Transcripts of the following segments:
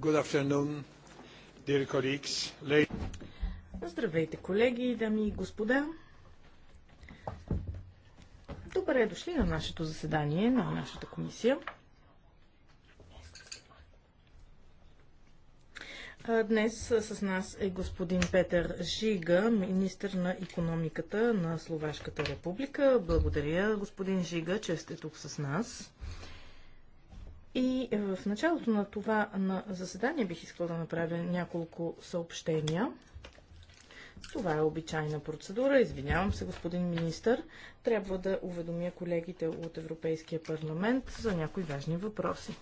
Good afternoon, dear colleagues. Здравейте, колеги, дами и господа. Добре дошли на нашето заседание, на нашата комисия. Днес с нас е господин Петър Жига, министр на економиката на Словашката република. Благодаря, господин Жига, че сте тук с нас. И в началото на това на заседание бих искала да направя няколко съобщения. Това е обичайна процедура. Извинявам се, господин министър. Трябва да уведомя колегите от Европейския парламент за някои важни въпроси.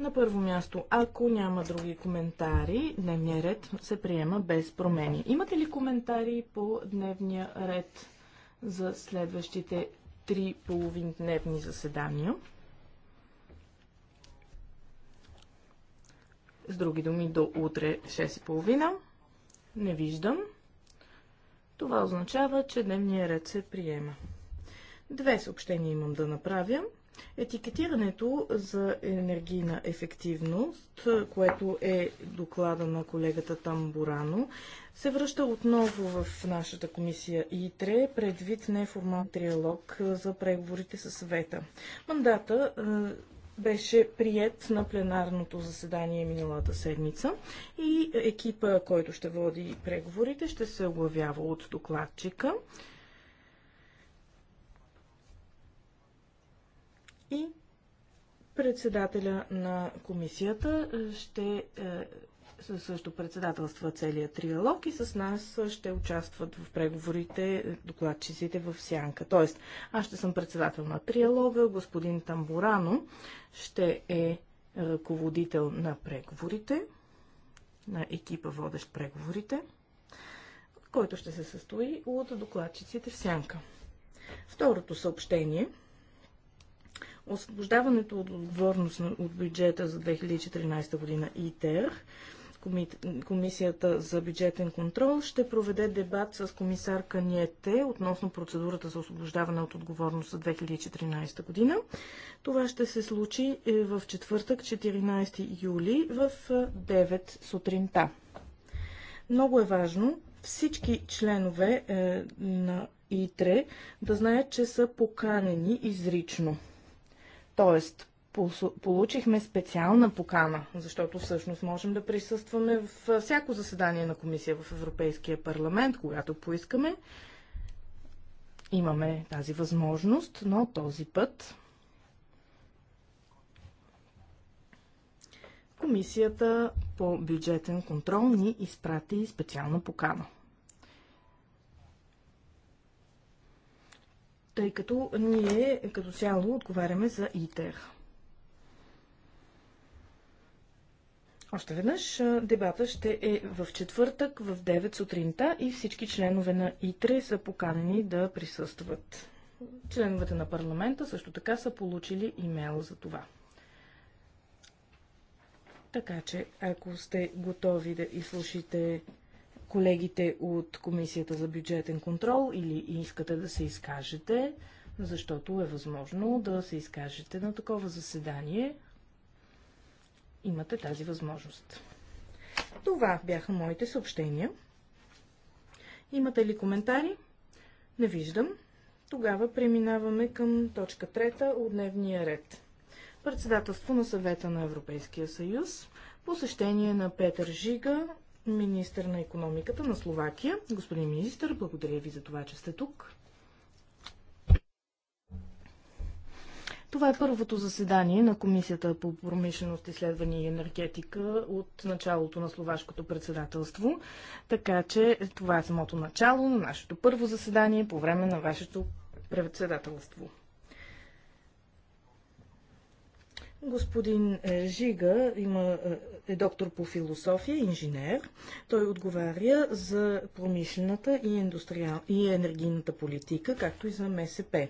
На първо място, ако няма други коментари, дневния ред се приема без промени. Имате ли коментари по дневния ред за следващите три половин-дневни заседания. С други думи, до утре 6.30. Не виждам. Това означава, че дневния ред се приема. Две съобщения имам да направя. Етикетирането за енергийна ефективност, което е доклада на колегата Тамбурано, се връща отново в нашата комисия ИТРЕ, предвид неформал триалог за преговорите със света. Мандата е, беше прият на пленарното заседание миналата седмица и екипа, който ще води преговорите, ще се оглавява от докладчика. И председателя на комисията е, ще е, също председателства целият триалог и с нас ще участват в преговорите докладчиците в сянка. Тоест, аз ще съм председател на триалога, господин Тамбурано ще е ръководител на преговорите, на екипа водещ преговорите, който ще се състои от докладчиците в сянка. Второто съобщение – Освобождаването от отговорност от бюджета за 2014 година ИТЕР Комисията за бюджетен контрол ще проведе дебат с комисар Каниете относно процедурата за освобождаване от отговорност за 2014 година. Това ще се случи е, в четвъртък, 14 юли, в 9 сутринта. Много е важно всички членове е, на ИТРЕ да знаят, че са поканени изрично. Тоест, получихме специална покана, защото всъщност можем да присъстваме в всяко заседание на комисия в Европейския парламент, когато поискаме. Имаме тази възможност, но този път Комисията по бюджетен контрол ни изпрати специална покана. тъй като ние като цяло отговаряме за ИТЕР. Още веднъж дебата ще е в четвъртък в 9 сутринта и всички членове на ИТРЕ са поканени да присъстват. Членовете на парламента също така са получили имейл за това. Така че, ако сте готови да изслушите колегите от Комисията за бюджетен контрол или искате да се изкажете, защото е възможно да се изкажете на такова заседание. Имате тази възможност. Това бяха моите съобщения. Имате ли коментари? Не виждам. Тогава преминаваме към точка трета от дневния ред. Председателство на съвета на Европейския съюз, посещение на Петър Жига министър на економиката на Словакия. Господин министър, благодаря ви за това, че сте тук. Това е първото заседание на Комисията по промишленост, изследвания и енергетика от началото на словашкото председателство. Така че това е самото начало на нашето първо заседание по време на вашето председателство. Господин е, Жига има е, е доктор по философия, инженер. Той отговаря за промишлената и, индустриал... и енергийната политика, както и за МСП.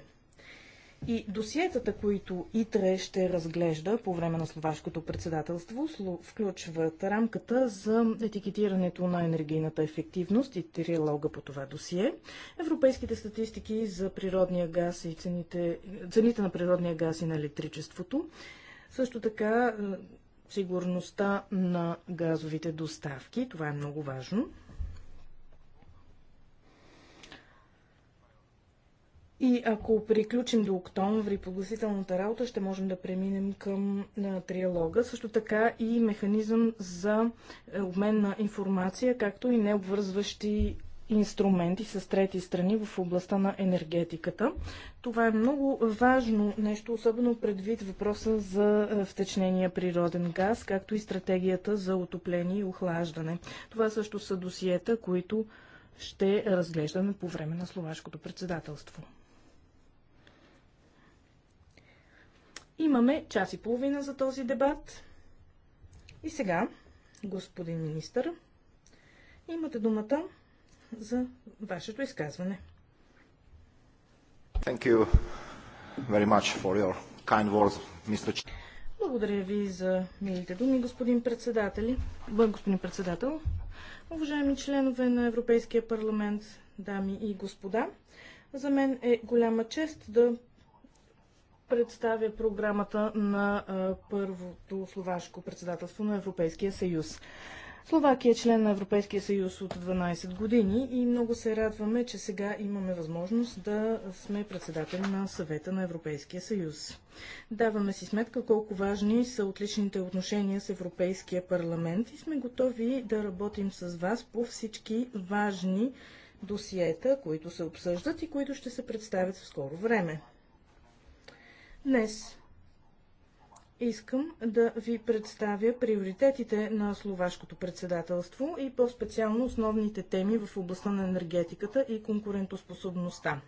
И досиетата, които ИТРЕ ще разглежда по време на словашкото председателство, включват рамката за етикетирането на енергийната ефективност и триалога по това досие, европейските статистики за природния газ и цените, цените на природния газ и на електричеството, също така сигурността на газовите доставки. Това е много важно. И ако приключим до октомври погласителната работа, ще можем да преминем към триалога. Също така и механизъм за е, обмен на информация, както и необвързващи инструменти с трети страни в областта на енергетиката. Това е много важно нещо, особено предвид въпроса за е, втечнения природен газ, както и стратегията за отопление и охлаждане. Това също са досиета, които ще разглеждаме по време на словашкото председателство. Имаме час и половина за този дебат. И сега, господин министър, имате думата за вашето изказване. Thank you very much for your kind words, Mr. Благодаря ви за милите думи, господин председател. Господин председател, уважаеми членове на Европейския парламент, дами и господа, за мен е голяма чест да представя програмата на първото словашко председателство на Европейския съюз. Словакия е член на Европейския съюз от 12 години и много се радваме, че сега имаме възможност да сме председател на съвета на Европейския съюз. Даваме си сметка колко важни са отличните отношения с Европейския парламент и сме готови да работим с вас по всички важни досиета, които се обсъждат и които ще се представят в скоро време. Днес Искам да ви представя приоритетите на словашкото председателство и по-специално основните теми в областта на енергетиката и конкурентоспособността.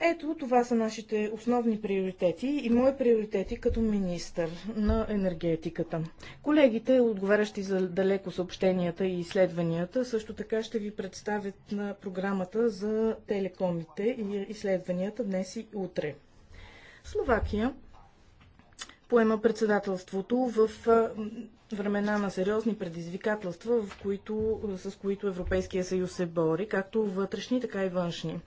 Ето, това са нашите основни приоритети и мои приоритети като министър на енергетиката. Колегите, отговарящи за далеко съобщенията и изследванията, също така ще ви представят на програмата за телекомите и изследванията днес и утре. Словакия поема председателството в времена на сериозни предизвикателства, в които, с които Европейския съюз се бори, както вътрешни, така и външни.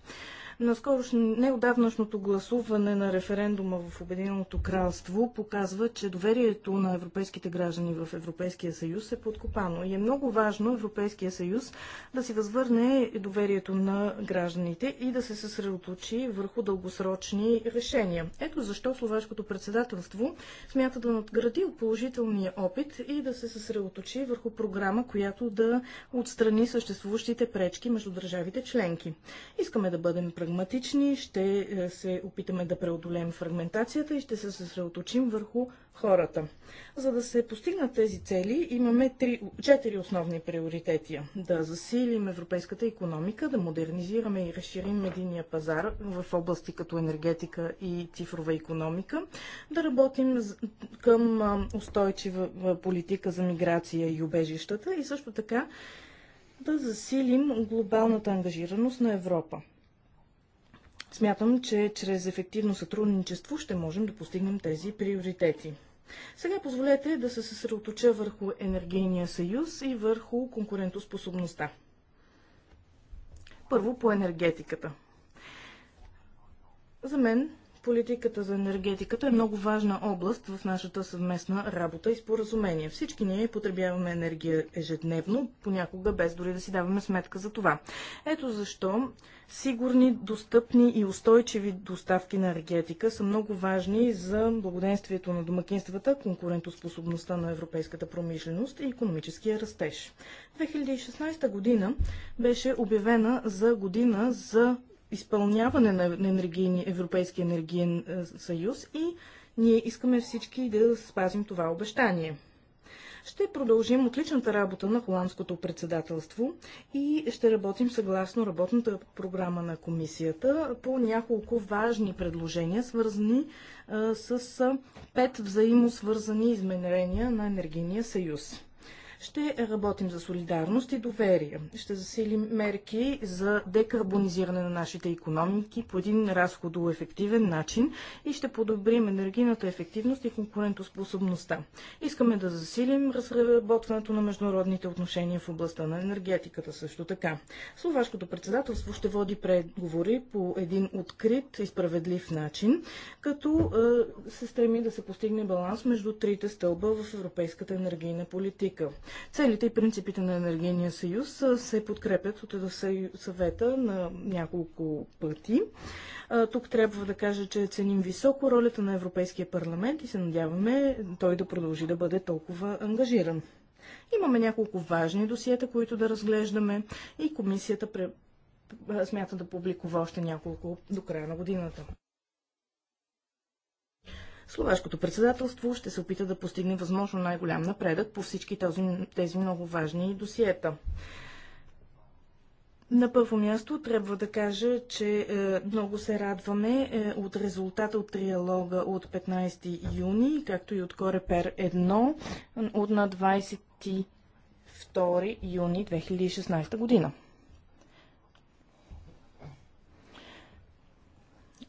На неодавнашното гласуване на референдума в Обединеното кралство показва, че доверието на европейските граждани в Европейския съюз е подкопано. И е много важно Европейския съюз да си възвърне доверието на гражданите и да се съсредоточи върху дългосрочни решения. Ето защо словашкото председателство смята да надгради от положителния опит и да се съсредоточи върху програма, която да отстрани съществуващите пречки между държавите членки. Искаме да бъдем прагматични прагматични, ще е, се опитаме да преодолеем фрагментацията и ще се съсредоточим върху хората. За да се постигнат тези цели, имаме три, четири основни приоритети. Да засилим европейската економика, да модернизираме и разширим единия пазар в области като енергетика и цифрова економика, да работим към устойчива политика за миграция и убежищата и също така да засилим глобалната ангажираност на Европа. Смятам, че чрез ефективно сътрудничество ще можем да постигнем тези приоритети. Сега позволете да се съсредоточа върху енергийния съюз и върху конкурентоспособността. Първо по енергетиката. За мен политиката за енергетиката е много важна област в нашата съвместна работа и споразумение. Всички ние потребяваме енергия ежедневно, понякога без дори да си даваме сметка за това. Ето защо сигурни, достъпни и устойчиви доставки на енергетика са много важни за благоденствието на домакинствата, конкурентоспособността на европейската промишленост и економическия растеж. 2016 година беше обявена за година за изпълняване на енергийни, Европейския енергиен е, съюз и ние искаме всички да спазим това обещание. Ще продължим отличната работа на холандското председателство и ще работим съгласно работната програма на комисията по няколко важни предложения, свързани а, е, с пет взаимосвързани изменения на Енергийния съюз. Ще работим за солидарност и доверие. Ще засилим мерки за декарбонизиране на нашите економики по един разходоефективен начин и ще подобрим енергийната ефективност и конкурентоспособността. Искаме да засилим разработването на международните отношения в областта на енергетиката също така. Словашкото председателство ще води преговори по един открит и справедлив начин, като е, се стреми да се постигне баланс между трите стълба в европейската енергийна политика. Целите и принципите на Енергийния съюз се подкрепят от съвета на няколко пъти. Тук трябва да кажа, че ценим високо ролята на Европейския парламент и се надяваме той да продължи да бъде толкова ангажиран. Имаме няколко важни досиета, които да разглеждаме и комисията смята да публикува още няколко до края на годината. Словашкото председателство ще се опита да постигне възможно най-голям напредък по всички този, тези много важни досиета. На първо място трябва да кажа, че е, много се радваме е, от резултата от триалога от 15 юни, както и от Корепер 1 от на 22 юни 2016 година.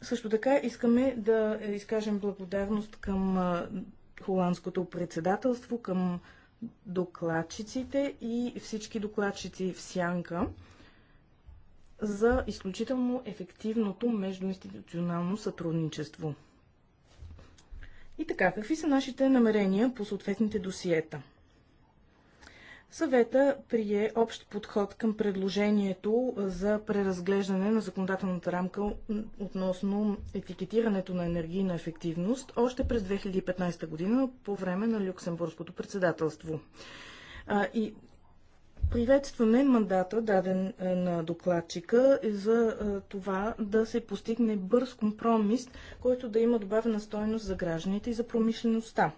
Също така искаме да изкажем благодарност към холандското председателство, към докладчиците и всички докладчици в сянка за изключително ефективното междуинституционално сътрудничество. И така, какви са нашите намерения по съответните досиета? Съвета прие общ подход към предложението за преразглеждане на законодателната рамка относно етикетирането на енергийна ефективност още през 2015 година по време на Люксембургското председателство. А, и приветстваме мандата, даден е, на докладчика, за е, това да се постигне бърз компромис, който да има добавена стойност за гражданите и за промишлеността.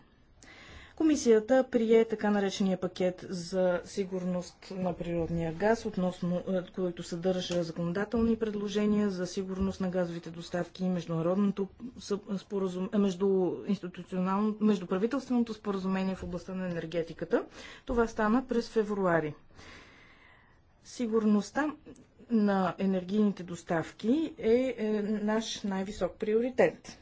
Комисията прие така наречения пакет за сигурност на природния газ, относно е, който съдържа законодателни предложения за сигурност на газовите доставки и международното споразум... Е, между, институционално... междуправителственото споразумение в областта на енергетиката. Това стана през февруари. Сигурността на енергийните доставки е, е наш най-висок приоритет.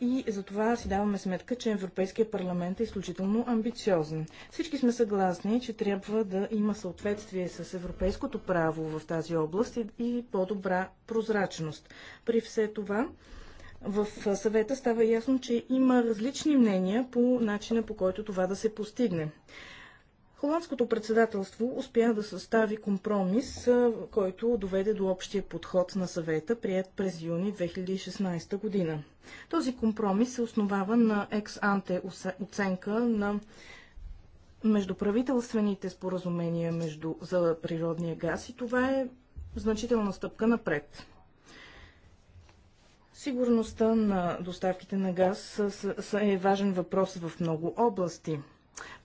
И за това си даваме сметка, че Европейския парламент е изключително амбициозен. Всички сме съгласни, че трябва да има съответствие с европейското право в тази област и, и по-добра прозрачност. При все това, в съвета става ясно, че има различни мнения по начина по който това да се постигне. Холандското председателство успя да състави компромис, който доведе до общия подход на съвета, прият през юни 2016 година. Този компромис се основава на екс-анте оценка на междуправителствените споразумения между, за природния газ и това е значителна стъпка напред. Сигурността на доставките на газ е важен въпрос в много области –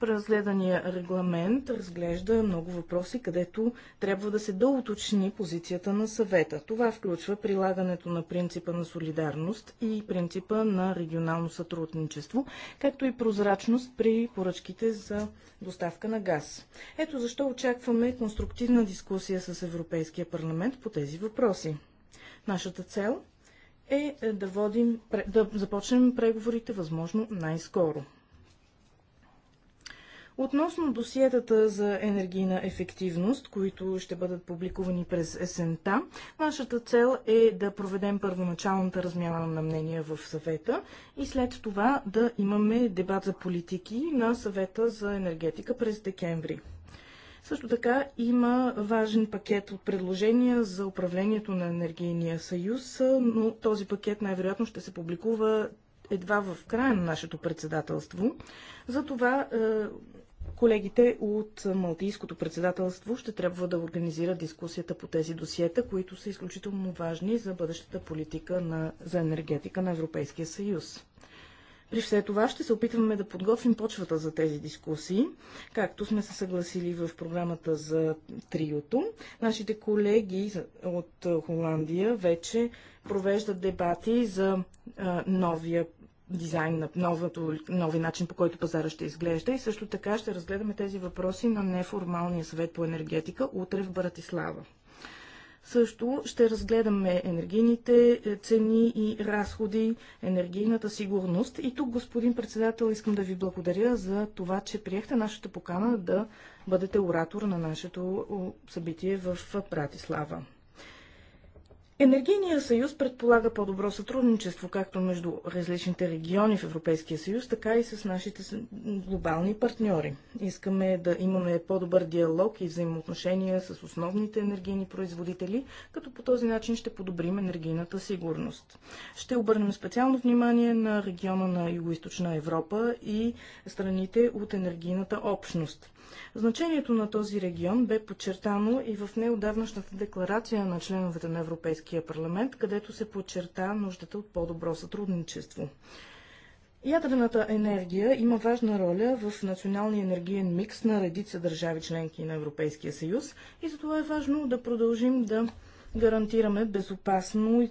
Разгледания регламент разглежда много въпроси, където трябва да се доуточни позицията на съвета. Това включва прилагането на принципа на солидарност и принципа на регионално сътрудничество, както и прозрачност при поръчките за доставка на газ. Ето защо очакваме конструктивна дискусия с Европейския парламент по тези въпроси. Нашата цел е да, водим, да започнем преговорите възможно най-скоро. Относно досиетата за енергийна ефективност, които ще бъдат публикувани през есента, нашата цел е да проведем първоначалната размяна на мнения в съвета и след това да имаме дебат за политики на съвета за енергетика през декември. Също така има важен пакет от предложения за управлението на енергийния съюз, но този пакет най-вероятно ще се публикува едва в края на нашето председателство. Затова това е, Колегите от Малтийското председателство ще трябва да организират дискусията по тези досиета, които са изключително важни за бъдещата политика на, за енергетика на Европейския съюз. При все това ще се опитваме да подготвим почвата за тези дискусии, както сме се съгласили в програмата за триото. Нашите колеги от Холандия вече провеждат дебати за новия дизайн на новото, нови начин по който пазара ще изглежда и също така ще разгледаме тези въпроси на неформалния съвет по енергетика утре в Братислава. Също ще разгледаме енергийните е, цени и разходи, енергийната сигурност. И тук, господин председател, искам да ви благодаря за това, че приехте нашата покана да бъдете оратор на нашето събитие в Братислава. Енергийният съюз предполага по-добро сътрудничество както между различните региони в Европейския съюз, така и с нашите глобални партньори. Искаме да имаме по-добър диалог и взаимоотношения с основните енергийни производители, като по този начин ще подобрим енергийната сигурност. Ще обърнем специално внимание на региона на Юго-Источна Европа и страните от енергийната общност. Значението на този регион бе подчертано и в неодавнашната декларация на членовете на Европейския парламент, където се подчерта нуждата от по-добро сътрудничество. Ядрената енергия има важна роля в националния енергиен микс на редица държави членки на Европейския съюз и затова е важно да продължим да гарантираме безопасно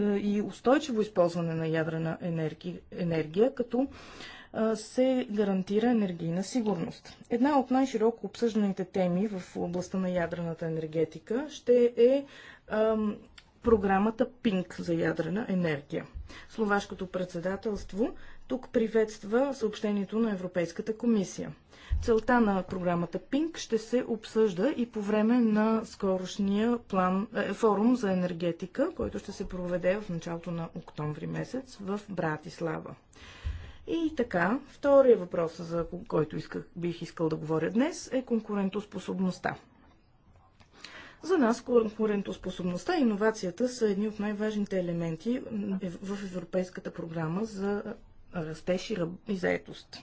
и е, устойчиво използване на ядрена енергия, енергия като се гарантира енергийна сигурност. Една от най-широко обсъжданите теми в областта на ядрената енергетика ще е ам, програмата ПИНК за ядрена енергия. Словашкото председателство тук приветства съобщението на Европейската комисия. Целта на програмата ПИНК ще се обсъжда и по време на скорошния план, е, форум за енергетика, който ще се проведе в началото на октомври месец в Братислава. И така, втория въпрос, за който исках, бих искал да говоря днес, е конкурентоспособността. За нас конкурентоспособността и иновацията са едни от най-важните елементи в Европейската програма за растеж и заетост.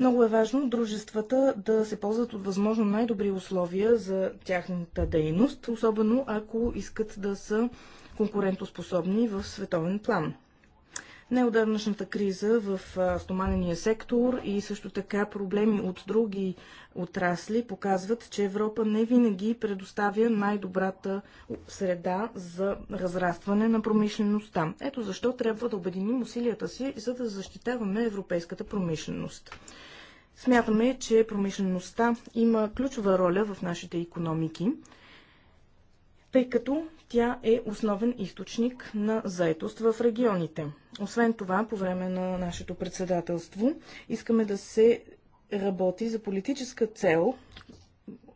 Много е важно дружествата да се ползват от възможно най-добри условия за тяхната дейност, особено ако искат да са конкурентоспособни в световен план неодавнашната криза в стоманения сектор и също така проблеми от други отрасли показват, че Европа не винаги предоставя най-добрата среда за разрастване на промишлеността. Ето защо трябва да обединим усилията си, за да защитаваме европейската промишленост. Смятаме, че промишлеността има ключова роля в нашите економики тъй като тя е основен източник на заетост в регионите. Освен това, по време на нашето председателство искаме да се работи за политическа цел,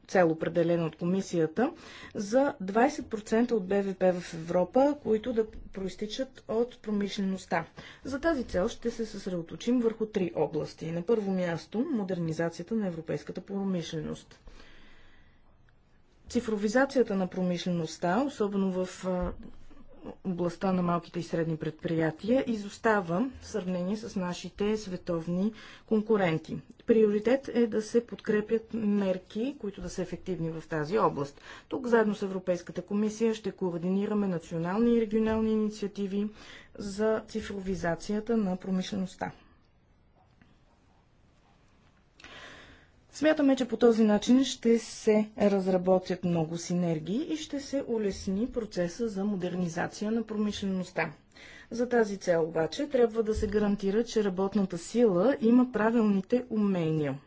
цел определена от комисията, за 20% от БВП в Европа, които да проистичат от промишлеността. За тази цел ще се съсредоточим върху три области. На първо място – модернизацията на европейската промишленост. Цифровизацията на промишлеността, особено в областта на малките и средни предприятия изостава в сравнение с нашите световни конкуренти. Приоритет е да се подкрепят мерки, които да са ефективни в тази област. Тук заедно с Европейската комисия ще координираме национални и регионални инициативи за цифровизацията на промишлеността. Смятаме, че по този начин ще се разработят много синергии и ще се улесни процеса за модернизация на промишлеността. За тази цел обаче трябва да се гарантира, че работната сила има правилните умения.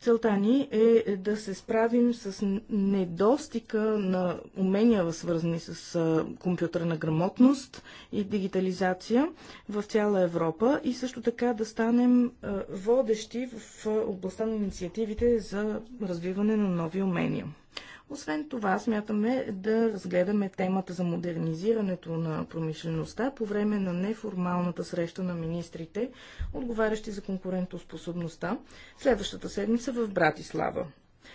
Целта ни е да се справим с недостига на умения, свързани с компютърна грамотност и дигитализация в цяла Европа и също така да станем водещи в областта на инициативите за развиване на нови умения. Освен това, смятаме да разгледаме темата за модернизирането на промишлеността по време на неформалната среща на министрите, отговарящи за конкурентоспособността, следващата седмица в Братислава.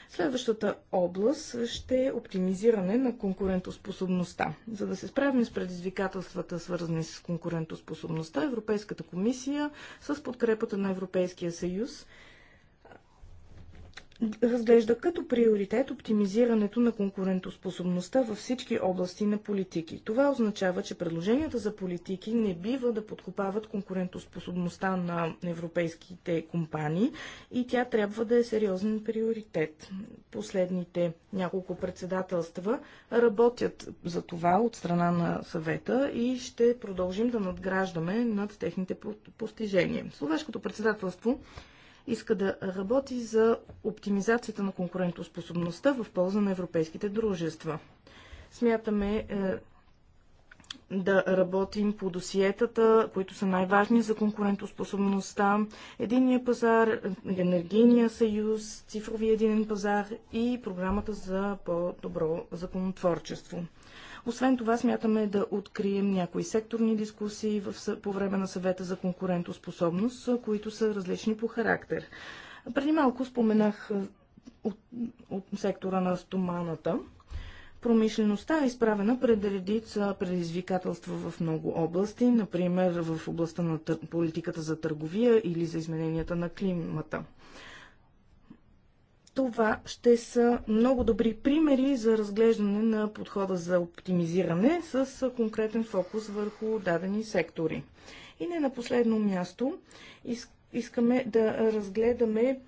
Следващата област ще е оптимизиране на конкурентоспособността. За да се справим с предизвикателствата, свързани с конкурентоспособността, Европейската комисия с подкрепата на Европейския съюз разглежда като приоритет оптимизирането на конкурентоспособността във всички области на политики. Това означава, че предложенията за политики не бива да подкопават конкурентоспособността на европейските компании и тя трябва да е сериозен приоритет. Последните няколко председателства работят за това от страна на съвета и ще продължим да надграждаме над техните постижения. Словешкото председателство иска да работи за оптимизацията на конкурентоспособността в полза на европейските дружества. Смятаме е, да работим по досиетата, които са най-важни за конкурентоспособността, единния пазар, енергийния съюз, цифровия единен пазар и програмата за по-добро законотворчество. Освен това, смятаме да открием някои секторни дискусии в, по време на съвета за конкурентоспособност, които са различни по характер. Преди малко споменах е, от, от сектора на стоманата. Промишлеността е изправена пред редица предизвикателства в много области, например в областта на тър... политиката за търговия или за измененията на климата. Това ще са много добри примери за разглеждане на подхода за оптимизиране с конкретен фокус върху дадени сектори. И не на последно място искаме да разгледаме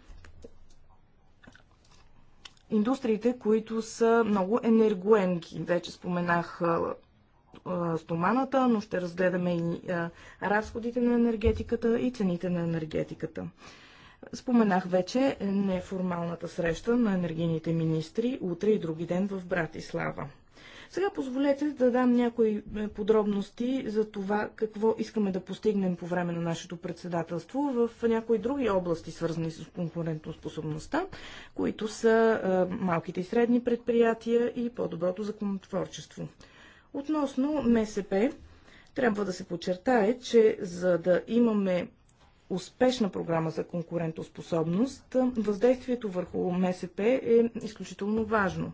индустриите, които са много енергоемки. Вече споменах стоманата, но ще разгледаме и разходите на енергетиката и цените на енергетиката. Споменах вече неформалната среща на енергийните министри утре и други ден в Братислава. Сега позволете да дам някои е, подробности за това какво искаме да постигнем по време на нашето председателство в някои други области, свързани с конкурентоспособността, които са е, малките и средни предприятия и по-доброто законотворчество. Относно МСП, трябва да се подчертае, че за да имаме успешна програма за конкурентоспособност, въздействието върху МСП е изключително важно.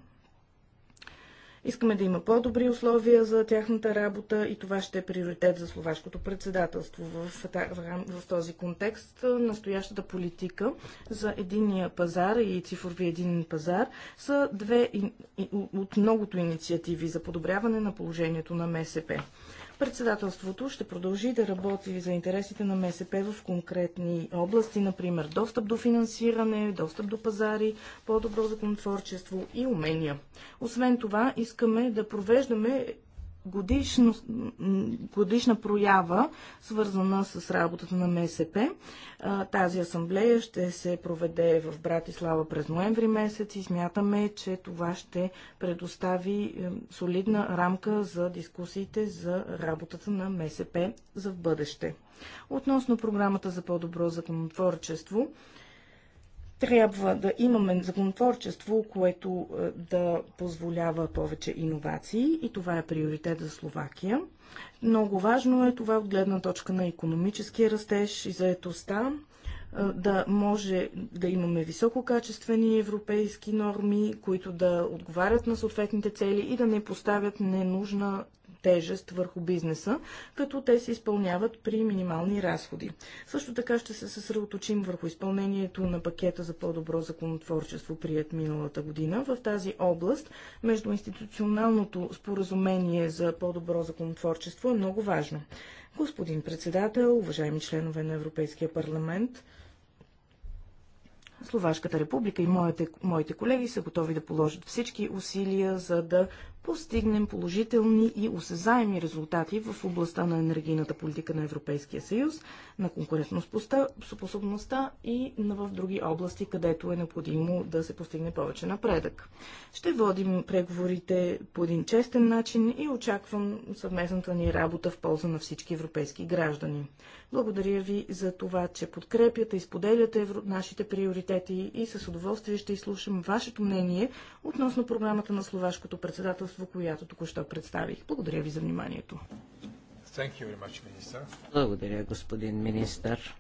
Искаме да има по-добри условия за тяхната работа и това ще е приоритет за словашкото председателство. В, този контекст настоящата политика за единия пазар и цифрови един пазар са две от многото инициативи за подобряване на положението на МСП. Председателството ще продължи да работи за интересите на МСП в конкретни области, например достъп до финансиране, достъп до пазари, по-добро законотворчество и умения. Освен това, искаме да провеждаме годишно, годишна проява, свързана с работата на МСП. Тази асамблея ще се проведе в Братислава през ноември месец и смятаме, че това ще предостави е, солидна рамка за дискусиите за работата на МСП за в бъдеще. Относно програмата за по-добро законотворчество, трябва да имаме законотворчество, което е, да позволява повече иновации и това е приоритет за Словакия. Много важно е това от гледна точка на економическия растеж и заетостта е, да може да имаме висококачествени европейски норми, които да отговарят на съответните цели и да не поставят ненужна тежест върху бизнеса, като те се изпълняват при минимални разходи. Също така ще се съсредоточим върху изпълнението на пакета за по-добро законотворчество, прият миналата година. В тази област между институционалното споразумение за по-добро законотворчество е много важно. Господин председател, уважаеми членове на Европейския парламент, Словашката република и моите, моите колеги са готови да положат всички усилия, за да постигнем положителни и осезаеми резултати в областта на енергийната политика на Европейския съюз, на конкурентоспособността и в други области, където е необходимо да се постигне повече напредък. Ще водим преговорите по един честен начин и очаквам съвместната ни работа в полза на всички европейски граждани. Благодаря ви за това, че подкрепяте и споделяте нашите приоритети и с удоволствие ще изслушам вашето мнение относно програмата на словашкото председателство, която току-що представих. Благодаря ви за вниманието. Much, Благодаря, господин министър.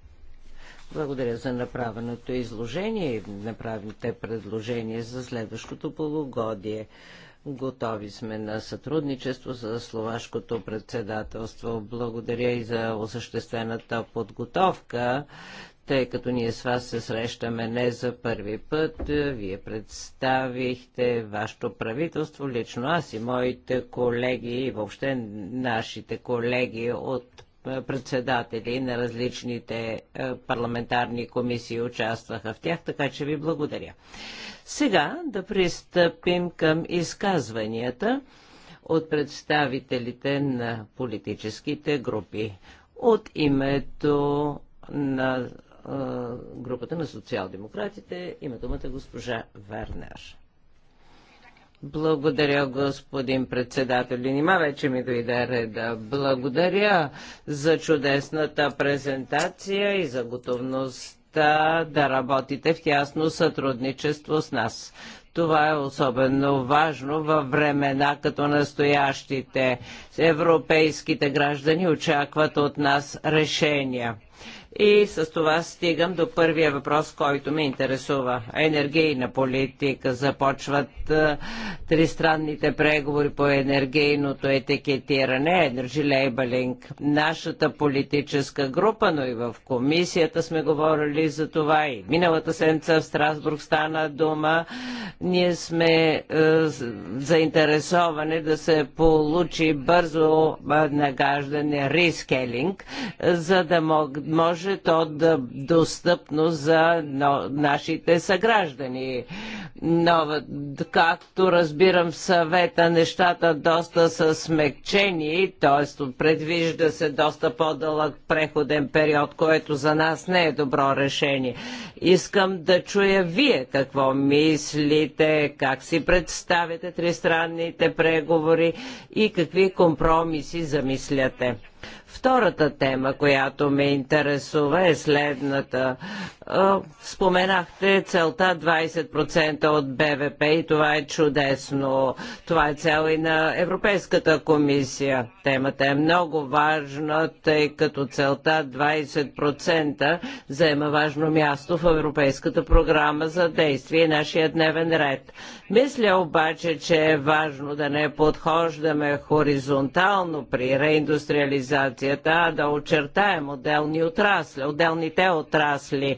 Благодаря за направеното изложение и направените предложения за следващото полугодие. Готови сме на сътрудничество с словашкото председателство. Благодаря и за осъществената подготовка, тъй като ние с вас се срещаме не за първи път. Вие представихте вашето правителство, лично аз и моите колеги и въобще нашите колеги от е, председатели на различните е, парламентарни комисии участваха в тях, така че ви благодаря. Сега да пристъпим към изказванията от представителите на политическите групи. От името на е, групата на социал-демократите има думата госпожа Вернер. Благодаря, господин председател. Нима вече ми дойде реда. Благодаря за чудесната презентация и за готовността да работите в тясно сътрудничество с нас. Това е особено важно във времена като настоящите. Европейските граждани очакват от нас решения и с това стигам до първия въпрос, който ме интересува. Енергийна политика. Започват е, тристранните преговори по енергийното етикетиране, енерджи лейбелинг, Нашата политическа група, но и в комисията сме говорили за това и миналата седмица в Страсбург стана дума. Ние сме е, заинтересовани да се получи бързо е, нагаждане рискелинг, за да може може то да достъпно за нашите съграждани. Но, както разбирам в съвета, нещата доста са смекчени, т.е. предвижда се доста по-дълъг преходен период, което за нас не е добро решение. Искам да чуя вие какво мислите, как си представяте тристранните преговори и какви компромиси замисляте. Втората тема, която ме интересува е следната. Споменахте целта 20% от БВП и това е чудесно. Това е цел и на Европейската комисия. Темата е много важна, тъй като целта 20% заема важно място в Европейската програма за действие и нашия дневен ред. Мисля обаче, че е важно да не подхождаме хоризонтално при реиндустриализацията, а да очертаем отделни отрасли, отделните отрасли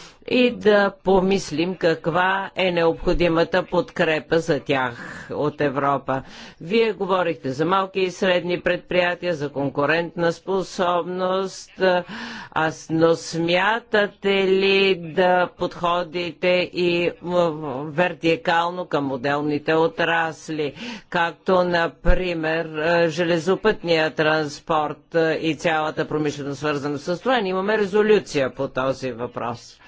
и да помислим каква е необходимата подкрепа за тях от Европа. Вие говорихте за малки и средни предприятия, за конкурентна способност, а но смятате ли да подходите и вертикално към отделните отрасли, както например железопътния транспорт и цялата промишленост свързана с това? Имаме резолюция по този въпрос.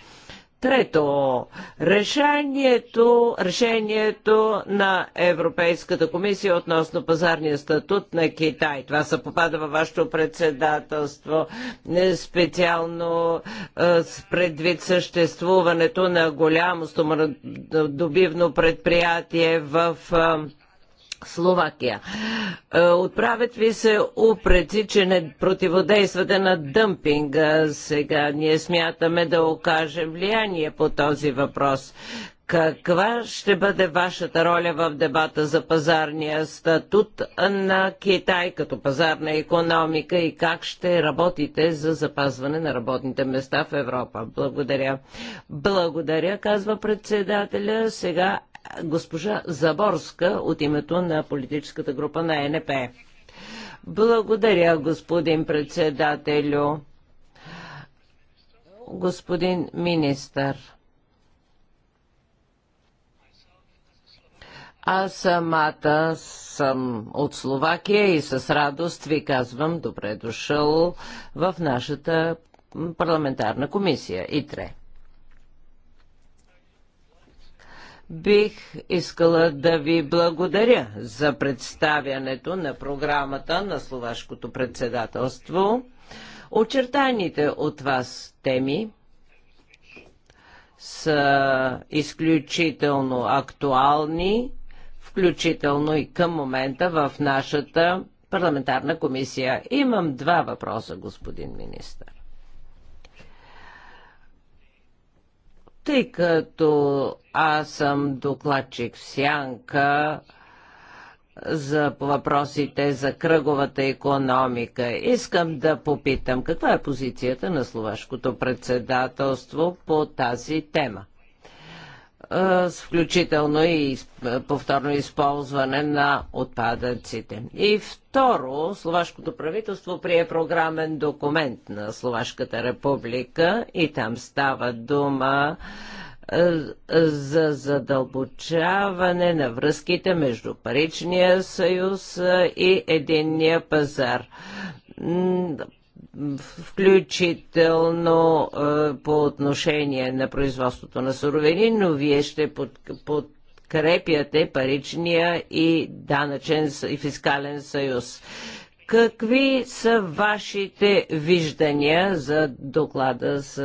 Трето, решението, решението на Европейската комисия относно пазарния статут на Китай. Това се попада във вашето председателство, е, специално е, с предвид съществуването на голямо добивно предприятие в е, Словакия. Е, отправят ви се упреци, че не противодействате на дъмпинга. Сега ние смятаме да окажем влияние по този въпрос. Каква ще бъде вашата роля в дебата за пазарния статут на Китай като пазарна економика и как ще работите за запазване на работните места в Европа? Благодаря. Благодаря, казва председателя. Сега госпожа Заборска от името на политическата група на е НП. Благодаря, господин председателю. Господин министър. Аз самата съм от Словакия и с радост ви казвам добре дошъл в нашата парламентарна комисия ИТРЕ. Бих искала да ви благодаря за представянето на програмата на Словашкото председателство. Очертаните от вас теми са изключително актуални, включително и към момента в нашата парламентарна комисия. Имам два въпроса, господин министр. Тъй като аз съм докладчик в Сянка, за въпросите за кръговата економика. Искам да попитам каква е позицията на словашкото председателство по тази тема включително и повторно използване на отпадъците. И второ, словашкото правителство прие програмен документ на Словашката република и там става дума за задълбочаване на връзките между Паричния съюз и единния пазар включително е, по отношение на производството на суровини, но вие ще под, подкрепяте паричния и данъчен и фискален съюз. Какви са вашите виждания за доклада с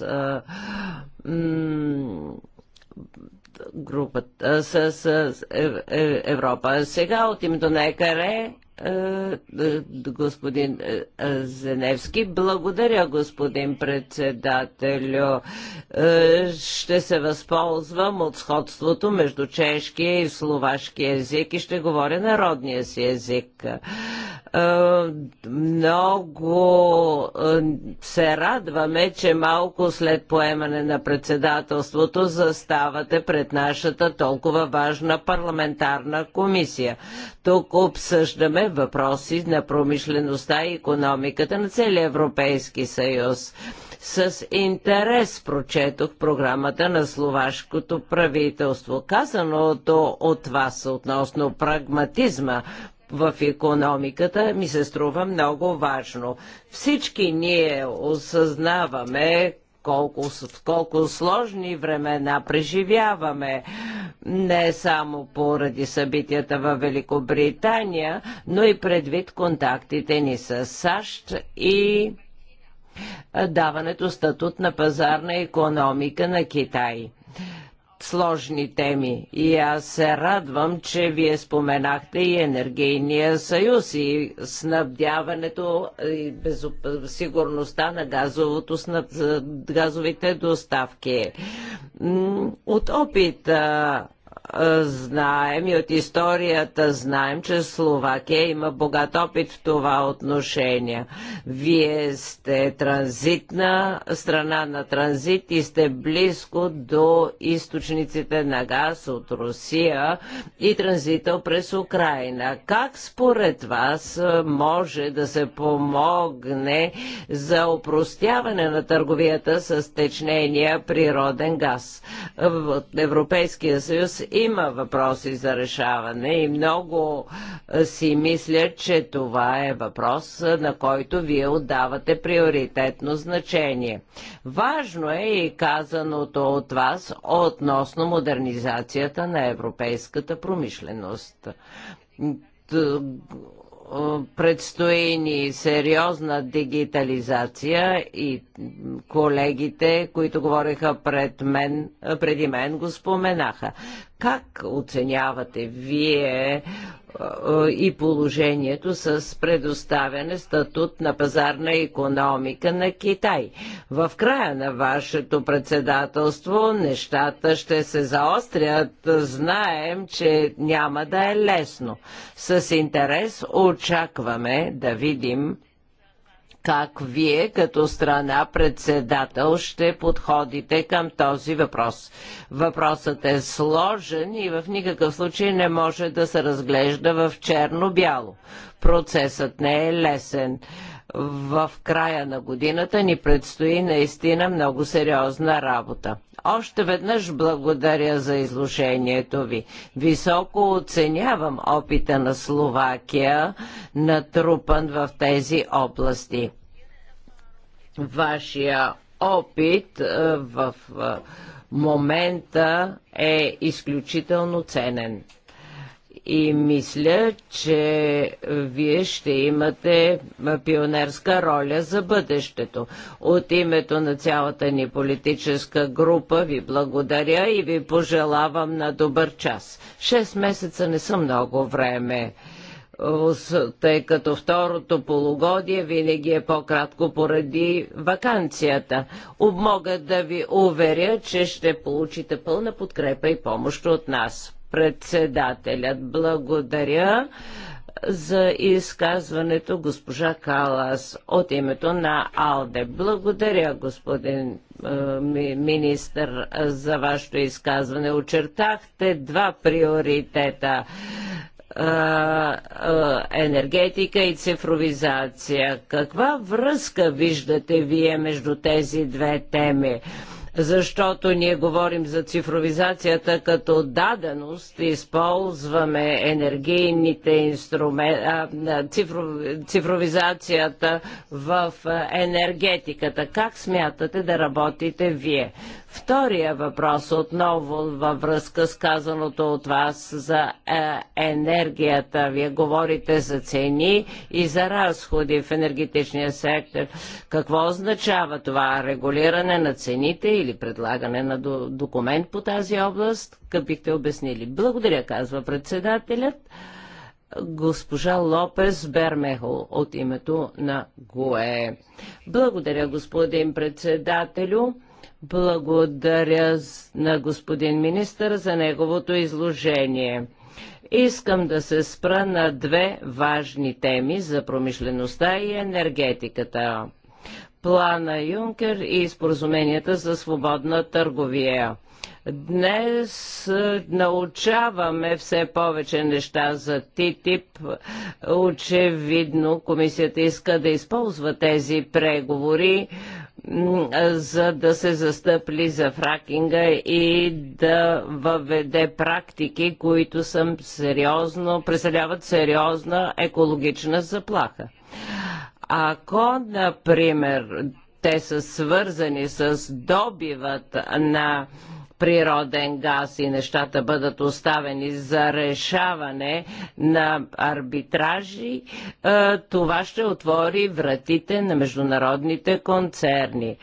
а, е, групата, с, с е, Европа? Сега от името на ЕКАРЕ е, е, господин е, Зеневски. Благодаря, господин председателю. Ще се възползвам от сходството между чешкия и словашки език и ще говоря народния си език. Е, много е, се радваме, че малко след поемане на председателството заставате пред нашата толкова важна парламентарна комисия. Тук обсъждаме въпроси на промишлеността и економиката на целия Европейски съюз. С интерес прочетох програмата на словашкото правителство. Казаното от вас относно прагматизма в економиката, ми се струва много важно. Всички ние осъзнаваме колко, колко сложни времена преживяваме, не само поради събитията във Великобритания, но и предвид контактите ни с САЩ и даването статут на пазарна економика на Китай сложни теми. И аз се радвам, че вие споменахте и енергийния съюз и снабдяването и безоп... сигурността на газовото снаб... газовите доставки. От опита знаем и от историята знаем, че Словакия има богат опит в това отношение. Вие сте транзитна страна на транзит и сте близко до източниците на газ от Русия и транзита през Украина. Как според вас може да се помогне за упростяване на търговията с течнения природен газ? Европейския съюз има въпроси за решаване и много си мисля, че това е въпрос, на който вие отдавате приоритетно значение. Важно е и казаното от вас относно модернизацията на европейската промишленост предстои ни сериозна дигитализация и колегите, които говориха пред мен, преди мен, го споменаха. Как оценявате вие и положението с предоставяне статут на пазарна економика на Китай. В края на вашето председателство нещата ще се заострят. Знаем, че няма да е лесно. С интерес очакваме да видим как вие като страна председател ще подходите към този въпрос. Въпросът е сложен и в никакъв случай не може да се разглежда в черно-бяло. Процесът не е лесен в края на годината ни предстои наистина много сериозна работа. Още веднъж благодаря за изложението ви. Високо оценявам опита на Словакия, натрупан в тези области. Вашия опит е, в е, момента е изключително ценен и мисля, че вие ще имате пионерска роля за бъдещето. От името на цялата ни политическа група ви благодаря и ви пожелавам на добър час. Шест месеца не са много време тъй като второто полугодие винаги е по-кратко поради вакансията. Мога да ви уверя, че ще получите пълна подкрепа и помощ от нас. Председателят, благодаря за изказването госпожа Калас от името на АЛДЕ. Благодаря, господин е, министър, министр, за вашето изказване. Очертахте два приоритета е, е, енергетика и цифровизация. Каква връзка виждате вие между тези две теми? защото ние говорим за цифровизацията като даденост, използваме енергийните инструменти, цифров, цифровизацията в енергетиката. Как смятате да работите вие? Втория въпрос отново във връзка с казаното от вас за е, енергията. Вие говорите за цени и за разходи в енергетичния сектор. Какво означава това? Регулиране на цените или предлагане на до, документ по тази област? Как бихте обяснили? Благодаря, казва председателят госпожа Лопес Бермехо от името на ГОЕ. Благодаря, господин председателю. Благодаря на господин министър за неговото изложение. Искам да се спра на две важни теми за промишлеността и енергетиката. Плана Юнкер и споразуменията за свободна търговия. Днес е, научаваме все повече неща за ТИТИП. Очевидно комисията иска да използва тези преговори за да се застъпли за фракинга и да въведе практики, които съм сериозно, представляват сериозна екологична заплаха. Ако, например, те са свързани с добивът на природен газ и нещата бъдат оставени за решаване на арбитражи, това ще отвори вратите на международните концерни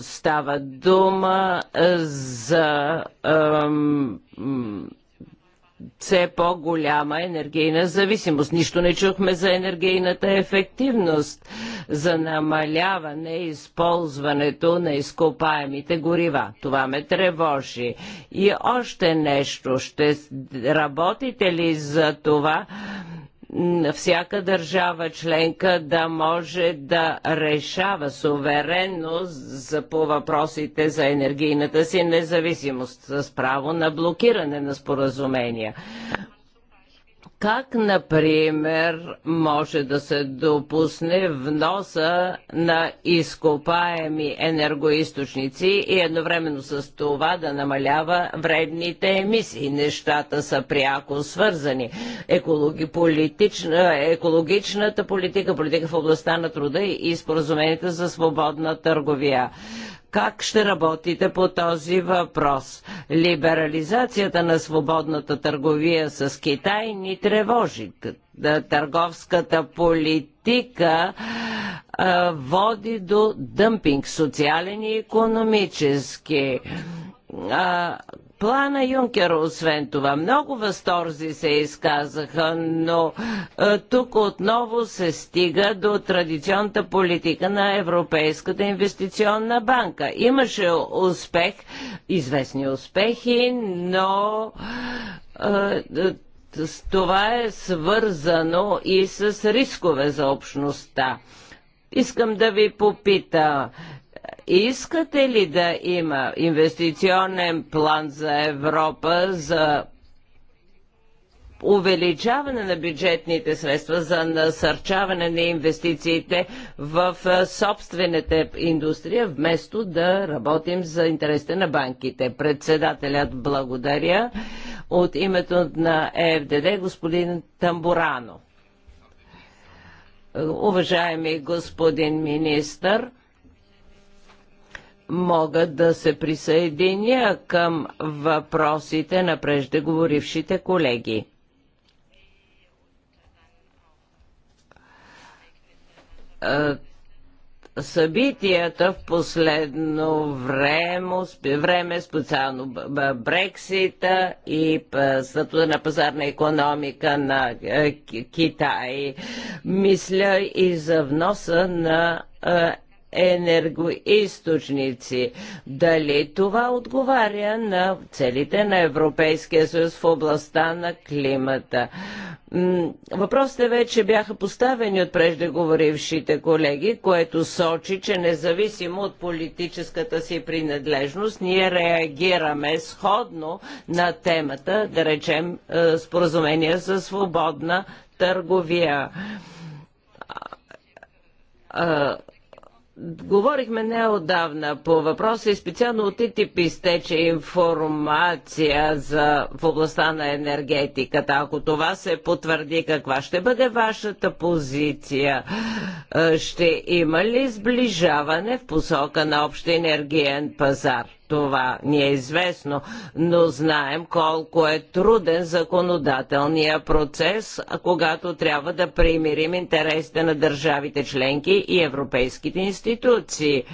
става дума за все по-голяма енергийна зависимост. Нищо не чухме за енергийната ефективност, за намаляване и използването на изкопаемите горива. Това ме тревожи. И още нещо. Ще работите ли за това всяка държава членка да може да решава суверенно за, по въпросите за енергийната си независимост с право на блокиране на споразумения. Как, например, може да се допусне вноса на изкопаеми енергоисточници и едновременно с това да намалява вредните емисии? Нещата са пряко свързани. Екологи, политична, екологичната политика, политика в областта на труда и споразумението за свободна търговия. Как ще работите по този въпрос? Либерализацията на свободната търговия с Китай ни тревожи. Търговската политика води до дъмпинг, социален и економически плана Юнкер, освен това. Много възторзи се изказаха, но е, тук отново се стига до традиционната политика на Европейската инвестиционна банка. Имаше успех, известни успехи, но е, е, това е свързано и с рискове за общността. Искам да ви попита, Искате ли да има инвестиционен план за Европа за увеличаване на бюджетните средства за насърчаване на инвестициите в собствената индустрия, вместо да работим за интересите на банките. Председателят благодаря от името на ЕФДД господин Тамбурано. Уважаеми господин министър, мога да се присъединя към въпросите на преждеговорившите колеги. Е, събитията в последно време, време специално Брексита и статута на пазарна економика на е, Китай. Мисля и за вноса на е, енергоисточници. Дали това отговаря на целите на Европейския съюз в областта на климата? Въпросите вече бяха поставени от преждеговорившите колеги, което сочи, че независимо от политическата си принадлежност, ние реагираме сходно на темата, да речем, е, споразумение за свободна търговия Говорихме неодавна по въпроса и специално от ИТИП изтече информация за, в областта на енергетиката. Ако това се потвърди, каква ще бъде вашата позиция? Е, ще има ли сближаване в посока на общ енергиен пазар? това ни е известно, но знаем колко е труден законодателния процес, когато трябва да примирим интересите на държавите членки и европейските институции.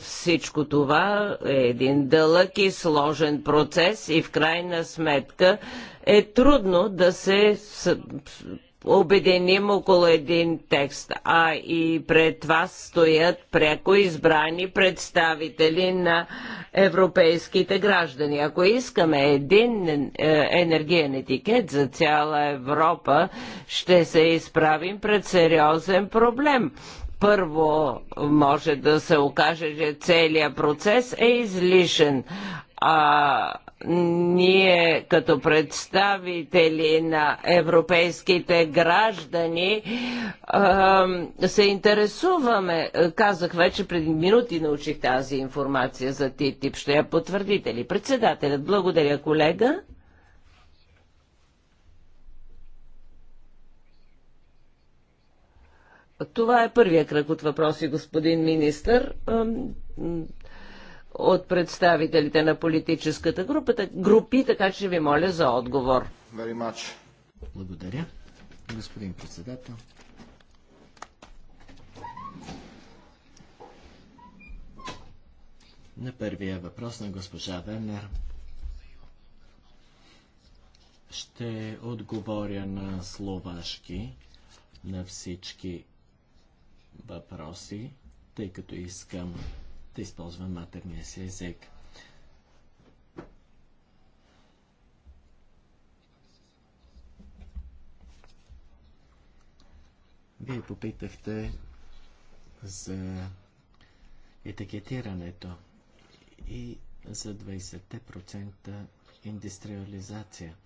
Всичко това е един дълъг и сложен процес и в крайна сметка е трудно да се обединим около един текст, а и пред вас стоят пряко избрани представители на европейските граждани. Ако искаме един е, енергиен етикет за цяла Европа, ще се изправим пред сериозен проблем първо може да се окаже, че целият процес е излишен. А, ние като представители на европейските граждани се интересуваме. Казах вече преди минути научих тази информация за ТИТИП. Ще я потвърдите ли? Председателят, благодаря колега. Това е първия кръг от въпроси, господин министър от представителите на политическата група, групи, така че ви моля за отговор. Благодаря, господин председател. На първия въпрос на госпожа Венер ще отговоря на словашки на всички въпроси, тъй като искам да използвам матерния си език. Вие попитахте за етикетирането и за 20% индустриализация.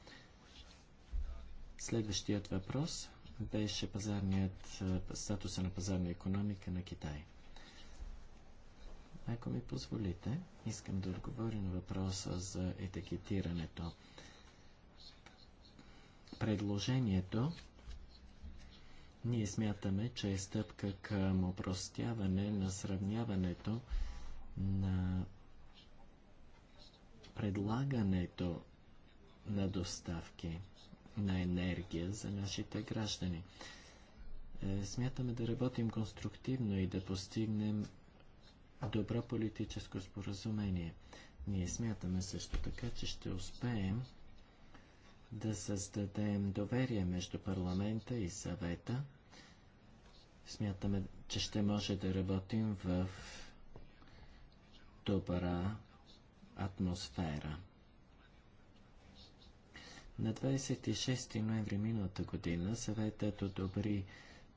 Следващият въпрос беше пазарният, статуса на пазарна економика на Китай. Ако ми позволите, искам да отговоря на въпроса за етикетирането. Предложението ние смятаме, че е стъпка към опростяване на сравняването на предлагането на доставки на енергия за нашите граждани. Е, смятаме да работим конструктивно и да постигнем добро политическо споразумение. Ние смятаме също така, че ще успеем да създадем доверие между парламента и съвета. Смятаме, че ще може да работим в добра атмосфера. На 26 ноември миналата година съветът одобри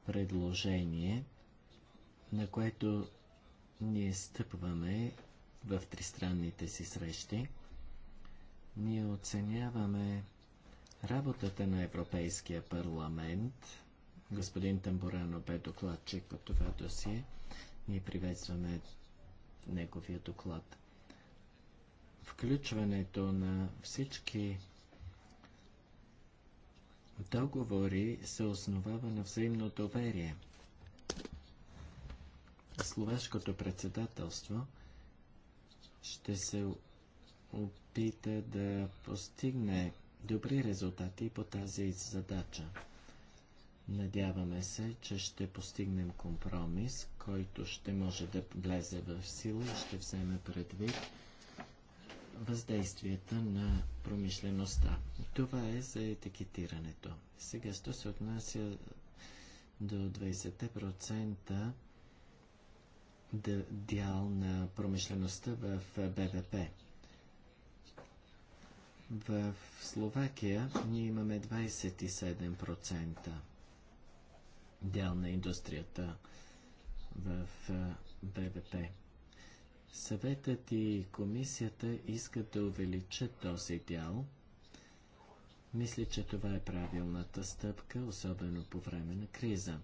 предложение, на което ние стъпваме в тристранните си срещи. Ние оценяваме работата на Европейския парламент. Господин Тамбурано бе докладчик по това досие. Ние приветстваме неговия доклад. Включването на всички договори се основава на взаимно доверие – словешкото председателство ще се опита да постигне добри резултати по тази задача. Надяваме се, че ще постигнем компромис, който ще може да влезе в сила и ще вземе предвид въздействията на промишлеността. Това е за етикетирането. Сега, що се отнася до 20% дял на промишлеността в БВП. В Словакия ние имаме 27% дял на индустрията в БВП. Съветът и комисията искат да увеличат този дял. Мисля, че това е правилната стъпка, особено по време на криза,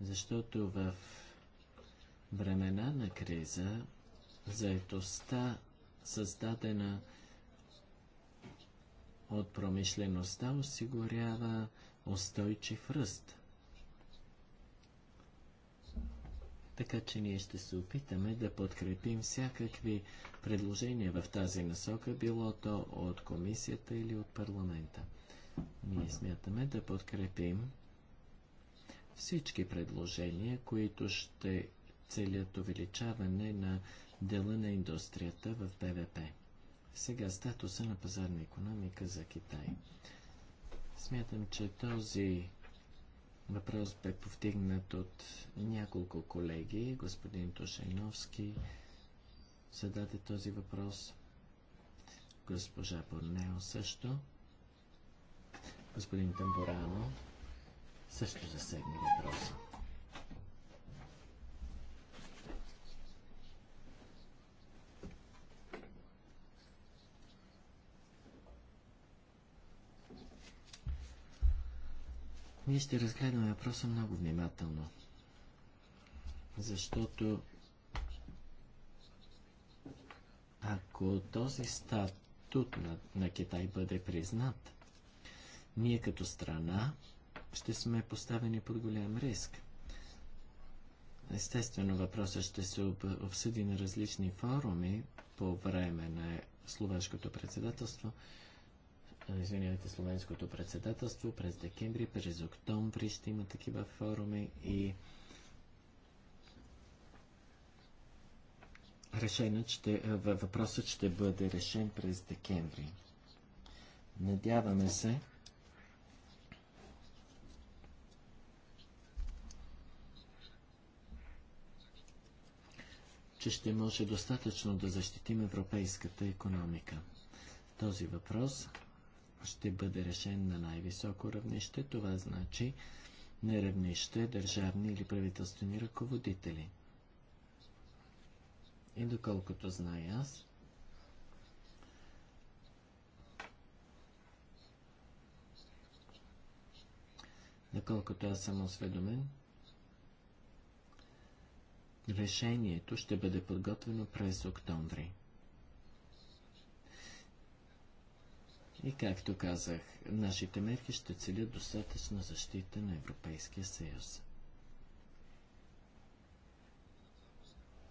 защото в времена на криза заетостта, създадена от промишлеността, осигурява устойчив ръст. Така че ние ще се опитаме да подкрепим всякакви предложения в тази насока, било то от комисията или от парламента. Ние смятаме да подкрепим всички предложения, които ще целият увеличаване на дела на индустрията в БВП. Сега статуса на пазарна економика за Китай. Смятам, че този въпрос бе повдигнат от няколко колеги. Господин Тошеновски зададе този въпрос. Госпожа Борнео също. Господин Тамбурано, също засегна въпроса. Ние ще разгледаме въпроса много внимателно, защото ако този статут на, на Китай бъде признат, ние като страна ще сме поставени под голям риск. Естествено, въпросът ще се обсъди на различни форуми по време на словашкото председателство, е, извинявайте, Словенското председателство през декември, през октомври ще има такива форуми и решенът ще, е, въпросът ще бъде решен през декември. Надяваме се, че ще може достатъчно да защитим европейската економика. Този въпрос ще бъде решен на най-високо равнище. Това значи на равнище държавни или правителствени ръководители. И доколкото знае аз, доколкото аз съм осведомен, решението ще бъде подготвено през октомври. И както казах, нашите мерки ще целят достатъчна защита на Европейския съюз.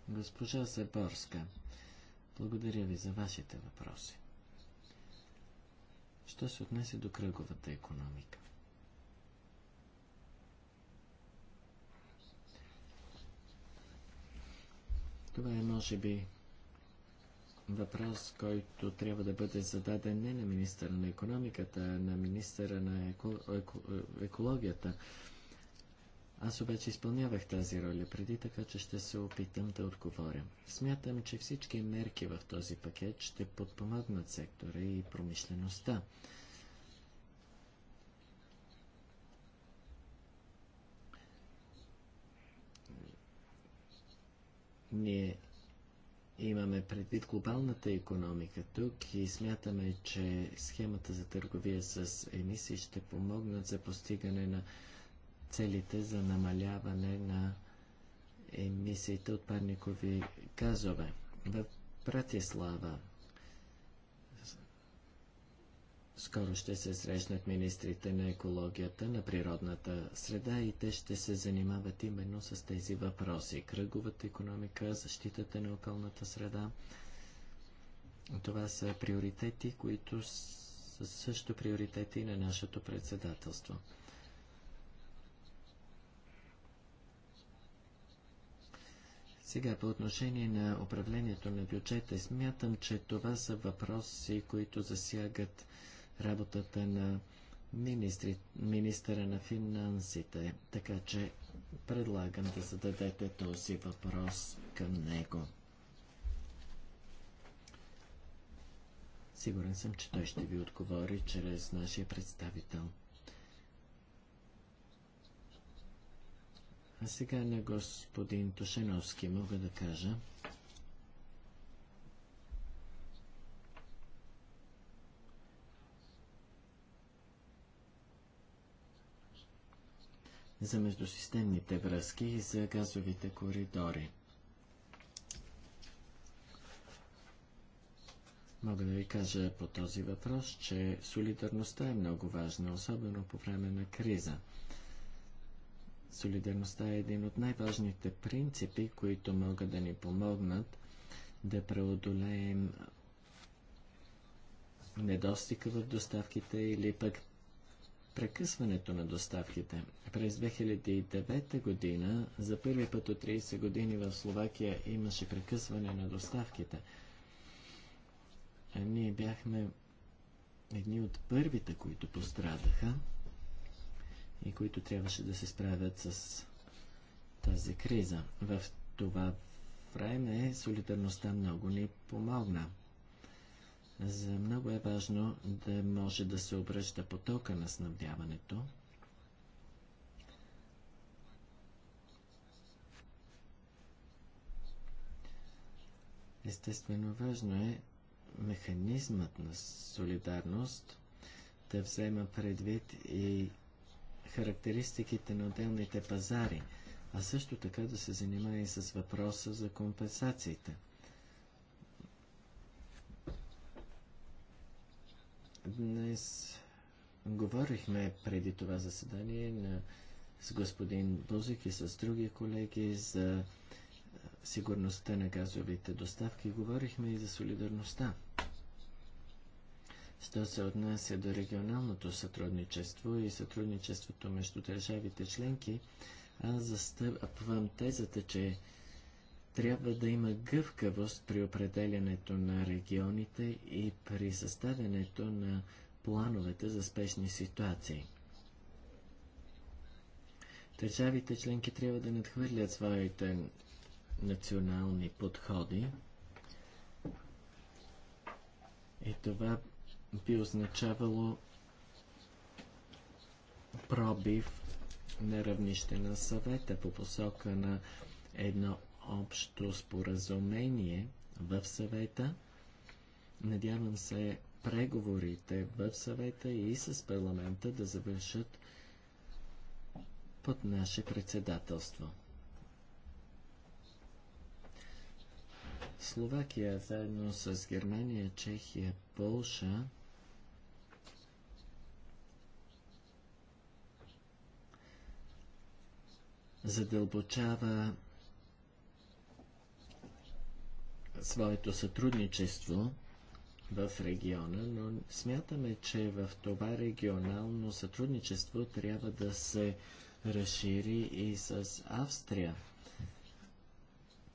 Госпожа Заборска, благодаря ви за вашите въпроси. Що се отнесе до кръговата економика? Това е, може би, въпрос, който трябва да бъде зададен не на министъра на економиката, а на министъра на еко... Еко... екологията. Аз обаче изпълнявах тази роля преди, така че ще се опитам да отговоря. Смятам, че всички мерки в този пакет ще подпомогнат сектора и промишлеността. Ние имаме предвид глобалната економика тук и смятаме, че схемата за търговия с емисии ще помогнат за постигане на целите за намаляване на емисиите от парникови газове. В Братислава скоро ще се срещнат министрите на екологията, на природната среда и те ще се занимават именно с тези въпроси. Кръговата економика, защитата на околната среда. Това са приоритети, които са също приоритети на нашето председателство. Сега по отношение на управлението на бюджета, смятам, че това са въпроси, които засягат работата на министри, министъра на финансите, така че предлагам да зададете този въпрос към него. Сигурен съм, че той ще ви отговори чрез нашия представител. А сега на господин Тушеновски мога да кажа, за междусистемните връзки и за газовите коридори. Мога да ви кажа по този въпрос, че солидарността е много важна, особено по време на криза. Солидарността е един от най-важните принципи, които могат да ни помогнат да преодолеем недостига в доставките или пък прекъсването на доставките. През 2009 година, за първи път от 30 години в Словакия имаше прекъсване на доставките. А ние бяхме едни от първите, които пострадаха и които трябваше да се справят с тази криза. В това време солидарността много ни помогна. За много е важно да може да се обръща потока на снабдяването. Естествено важно е механизмът на солидарност да взема предвид и характеристиките на отделните пазари, а също така да се занимава и с въпроса за компенсациите – Днес говорихме преди това заседание на, с господин Бузик и с други колеги за сигурността на газовите доставки. Говорихме и за солидарността. Що се отнася до регионалното сътрудничество и сътрудничеството между държавите членки, аз застъпвам тезата, че трябва да има гъвкавост при определянето на регионите и при съставянето на плановете за спешни ситуации. Държавите членки трябва да надхвърлят своите национални подходи и това би означавало пробив на равнище на съвета по посока на едно общо споразумение в съвета. Надявам се преговорите в съвета и с парламента да завършат под наше председателство. Словакия заедно с Германия, Чехия, Полша задълбочава своето сътрудничество в региона, но смятаме, че в това регионално сътрудничество трябва да се разшири и с Австрия.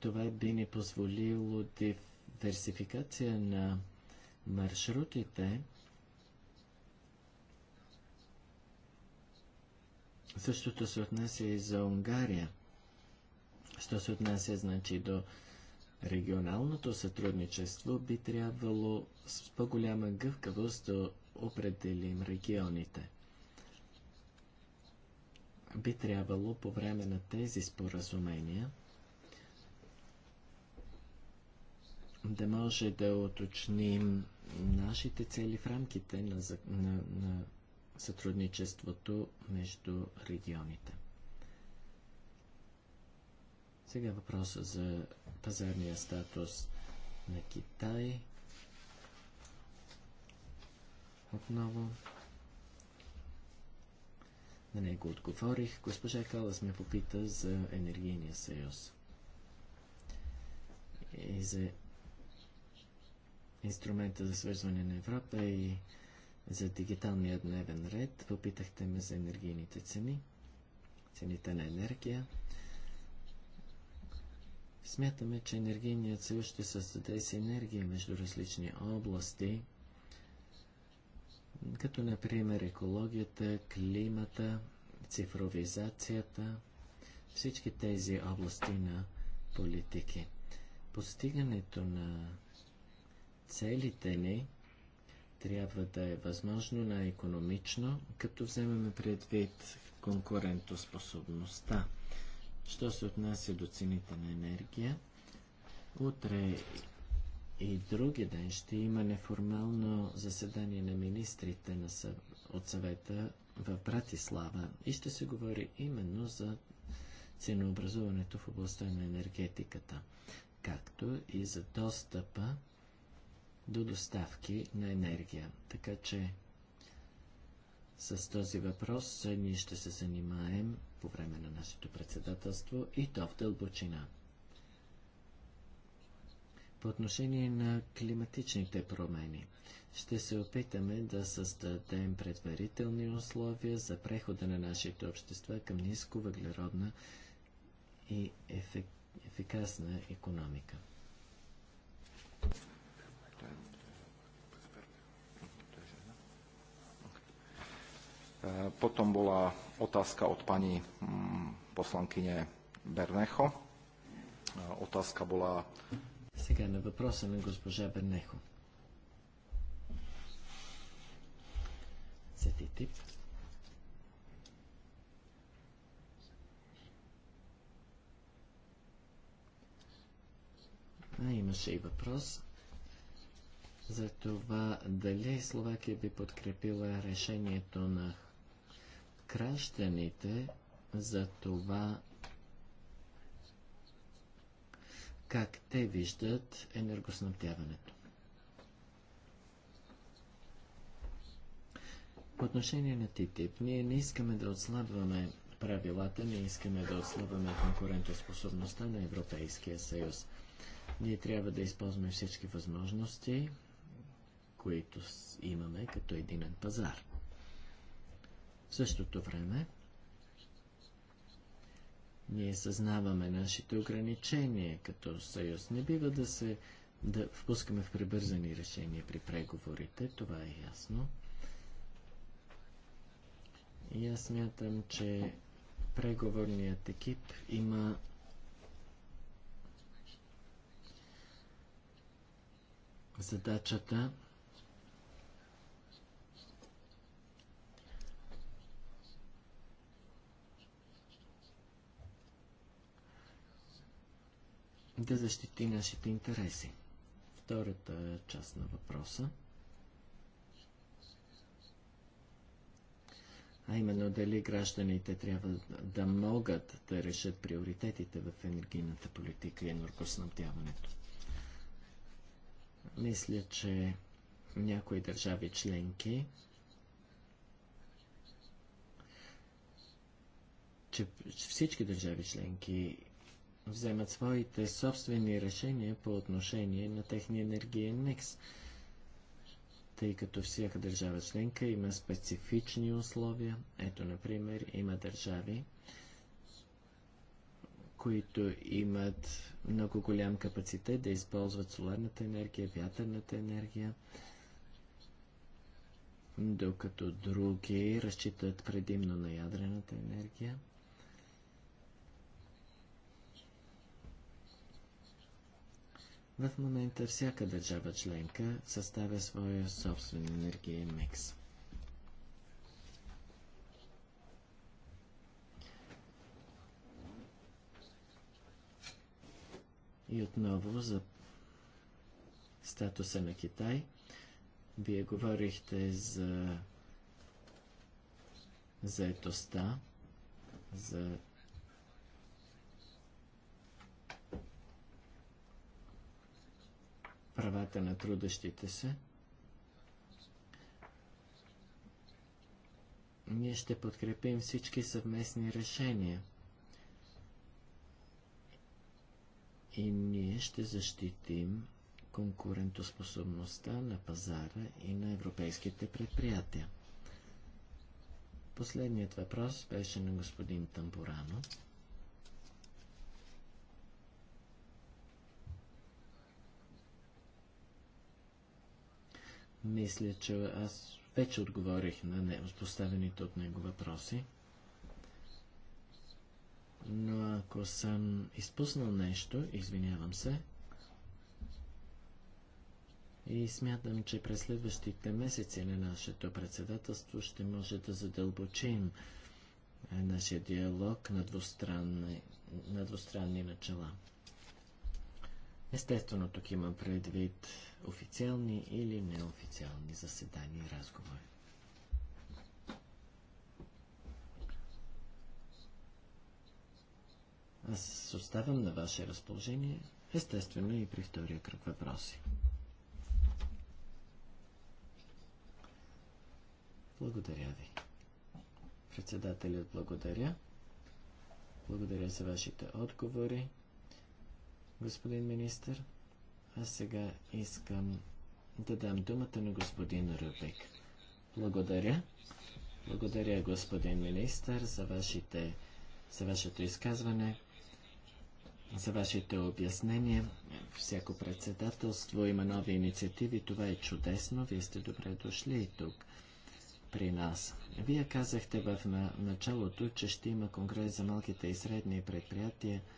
Това би ни позволило диверсификация на маршрутите, Същото се отнася и за Унгария. Що се отнася, значи, до Регионалното сътрудничество би трябвало с по-голяма гъвкавост да определим регионите. Би трябвало по време на тези споразумения да може да уточним нашите цели в рамките на, на, на сътрудничеството между регионите. Сега въпрос за пазарния статус на Китай. Отново на него отговорих. Госпожа Калас ме попита за енергийния съюз и за инструмента за свързване на Европа и за дигиталния дневен ред. Попитахте ме за енергийните цени, цените на енергия. Смятаме, че енергийният съюз ще създаде синергия между различни области, като например екологията, климата, цифровизацията, всички тези области на политики. Постигането на целите ни трябва да е възможно на економично, като вземем предвид конкурентоспособността. Що се отнася до цените на енергия, утре и други ден ще има неформално заседание на министрите на съ... от съвета в Братислава и ще се говори именно за ценообразуването в областта на енергетиката, както и за достъпа до доставки на енергия. Така че с този въпрос е, ние ще се занимаем по време на нашето председателство и то в дълбочина. По отношение на климатичните промени, ще се опитаме да създадем предварителни условия за прехода на нашите общества към ниско въглеродна и ефек... ефикасна економика. Potom bola Otázka od pani mm, poslankyne Бернехо. E, otázka bola... Сега на госпожа Бернехо. А, имаше и въпрос за това дали Словакия би подкрепила решението на Кращаните за това как те виждат енергоснабдяването. По отношение на ТТИП, ние не искаме да отслабваме правилата, не искаме да отслабваме конкурентоспособността на Европейския съюз. Ние трябва да използваме всички възможности, които имаме като единен пазар. В същото време, ние съзнаваме нашите ограничения като съюз. Не бива да се да впускаме в прибързани решения при преговорите, това е ясно. И аз смятам, че преговорният екип има задачата да защити нашите интереси. Втората част на въпроса, а именно дали гражданите трябва да могат да решат приоритетите в енергийната политика и енергоснабдяването. Мисля, че някои държави членки че всички държави членки вземат своите собствени решения по отношение на техния енергиен микс, тъй като всяка държава членка има специфични условия. Ето, например, има държави, които имат много голям капацитет да използват соларната енергия, вятърната енергия, докато други разчитат предимно на ядрената енергия. В момента всяка държава членка съставя своя собствен енергиен микс. И отново за статуса на Китай. Вие говорихте за заетостта, за правата на трудещите се. Ние ще подкрепим всички съвместни решения. И ние ще защитим конкурентоспособността на пазара и на европейските предприятия. Последният въпрос беше на господин Тамбурано. Мисля, че аз вече отговорих на поставените от него въпроси. Но ако съм изпуснал нещо, извинявам се. И смятам, че през следващите месеци на нашето председателство ще може да задълбочим е, нашия диалог на двустранни, на двустранни начала. Естествено, тук имам предвид официални или неофициални заседания и разговори. Аз оставям на ваше разположение, естествено и при втория кръг въпроси. Благодаря ви. Председателят благодаря. Благодаря за вашите отговори господин министр. А сега искам да дам думата на господин Рубик. Благодаря. Благодаря, господин министър, за, вашите, за вашето изказване, за вашите обяснения. Всяко председателство има нови инициативи. Това е чудесно. Вие сте добре дошли и тук при нас. Вие казахте в началото, че ще има конгрес за малките и средни предприятия –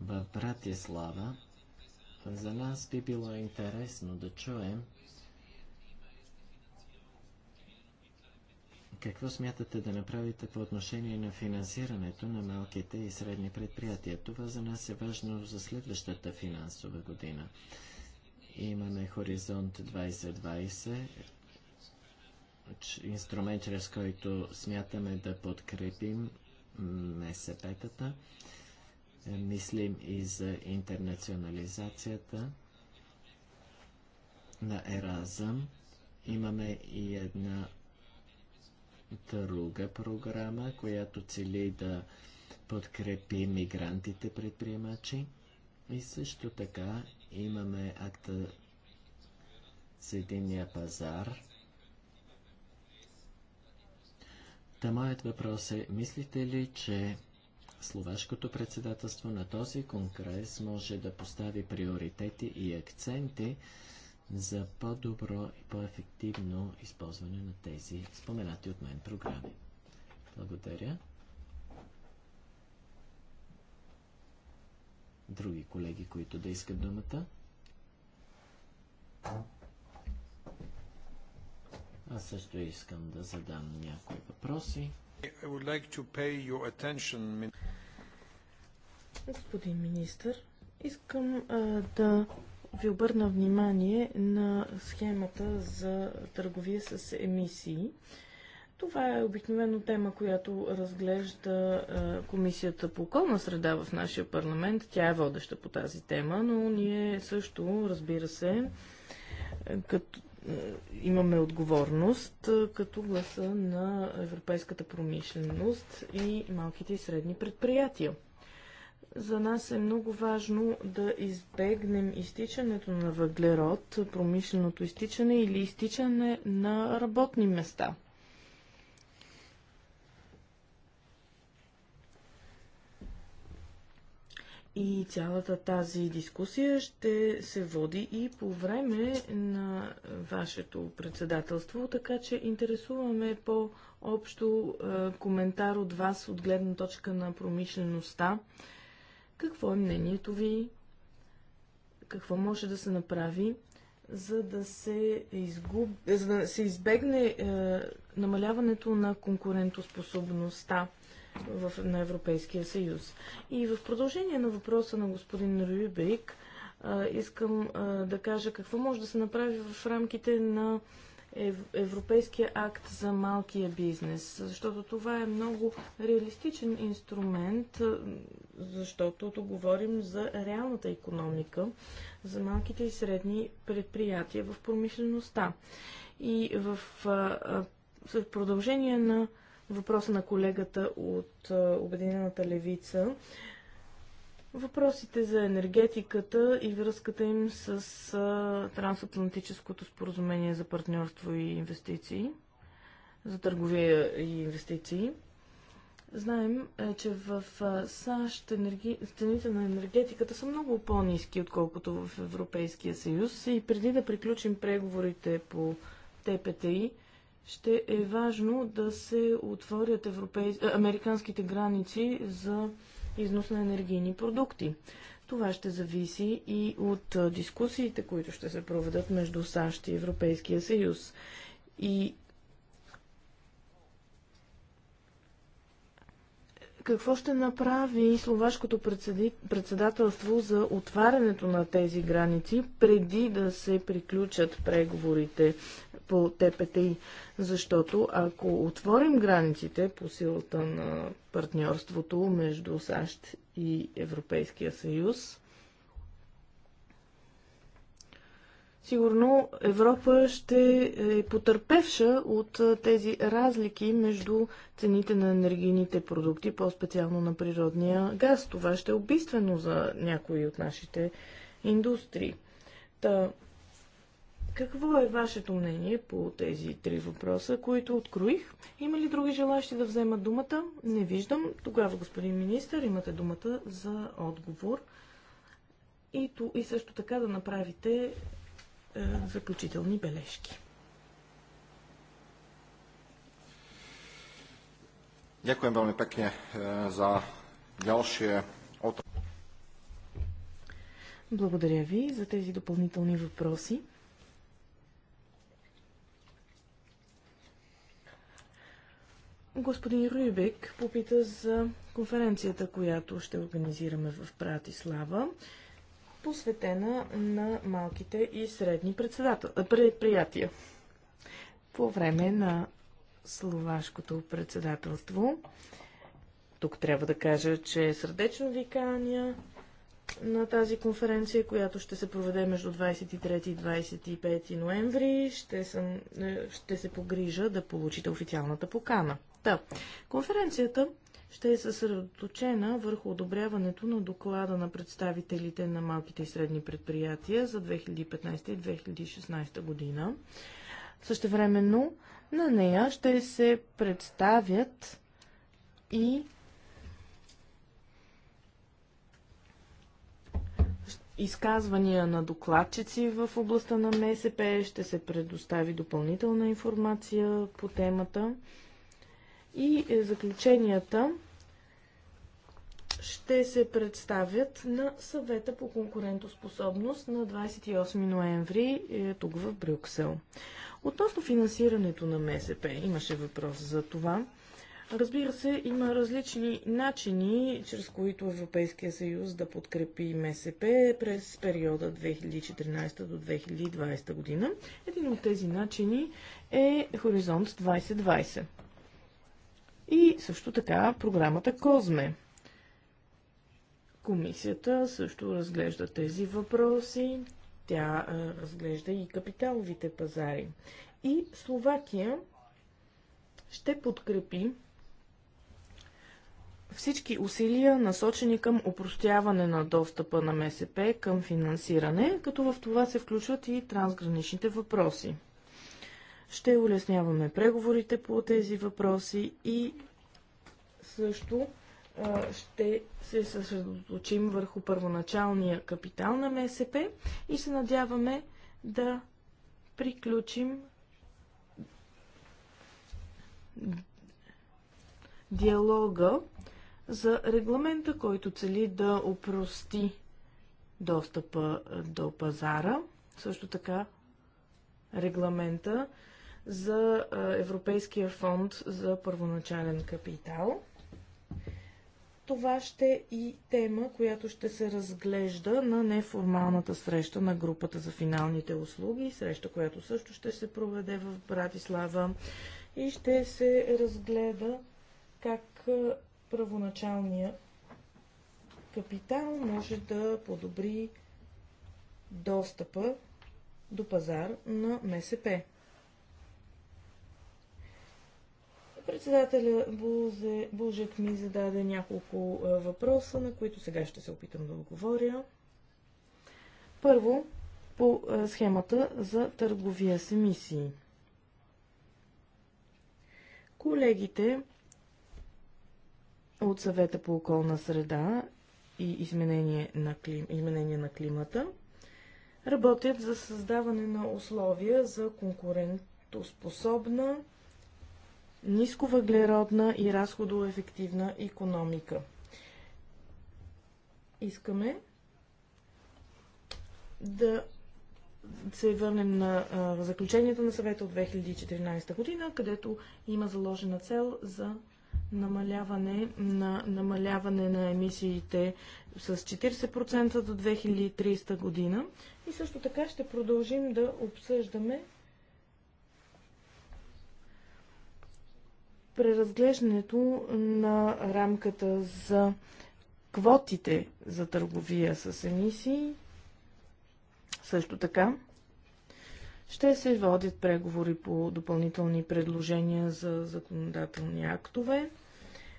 в Братислава. За нас би било интересно да чуем Какво смятате да направите по отношение на финансирането на малките и средни предприятия? Това за нас е важно за следващата финансова година. Имаме Хоризонт 2020, инструмент, чрез който смятаме да подкрепим МСП-тата мислим и за интернационализацията на Еразъм. Имаме и една друга програма, която цели да подкрепи мигрантите предприемачи. И също така имаме акта с единия пазар. Та моят въпрос е, мислите ли, че словашкото председателство на този конгрес може да постави приоритети и акценти за по-добро и по-ефективно използване на тези споменати от мен програми. Благодаря. Други колеги, които да искат думата? Аз също искам да задам някои въпроси. Like Господин министр, искам а, да ви обърна внимание на схемата за търговия с емисии. Това е обикновено тема, която разглежда Комисията по околна среда в нашия парламент. Тя е водеща по тази тема, но ние също, разбира се, като е, имаме отговорност е, като гласа на европейската промишленост и малките и средни предприятия. За нас е много важно да избегнем изтичането на въглерод, промишленото изтичане или изтичане на работни места. И цялата тази дискусия ще се води и по време на вашето председателство, така че интересуваме по-общо е, коментар от вас от гледна точка на промишлеността. Какво е мнението ви? Какво може да се направи, за да се, изгуб... за да се избегне е, намаляването на конкурентоспособността? в, на Европейския съюз. И в продължение на въпроса на господин Рюбик, искам а, да кажа какво може да се направи в рамките на Европейския акт за малкия бизнес, защото това е много реалистичен инструмент, защото тук говорим за реалната економика, за малките и средни предприятия в промишлеността. И в, в продължение на въпроса на колегата от Обединената левица. Въпросите за енергетиката и връзката им с трансатлантическото споразумение за партньорство и инвестиции, за търговия и инвестиции. Знаем, е, че в САЩ енерги... цените на енергетиката са много по-низки, отколкото в Европейския съюз. И преди да приключим преговорите по ТПТИ, ще е важно да се отворят европей... американските граници за износ на енергийни продукти. Това ще зависи и от дискусиите, които ще се проведат между САЩ и Европейския съюз. И Какво ще направи словашкото председателство за отварянето на тези граници преди да се приключат преговорите по ТПТИ? Защото ако отворим границите по силата на партньорството между САЩ и Европейския съюз, сигурно Европа ще е потърпевша от тези разлики между цените на енергийните продукти, по-специално на природния газ. Това ще е убийствено за някои от нашите индустрии. Та, какво е вашето мнение по тези три въпроса, които откроих? Има ли други желащи да вземат думата? Не виждам. Тогава, господин министр, имате думата за отговор. И, и също така да направите е, заключителни бележки. Ďakujem veľmi pekne za е, ďalšie otázky. Благодаря ви за тези допълнителни въпроси. Господин Руйбек попита за конференцията, която ще организираме в Пратислава посветена на малките и средни предприятия. По време на словашкото председателство, тук трябва да кажа, че е сърдечно викания на тази конференция, която ще се проведе между 23 и 25 ноември, ще, съм, е, ще се погрижа да получите официалната покана общността. Конференцията ще е съсредоточена върху одобряването на доклада на представителите на малките и средни предприятия за 2015 и 2016 година. Същевременно на нея ще се представят и изказвания на докладчици в областта на МСП, ще се предостави допълнителна информация по темата и е, заключенията ще се представят на съвета по конкурентоспособност на 28 ноември е, тук в Брюксел. Относно финансирането на МСП, имаше въпрос за това. Разбира се, има различни начини, чрез които Европейския съюз да подкрепи МСП през периода 2014 до 2020 година. Един от тези начини е Хоризонт 2020 и също така програмата Козме. Комисията също разглежда тези въпроси. Тя разглежда и капиталовите пазари. И Словакия ще подкрепи всички усилия насочени към упростяване на достъпа на МСП към финансиране, като в това се включват и трансграничните въпроси. Ще улесняваме преговорите по тези въпроси и също ще се съсредоточим върху първоначалния капитал на МСП и се надяваме да приключим диалога за регламента, който цели да опрости достъпа до пазара. Също така регламента за Европейския фонд за първоначален капитал. Това ще и тема, която ще се разглежда на неформалната среща на групата за финалните услуги, среща, която също ще се проведе в Братислава и ще се разгледа как първоначалния капитал може да подобри достъпа до пазар на МСП. Председателя Булзе, Булжек ми зададе няколко е, въпроса, на които сега ще се опитам да отговоря. Първо, по е, схемата за търговия с емисии. Колегите от съвета по околна среда и изменение на, клим, изменение на климата работят за създаване на условия за конкурентоспособна нисковъглеродна и разходоефективна економика. Искаме да се върнем на а, заключението на съвета от 2014 година, където има заложена цел за намаляване на, намаляване на емисиите с 40% до 2300 година. И също така ще продължим да обсъждаме преразглеждането на рамката за квотите за търговия с емисии. Също така ще се водят преговори по допълнителни предложения за законодателни актове,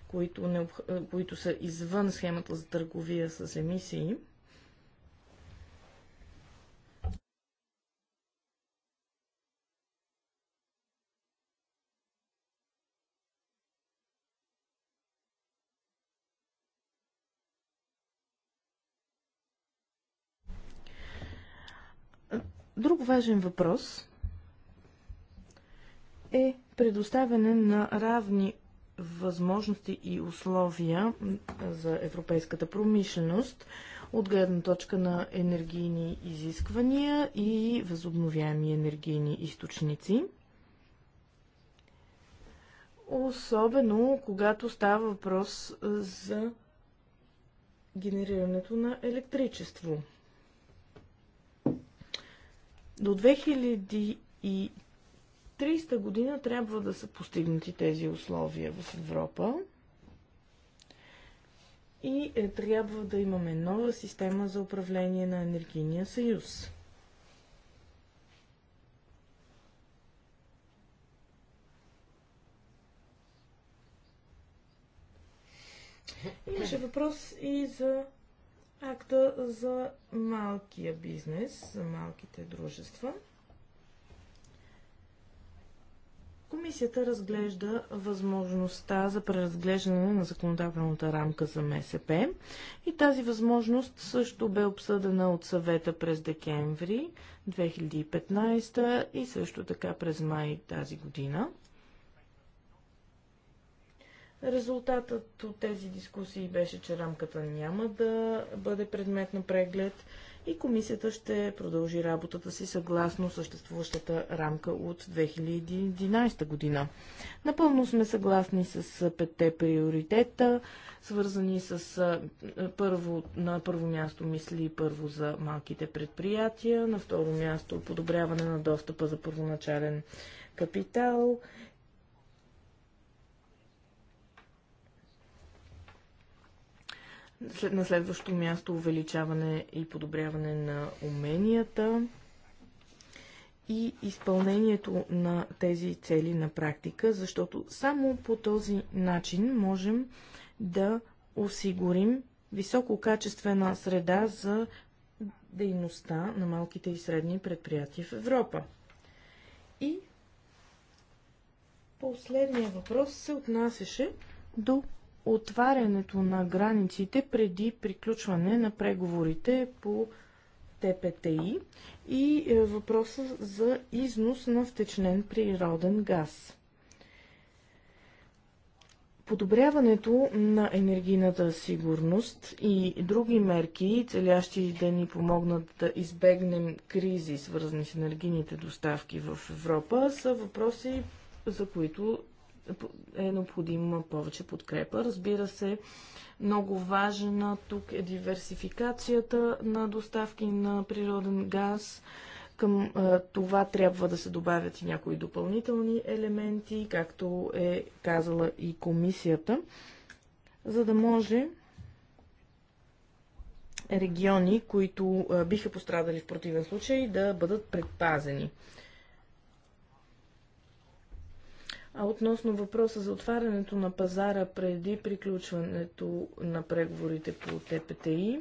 които, не, които са извън схемата за търговия с емисии. Друг важен въпрос е предоставяне на равни възможности и условия за европейската промишленост от гледна точка на енергийни изисквания и възобновяеми енергийни източници. Особено когато става въпрос за генерирането на електричество. До 2030 година трябва да са постигнати тези условия в Европа и е, трябва да имаме нова система за управление на енергийния съюз. Имаше въпрос и за акта за малкия бизнес, за малките дружества. Комисията разглежда възможността за преразглеждане на законодателната рамка за МСП и тази възможност също бе обсъдена от съвета през декември 2015 и също така през май тази година. Резултатът от тези дискусии беше, че рамката няма да бъде предмет на преглед и комисията ще продължи работата си съгласно съществуващата рамка от 2011 година. Напълно сме съгласни с петте приоритета, свързани с първо, на първо място мисли първо за малките предприятия, на второ място подобряване на достъпа за първоначален капитал След, на следващо място увеличаване и подобряване на уменията и изпълнението на тези цели на практика, защото само по този начин можем да осигурим висококачествена среда за дейността на малките и средни предприятия в Европа. И последният въпрос се отнасяше до отварянето на границите преди приключване на преговорите по ТПТИ и е, въпроса за износ на втечнен природен газ. Подобряването на енергийната сигурност и други мерки, целящи да ни помогнат да избегнем кризи, свързани с енергийните доставки в Европа, са въпроси, за които е необходима повече подкрепа. Разбира се, много важна тук е диверсификацията на доставки на природен газ. Към а, това трябва да се добавят и някои допълнителни елементи, както е казала и комисията, за да може региони, които биха пострадали в противен случай, да бъдат предпазени. А относно въпроса за отварянето на пазара преди приключването на преговорите по ТПТИ,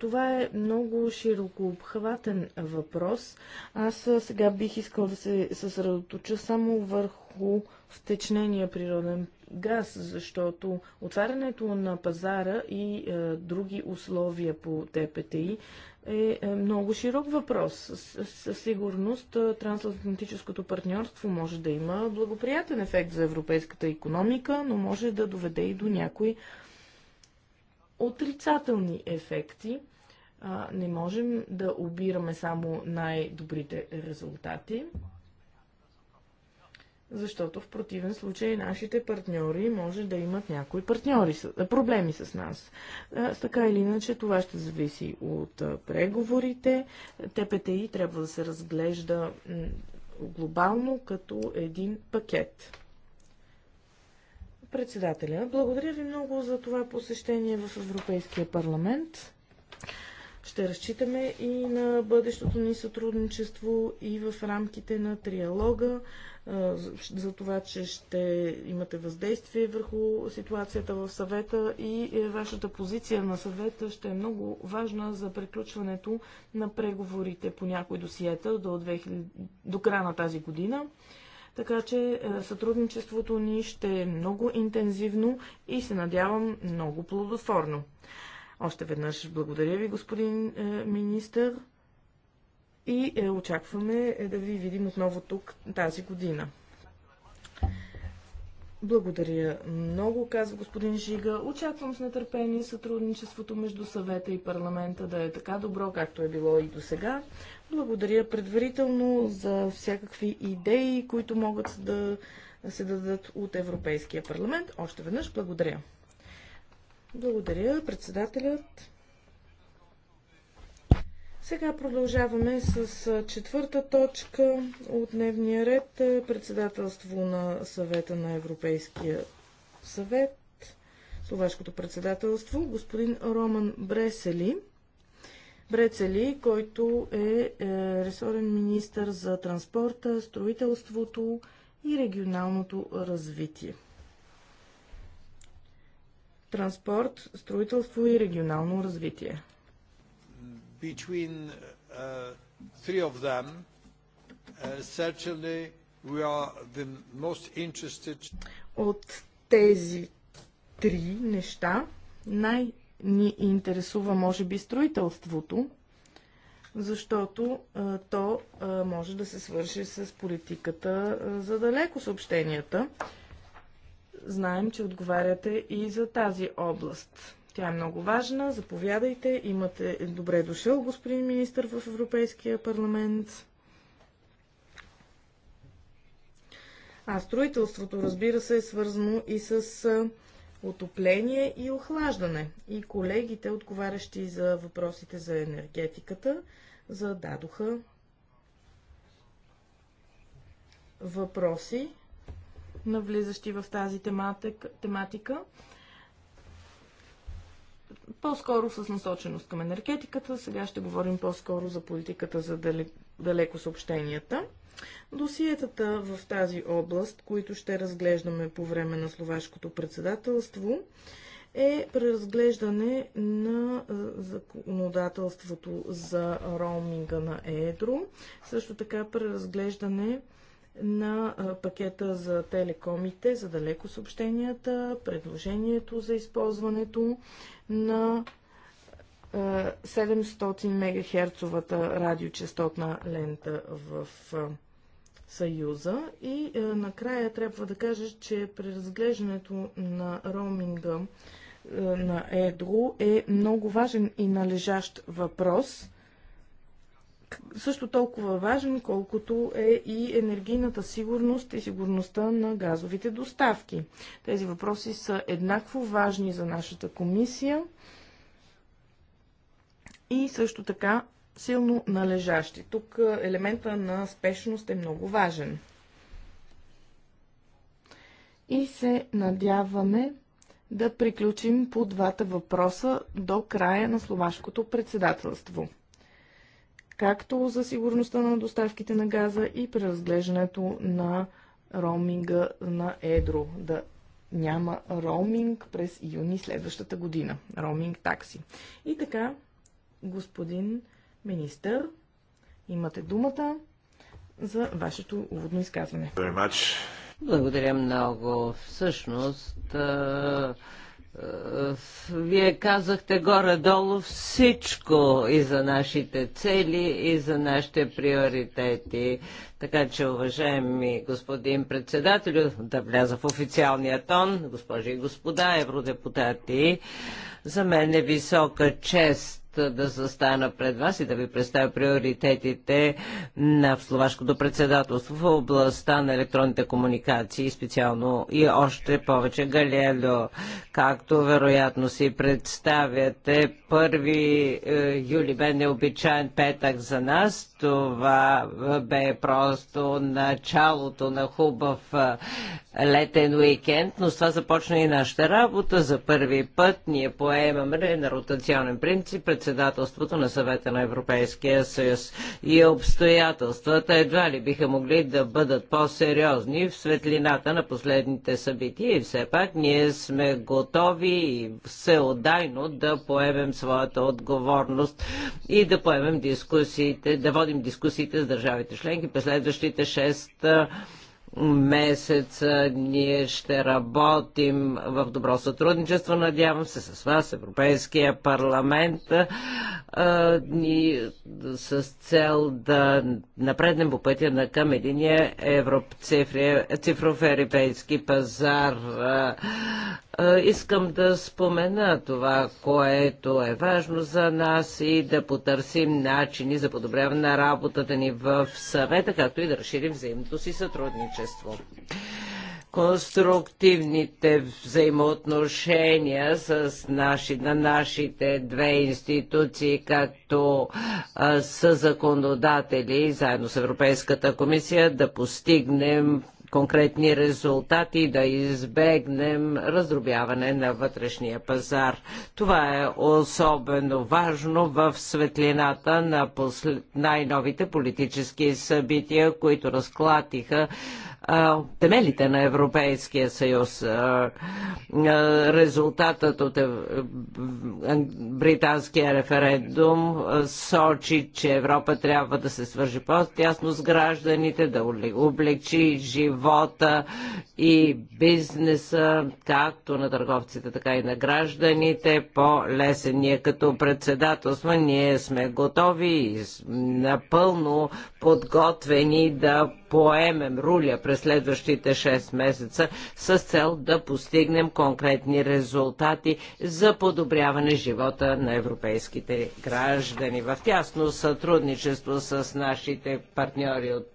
това е много широко обхватен въпрос. Аз сега бих искал да се съсредоточа само върху втечнения природен газ, защото отварянето на пазара и е, други условия по ТПТИ е, е много широк въпрос. Със сигурност трансатлантическото партньорство може да има благоприятен ефект за европейската економика, но може да доведе и до някои отрицателни ефекти. Не можем да обираме само най-добрите резултати защото в противен случай нашите партньори може да имат някои партньори, проблеми с нас. С така или иначе това ще зависи от преговорите. ТПТИ трябва да се разглежда глобално като един пакет. Председателя, благодаря ви много за това посещение в Европейския парламент. Ще разчитаме и на бъдещото ни сътрудничество и в рамките на триалога за това, че ще имате въздействие върху ситуацията в съвета и е, вашата позиция на съвета ще е много важна за приключването на преговорите по някои досиета до, 2000, до края на тази година. Така че е, сътрудничеството ни ще е много интензивно и се надявам много плодотворно. Още веднъж благодаря ви, господин е, министър и е, очакваме е, да ви видим отново тук тази година. Благодаря много, казва господин Жига. Очаквам с нетърпение сътрудничеството между съвета и парламента да е така добро, както е било и до сега. Благодаря предварително за всякакви идеи, които могат да се дадат от Европейския парламент. Още веднъж благодаря. Благодаря председателят. Сега продължаваме с четвърта точка от дневния ред е, председателство на съвета на Европейския съвет, словашкото председателство, господин Роман Бресели. Брецели, който е, е ресорен министър за транспорта, строителството и регионалното развитие. Транспорт, строителство и регионално развитие between uh, three of them, uh, certainly we are the most interested. От тези три неща най- ни интересува, може би, строителството, защото а, то а, може да се свърши с политиката а, за далеко съобщенията. Знаем, че отговаряте и за тази област. Тя е много важна. Заповядайте. Имате добре дошъл, господин министр, в Европейския парламент. А строителството, разбира се, е свързано и с отопление и охлаждане. И колегите, отговарящи за въпросите за енергетиката, зададоха въпроси, навлизащи в тази тематика по-скоро с насоченост към енергетиката. Сега ще говорим по-скоро за политиката за далеко съобщенията. Досиетата в тази област, които ще разглеждаме по време на словашкото председателство, е преразглеждане на законодателството за роуминга на Едро, също така преразглеждане на пакета за телекомите, за далеко съобщенията, предложението за използването на 700 мегахерцовата радиочастотна лента в Съюза. И накрая трябва да кажа, че преразглеждането на роуминга на Едро е много важен и належащ въпрос също толкова важен, колкото е и енергийната сигурност и сигурността на газовите доставки. Тези въпроси са еднакво важни за нашата комисия и също така силно належащи. Тук е, елемента на спешност е много важен. И се надяваме да приключим по двата въпроса до края на словашкото председателство както за сигурността на доставките на газа и преразглеждането на роуминга на Едро. Да няма роуминг през юни следващата година. Роуминг такси. И така, господин министър, имате думата за вашето уводно изказване. Благодаря много. Всъщност, е, вие казахте горе-долу всичко и за нашите цели, и за нашите приоритети. Така че, уважаеми господин председател, да вляза в официалния тон, госпожи и господа евродепутати, за мен е висока чест да застана пред вас и да ви представя приоритетите на словашкото председателство в областта на електронните комуникации, специално и още повече Галелио. Както вероятно си представяте, първи е, юли бе необичайен петък за нас, това бе просто началото на хубав летен уикенд, но с това започна и нашата работа. За първи път ние поемаме на ротационен принцип председателството на съвета на Европейския съюз. И обстоятелствата едва ли биха могли да бъдат по-сериозни в светлината на последните събития и все пак ние сме готови и всеотдайно да поемем своята отговорност и да поемем дискусиите, да водим водим дискусиите с държавите членки през следващите 6 месеца. Ние ще работим в добро сътрудничество, надявам се, с вас, Европейския парламент, а, ни, с цел да напреднем по пътя на към единия Европ... цифри... цифров европейски пазар. А, а, искам да спомена това, което е важно за нас и да потърсим начини за подобряване на работата ни в съвета, както и да разширим взаимното си сътрудничество качество. Конструктивните взаимоотношения с наши, на нашите две институции, както с са законодатели, заедно с Европейската комисия, да постигнем конкретни резултати и да избегнем раздробяване на вътрешния пазар. Това е особено важно в светлината на посл... най-новите политически събития, които разклатиха темелите на Европейския съюз. Резултатът от британския референдум сочи, че Европа трябва да се свържи по-тясно с гражданите, да облегчи живота и бизнеса, както на търговците, така и на гражданите, по-лесен. Ние като председателство ние сме готови и напълно подготвени да поемем руля през следващите 6 месеца с цел да постигнем конкретни резултати за подобряване живота на европейските граждани. В тясно сътрудничество с нашите партньори от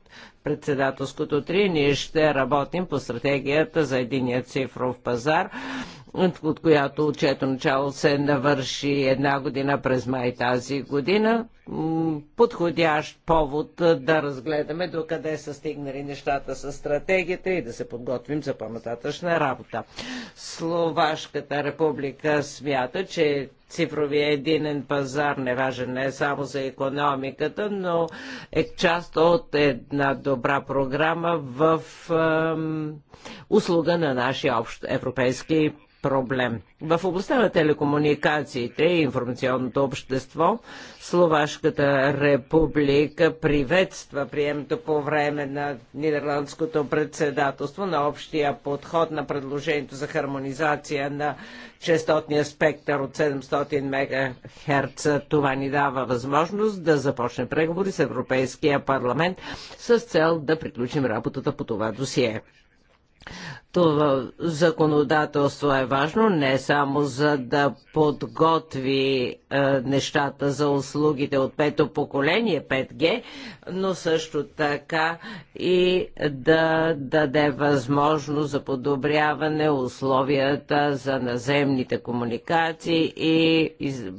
председателското три, ние ще работим по стратегията за единия цифров пазар от която отчето начало се навърши една година през май тази година. Подходящ повод да разгледаме до къде са стигнали нещата с стратегията и да се подготвим за по-нататъчна работа. Словашката република смята, че Цифровия единен пазар не важен не само за економиката, но е част от една добра програма в услуга на нашия общ европейски проблем. В областта на телекомуникациите и информационното общество Словашката република приветства приемто по време на Нидерландското председателство на общия подход на предложението за хармонизация на частотния спектър от 700 МГц. Това ни дава възможност да започне преговори с Европейския парламент с цел да приключим работата по това досие. Това законодателство е важно не само за да подготви е, нещата за услугите от пето поколение 5G, но също така и да даде възможност за подобряване условията за наземните комуникации и из, е,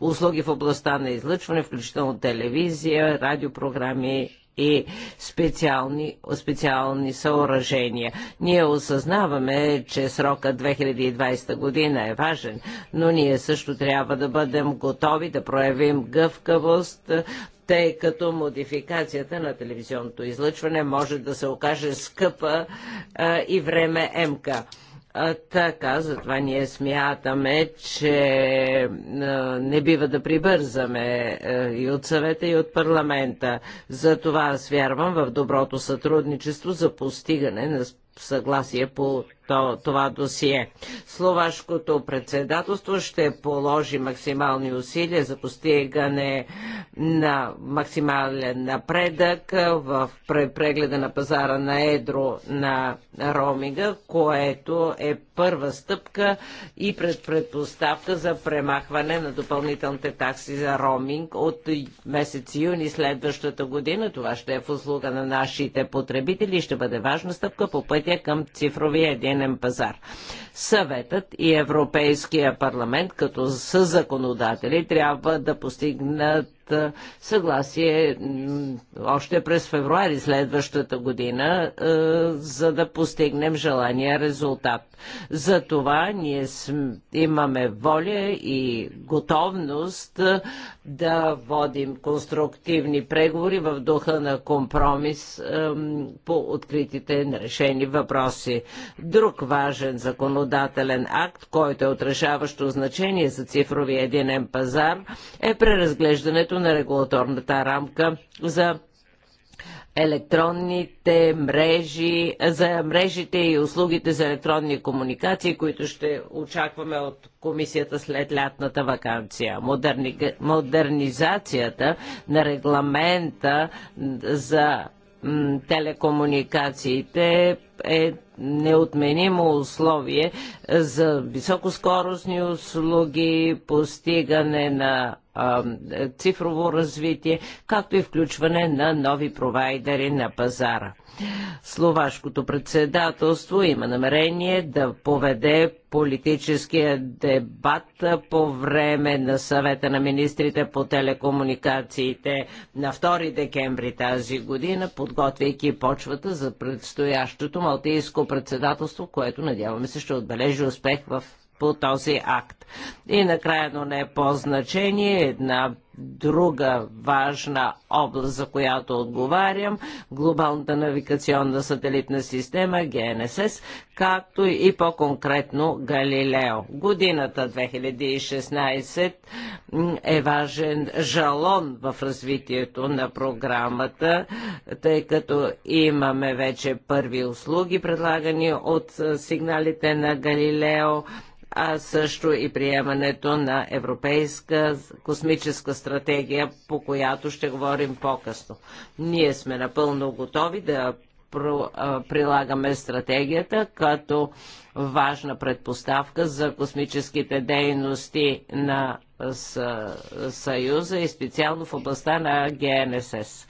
услуги в областта на излъчване, включително телевизия, радиопрограми и специални, специални съоръжения. Ние осъзнаваме, че срока 2020 година е важен, но ние също трябва да бъдем готови да проявим гъвкавост, тъй като модификацията на телевизионното излъчване може да се окаже скъпа а, и време МК. А, така, затова ние смятаме, че а, не бива да прибързаме а, и от съвета, и от парламента. Затова аз вярвам в доброто сътрудничество за постигане на съгласие по това досие. Словашкото председателство ще положи максимални усилия за постигане на максимален напредък в прегледа на пазара на едро на ромига, което е първа стъпка и пред предпоставка за премахване на допълнителните такси за роминг от месец юни следващата година. Това ще е в услуга на нашите потребители и ще бъде важна стъпка по пътя към цифровия един енергиен пазар. Съветът и Европейския парламент като съзаконодатели трябва да постигнат съгласие още през февруари следващата година, за да постигнем желания резултат. За това ние имаме воля и готовност да водим конструктивни преговори в духа на компромис по откритите решени въпроси. Друг важен законодателен акт, който е отрешаващо значение за цифровия единен пазар, е преразглеждането на регулаторната рамка за електронните мрежи, за мрежите и услугите за електронни комуникации, които ще очакваме от комисията след лятната вакансия. Модерни... Модернизацията на регламента за телекомуникациите е неотменимо условие за високоскоростни услуги, постигане на а, цифрово развитие, както и включване на нови провайдери на пазара. Словашкото председателство има намерение да поведе политическия дебат по време на съвета на министрите по телекомуникациите на 2 декември тази година, подготвяйки почвата за предстоящото Малтийско председателство, което надяваме се ще отбележи успех в по този акт. И накрая, но не е по значение, една друга важна област, за която отговарям, глобалната навигационна сателитна система ГНСС, както и по-конкретно Галилео. Годината 2016 е важен жалон в развитието на програмата, тъй като имаме вече първи услуги, предлагани от сигналите на Галилео, а също и приемането на Европейска космическа стратегия, по която ще говорим по-късно. Ние сме напълно готови да прилагаме стратегията като важна предпоставка за космическите дейности на Съюза и специално в областта на ГНСС.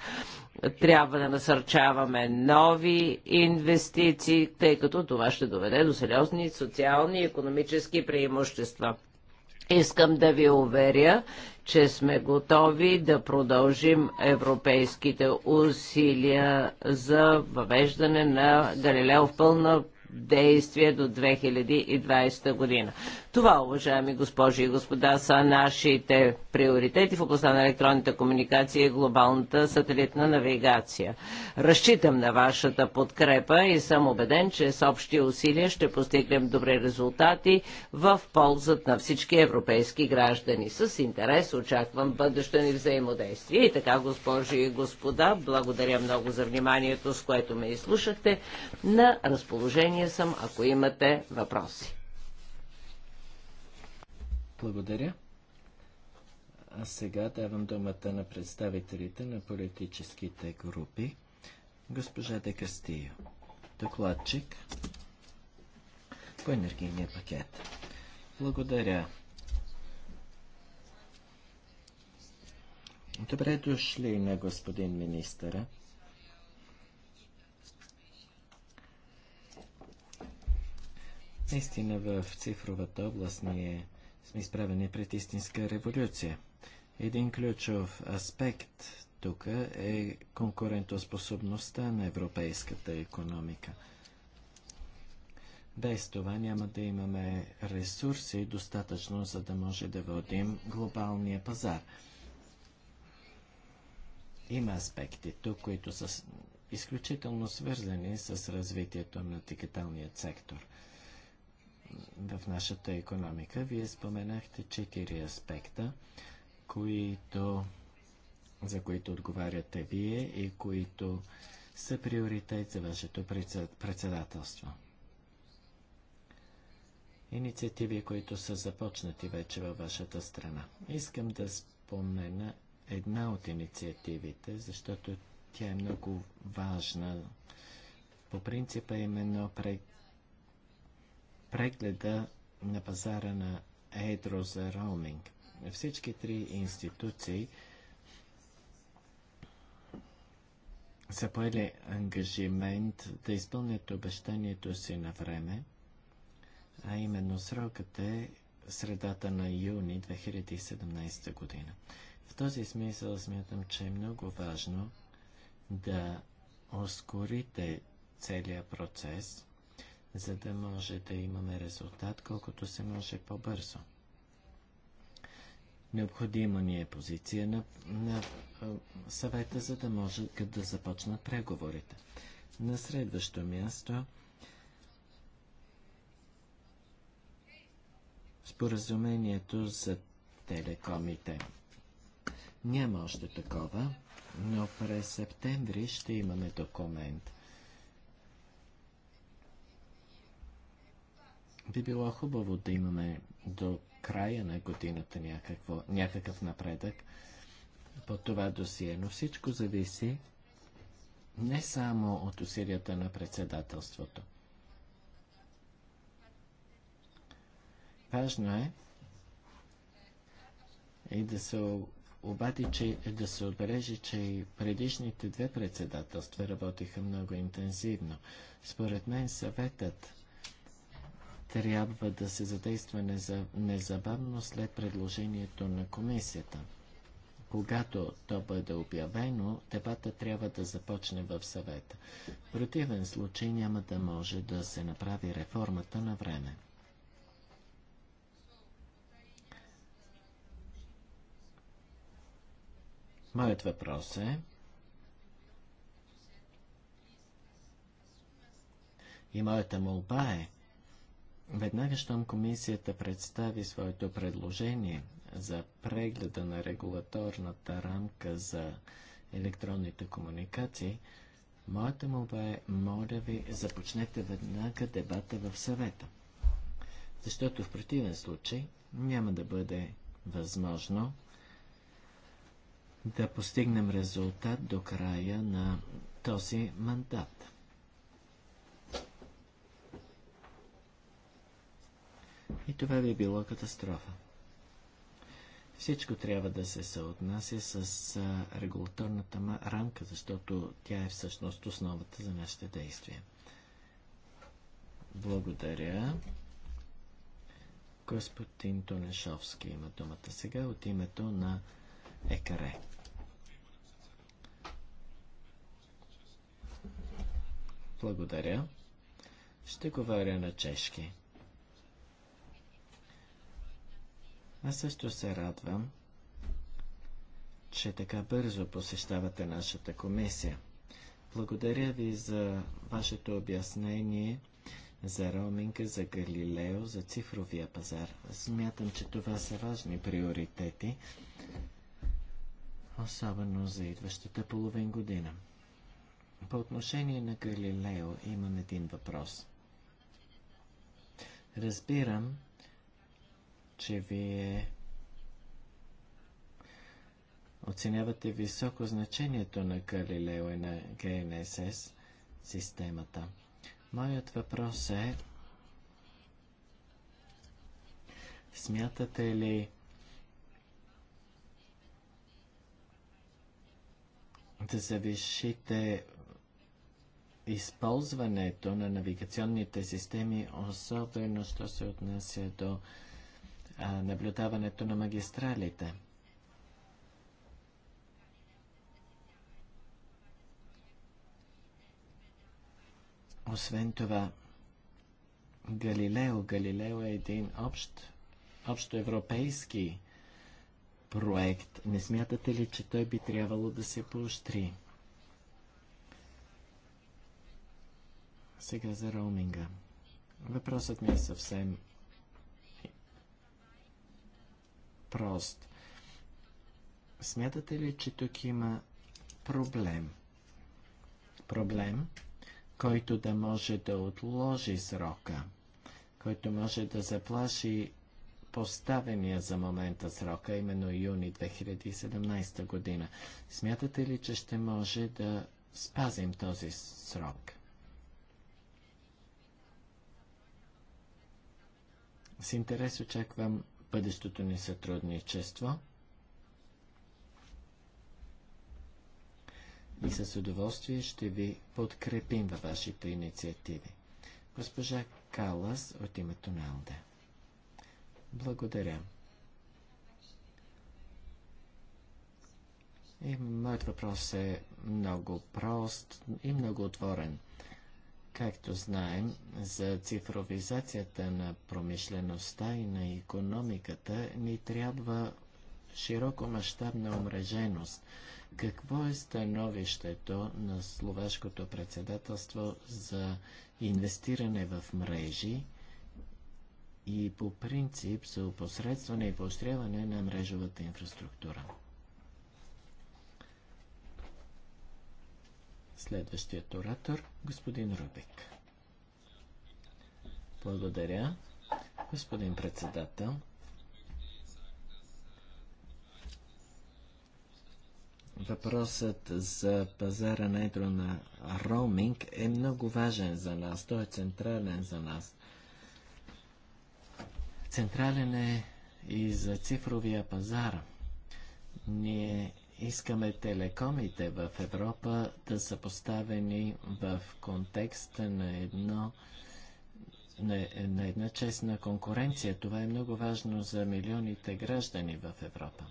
Трябва да насърчаваме нови инвестиции, тъй като това ще доведе до сериозни социални и економически преимущества. Искам да ви уверя, че сме готови да продължим европейските усилия за въвеждане на Галилео в пълна действие до 2020 година. Това, уважаеми госпожи и господа, са нашите приоритети в областта на електронните комуникации и глобалната сателитна навигация. Разчитам на вашата подкрепа и съм убеден, че с общи усилия ще постигнем добри резултати в ползът на всички европейски граждани. С интерес очаквам бъдещо ни взаимодействие. И така, госпожи и господа, благодаря много за вниманието, с което ме изслушахте. На разположение съм, ако имате въпроси. Благодаря. А сега давам думата на представителите на политическите групи. Госпожа Де Кастио, докладчик по енергийния пакет. Благодаря. Добре дошли на господин министъра. Наистина в цифровата област ние е изправени пред истинска революция. Един ключов аспект тук е конкурентоспособността на европейската економика. Без това няма да имаме ресурси достатъчно, за да може да водим глобалния пазар. Има аспекти тук, които са изключително свързани с развитието на дигиталният сектор в нашата економика. Вие споменахте четири аспекта, които, за които отговаряте вие и които са приоритет за вашето председателство. Инициативи, които са започнати вече във вашата страна. Искам да спомена една от инициативите, защото тя е много важна. По принципа е именно пред прегледа на пазара на едро за роуминг. Всички три институции са поели ангажимент да изпълнят обещанието си на време, а именно срокът е средата на юни 2017 година. В този смисъл смятам, че е много важно да ускорите целият процес – за да може да имаме резултат колкото се може по-бързо. Необходима ни е позиция на, на съвета, за да може да започнат преговорите. На следващо място споразумението за телекомите. Няма още такова, но през септември ще имаме документ – би било хубаво да имаме до края на годината някакво, някакъв напредък по това досие, но всичко зависи не само от усилията на председателството. Важно е и да се обади, че, да се отбележи, че и предишните две председателства работиха много интензивно. Според мен съветът трябва да се задейства незабавно след предложението на комисията. Когато то бъде обявено, дебата трябва да започне в съвета. В противен случай няма да може да се направи реформата на време. Моят въпрос е, и моята молба е, Веднага, щом комисията представи своето предложение за прегледа на регулаторната рамка за електронните комуникации, моята молба е, моля ви, започнете веднага дебата в съвета. Защото в противен случай няма да бъде възможно да постигнем резултат до края на този мандат. И това би било катастрофа. Всичко трябва да се съотнася с регулаторната рамка, защото тя е всъщност основата за нашите действия. Благодаря. Господин Тонешовски има думата сега от името на ЕКАРЕ. Благодаря. Ще говоря на чешки. Аз също се радвам, че така бързо посещавате нашата комисия. Благодаря ви за вашето обяснение за Роминга, за Галилео, за цифровия пазар. Смятам, че това са важни приоритети, особено за идващата половин година. По отношение на Галилео имам един въпрос. Разбирам, че вие оценявате високо значението на Галилео и на ГНСС системата. Моят въпрос е смятате ли да завишите използването на навигационните системи, особено що се отнася до наблюдаването на магистралите. Освен това, Галилео. Галилео е един общ, общоевропейски проект. Не смятате ли, че той би трябвало да се поощри? Сега за роуминга. Въпросът ми е съвсем прост. Смятате ли, че тук има проблем? Проблем, който да може да отложи срока, който може да заплаши поставения за момента срока, именно юни 2017 година. Смятате ли, че ще може да спазим този срок? С интерес очаквам бъдещото ни сътрудничество. И с удоволствие ще ви подкрепим във вашите инициативи. Госпожа Калас от името на Алде. Благодаря. И моят въпрос е много прост и много отворен. Както знаем, за цифровизацията на промишлеността и на економиката ни трябва широко мащабна омреженост. Какво е становището на словашкото председателство за инвестиране в мрежи и по принцип за опосредстване и поощряване на мрежовата инфраструктура? Следващият оратор, господин Рубик. Благодаря, господин председател. Въпросът за пазара на едро на роуминг е много важен за нас. Той е централен за нас. Централен е и за цифровия пазар. Ние Искаме телекомите в Европа да са поставени в контекста на едно на, една честна конкуренция. Това е много важно за милионите граждани в Европа.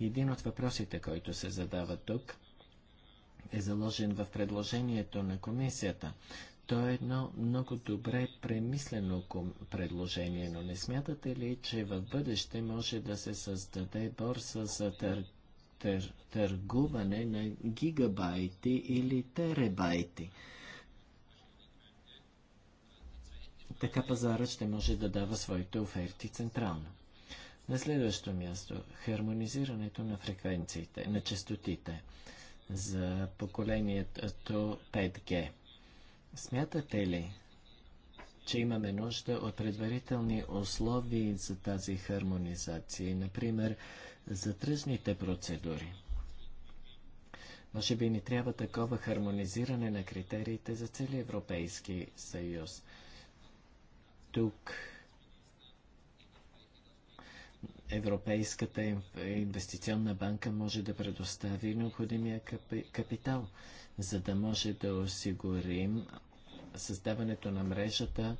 Един от въпросите, който се задава тук, е заложен в предложението на комисията. То е едно много добре премислено предложение, но не смятате ли, че в бъдеще може да се създаде борса за тър... Тър... търгуване на гигабайти или теребайти? Така пазарът ще може да дава своите оферти централно. На следващо място – хармонизирането на фреквенциите, на частотите за поколението 5G – Смятате ли, че имаме нужда от предварителни условия за тази хармонизация, например за тръжните процедури? Може би ни трябва такова хармонизиране на критериите за целия Европейски съюз. Тук Европейската инвестиционна банка може да предостави необходимия капитал за да може да осигурим създаването на мрежата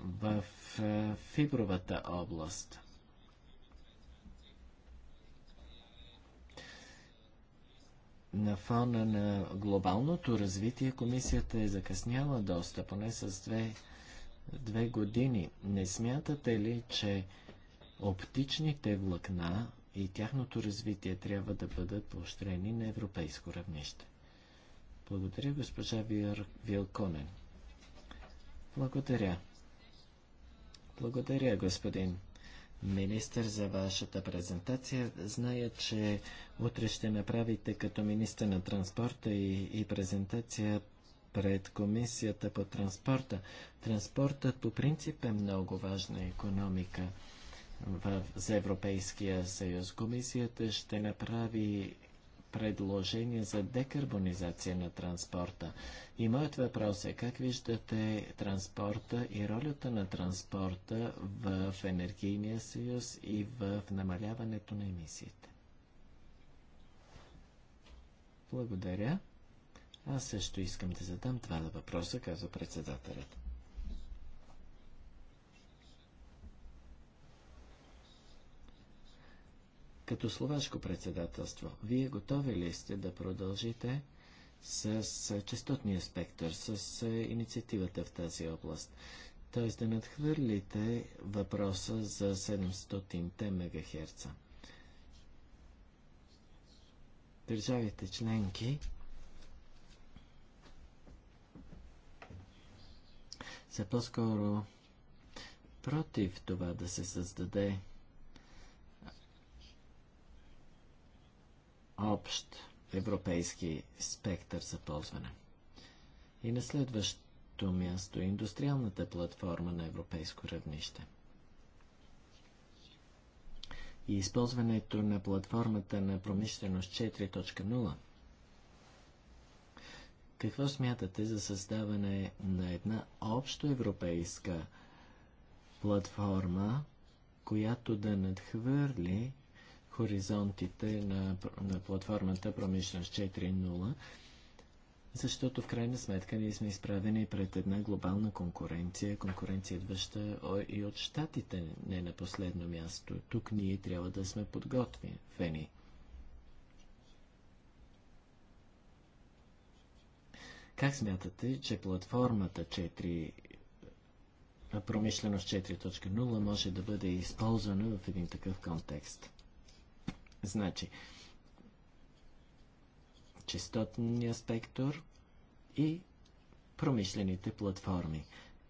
в е, фибровата област. На фона на глобалното развитие комисията е закъсняла доста, поне с две, две години. Не смятате ли, че оптичните влакна и тяхното развитие трябва да бъдат поощрени на европейско равнище. Благодаря, госпожа Вилконен. Благодаря. Благодаря, господин министър, за вашата презентация. Зная, че утре ще направите като министър на транспорта и, и презентация пред Комисията по транспорта. Транспортът по принцип е много важна економика в, за Европейския съюз. Комисията ще направи предложение за декарбонизация на транспорта. И моят въпрос е как виждате транспорта и ролята на транспорта в енергийния съюз и в намаляването на емисиите? Благодаря. Аз също искам да задам два въпроса, казва председателят. Като словашко председателство, вие готови ли сте да продължите с частотния спектър, с е, инициативата в тази област? т.е. да надхвърлите въпроса за 700-те МГц. Държавите членки са по-скоро против това да се създаде общ европейски спектър за ползване. И на следващото място индустриалната платформа на европейско равнище. И използването на платформата на промишленост 4.0. Какво смятате за създаване на една общо европейска платформа, която да надхвърли хоризонтите на, на платформата Промишленост 4.0, защото в крайна сметка ние сме изправени пред една глобална конкуренция, конкуренция идваща и от щатите не на последно място. Тук ние трябва да сме подготвени. Как смятате, че платформата 4 промишленост 4.0 може да бъде използвана в един такъв контекст? Значи, честотния спектър и промишлените платформи.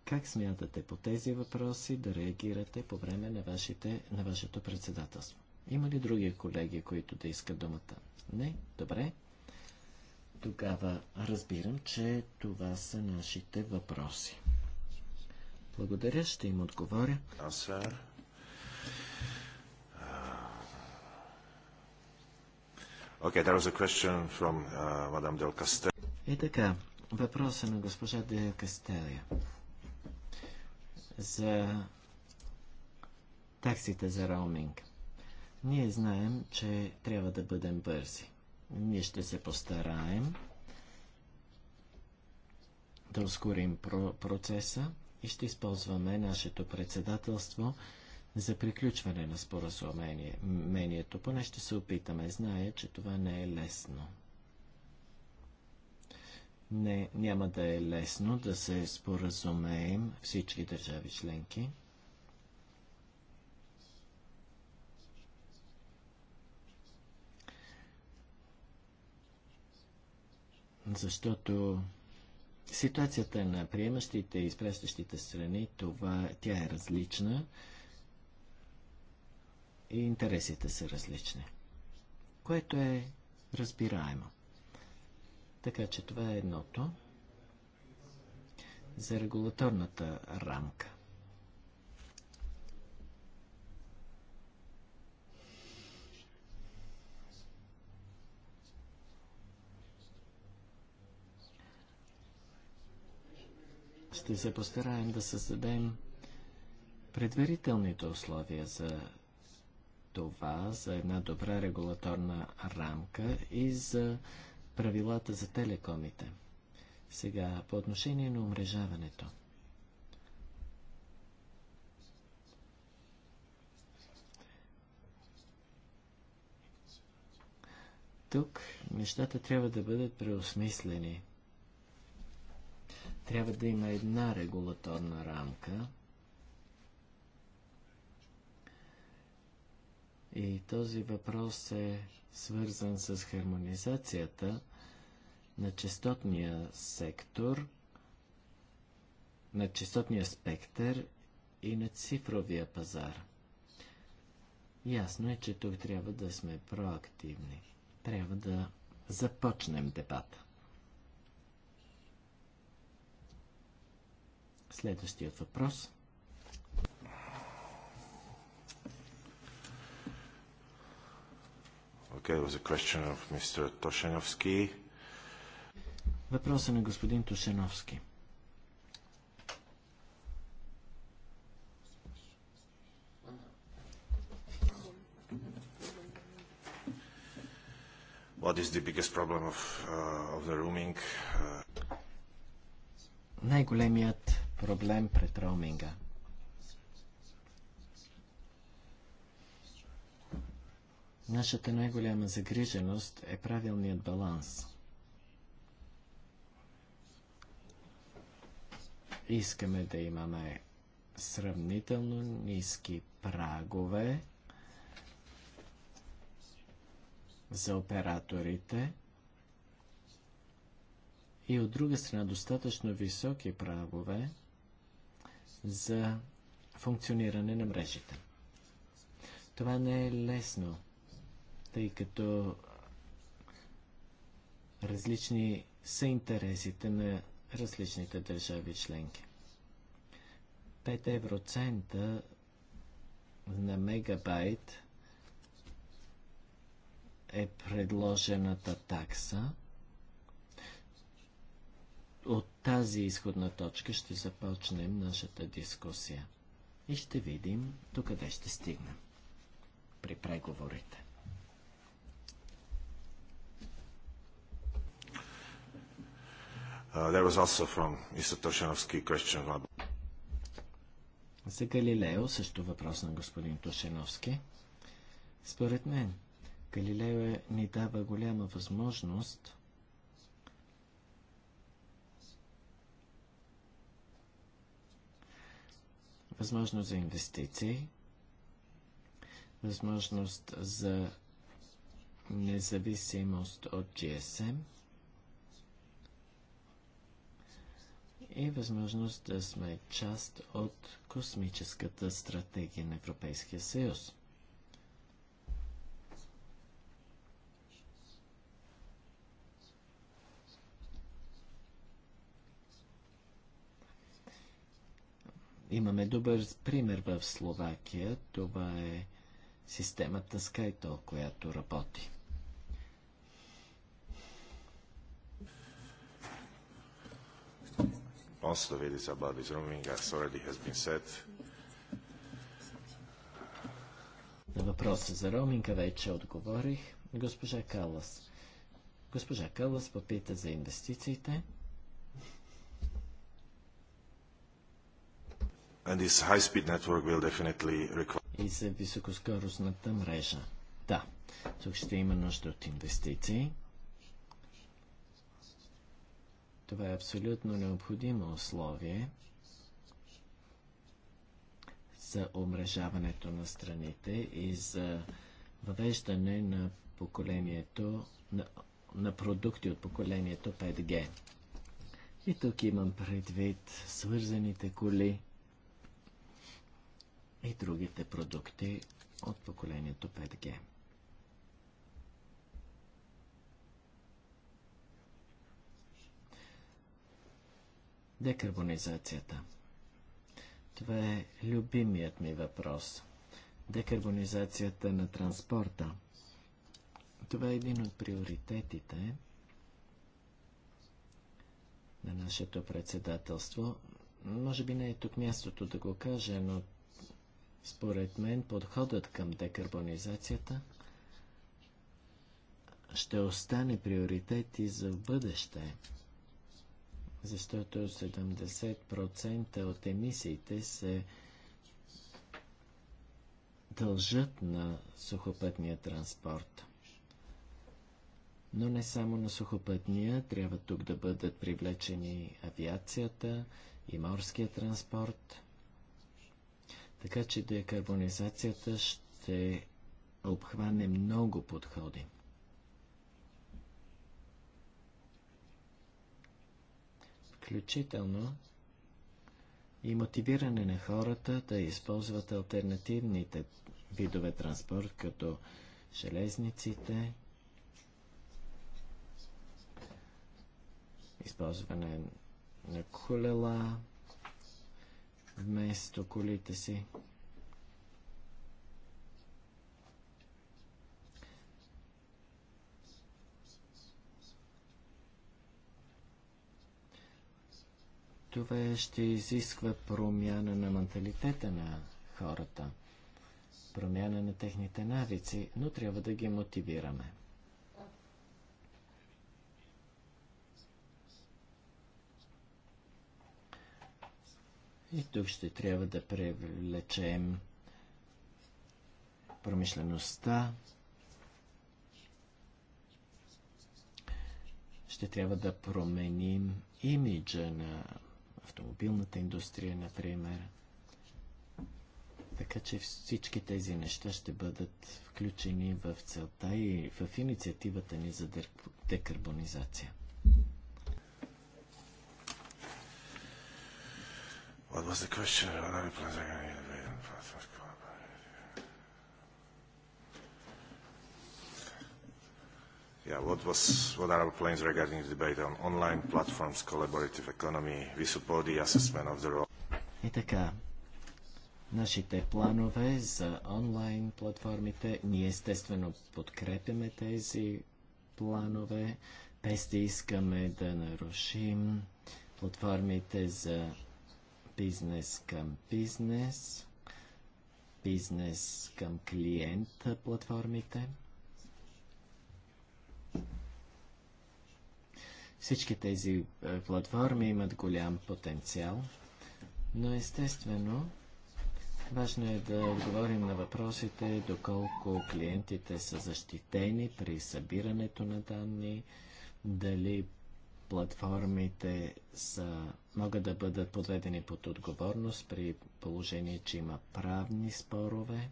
Как смятате по тези въпроси да реагирате по време на, вашите, на вашето председателство? Има ли други колеги, които да искат думата? Не? Добре. Тогава разбирам, че това са нашите въпроси. Благодаря, ще им отговоря. Okay, there was a question from uh, Madame Del И така, въпроса на госпожа Дел Кастелия за таксите за роуминг. Ние знаем, че трябва да бъдем бързи. Ние ще се постараем да ускорим процеса и ще използваме нашето председателство – за приключване на споразумението. Поне ще се опитаме. Зная, че това не е лесно. Не, няма да е лесно да се споразумеем всички държави членки. Защото ситуацията на приемащите и изпращащите страни, това, тя е различна и интересите са различни, което е разбираемо. Така че това е едното за регулаторната рамка. ще се постараем да създадем предварителните условия за това за една добра регулаторна рамка и за правилата за телекомите. Сега, по отношение на умрежаването. Тук нещата трябва да бъдат преосмислени. Трябва да има една регулаторна рамка – И този въпрос е свързан с хармонизацията на частотния сектор, на частотния спектър и на цифровия пазар. Ясно е, че тук трябва да сме проактивни. Трябва да започнем дебата. Следващият въпрос – Okay, it was a question of Mr. Toshenovsky. Въпросът на господин Тушеновски. What is the biggest problem of, uh, of the roaming? Uh... Най-големият проблем пред роуминга – Нашата най-голяма загриженост е правилният баланс. Искаме да имаме сравнително ниски прагове за операторите и от друга страна достатъчно високи прагове за функциониране на мрежите. Това не е лесно тъй като различни са интересите на различните държави членки. 5 евроцента на мегабайт е предложената такса. От тази изходна точка ще започнем нашата дискусия и ще видим докъде ще стигнем при преговорите. Uh, there was also from Mr. Toshanovsky question about... За Галилео също въпрос на господин Тошеновски. Според мен, Галилео е, ни дава голяма възможност възможност за инвестиции, възможност за независимост от GSM – и е възможност да сме част от космическата стратегия на Европейския съюз. Имаме добър пример в Словакия. Това е системата Skytel, която работи. most of it is about this roaming, as already has been said. На въпроса за роуминга вече отговорих. Госпожа Калас. Госпожа Калас попита за инвестициите. And this high-speed network will definitely require... И за високоскоростната мрежа. Да, тук ще има нужда от инвестиции. Това е абсолютно необходимо условие за омрежаването на страните и за въвеждане на поколението на, на продукти от поколението 5G. И тук имам предвид свързаните коли и другите продукти от поколението 5G. Декарбонизацията. Това е любимият ми въпрос. Декарбонизацията на транспорта. Това е един от приоритетите на нашето председателство. Може би не е тук мястото да го кажа, но според мен подходът към декарбонизацията ще остане приоритет и за бъдеще защото 70% от емисиите се дължат на сухопътния транспорт. Но не само на сухопътния, трябва тук да бъдат привлечени авиацията и морския транспорт. Така че декарбонизацията ще обхване много подходи. включително и мотивиране на хората да използват альтернативните видове транспорт, като железниците, използване на колела вместо колите си. това ще изисква промяна на менталитета на хората, промяна на техните навици, но трябва да ги мотивираме. И тук ще трябва да привлечем промишлеността. Ще трябва да променим имиджа на автомобилната индустрия, например. Така че всички тези неща ще бъдат включени в целта и в инициативата ни за декарбонизация. What was the question? Yeah, what was what are our plans regarding the debate on online platforms, collaborative economy? We support the assessment of the role. И така, нашите планове за онлайн платформите, ние естествено подкрепяме тези планове, без да искаме да нарушим платформите за бизнес към бизнес, бизнес към клиента платформите. Всички тези е, платформи имат голям потенциал, но естествено важно е да отговорим на въпросите доколко клиентите са защитени при събирането на данни, дали платформите са, могат да бъдат подведени под отговорност при положение, че има правни спорове.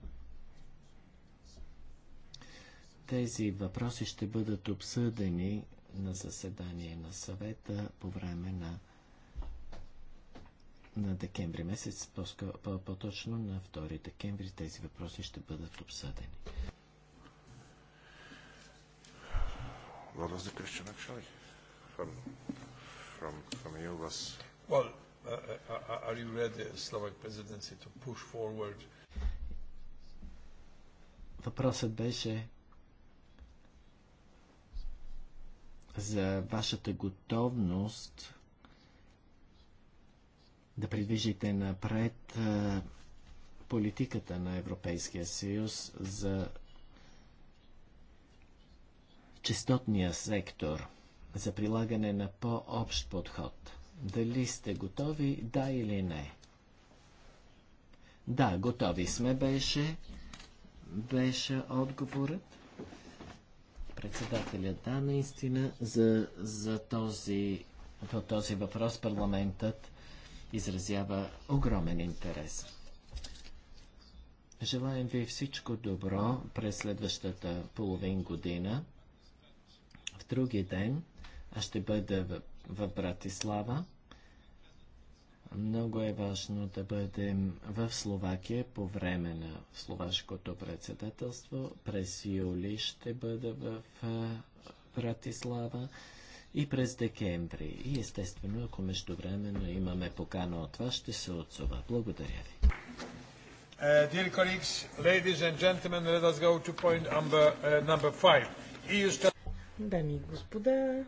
Тези въпроси ще бъдат обсъдени на заседание на съвета по време на, на декември месец, по-точно на 2 декември тези въпроси ще бъдат обсъдени. What was the question actually from, from, from you was... Well, uh, uh, uh, are you ready, Slovak presidency, to push forward? Въпросът беше за вашата готовност да придвижите напред политиката на Европейския съюз за честотния сектор, за прилагане на по-общ подход. Дали сте готови, да или не? Да, готови сме, беше, беше отговорът председателя. Да, наистина, за, за този, по този въпрос парламентът изразява огромен интерес. Желаем ви всичко добро през следващата половин година. В други ден аз ще бъда в, в Братислава. Много е важно да бъдем в Словакия по време на словашкото председателство. През юли ще бъда в Братислава и през декември. И естествено, ако междувременно имаме покана от вас, ще се отзова. Благодаря ви. Uh, dear colleagues, ladies and gentlemen, let us go to point number, uh, number five. Дами и господа,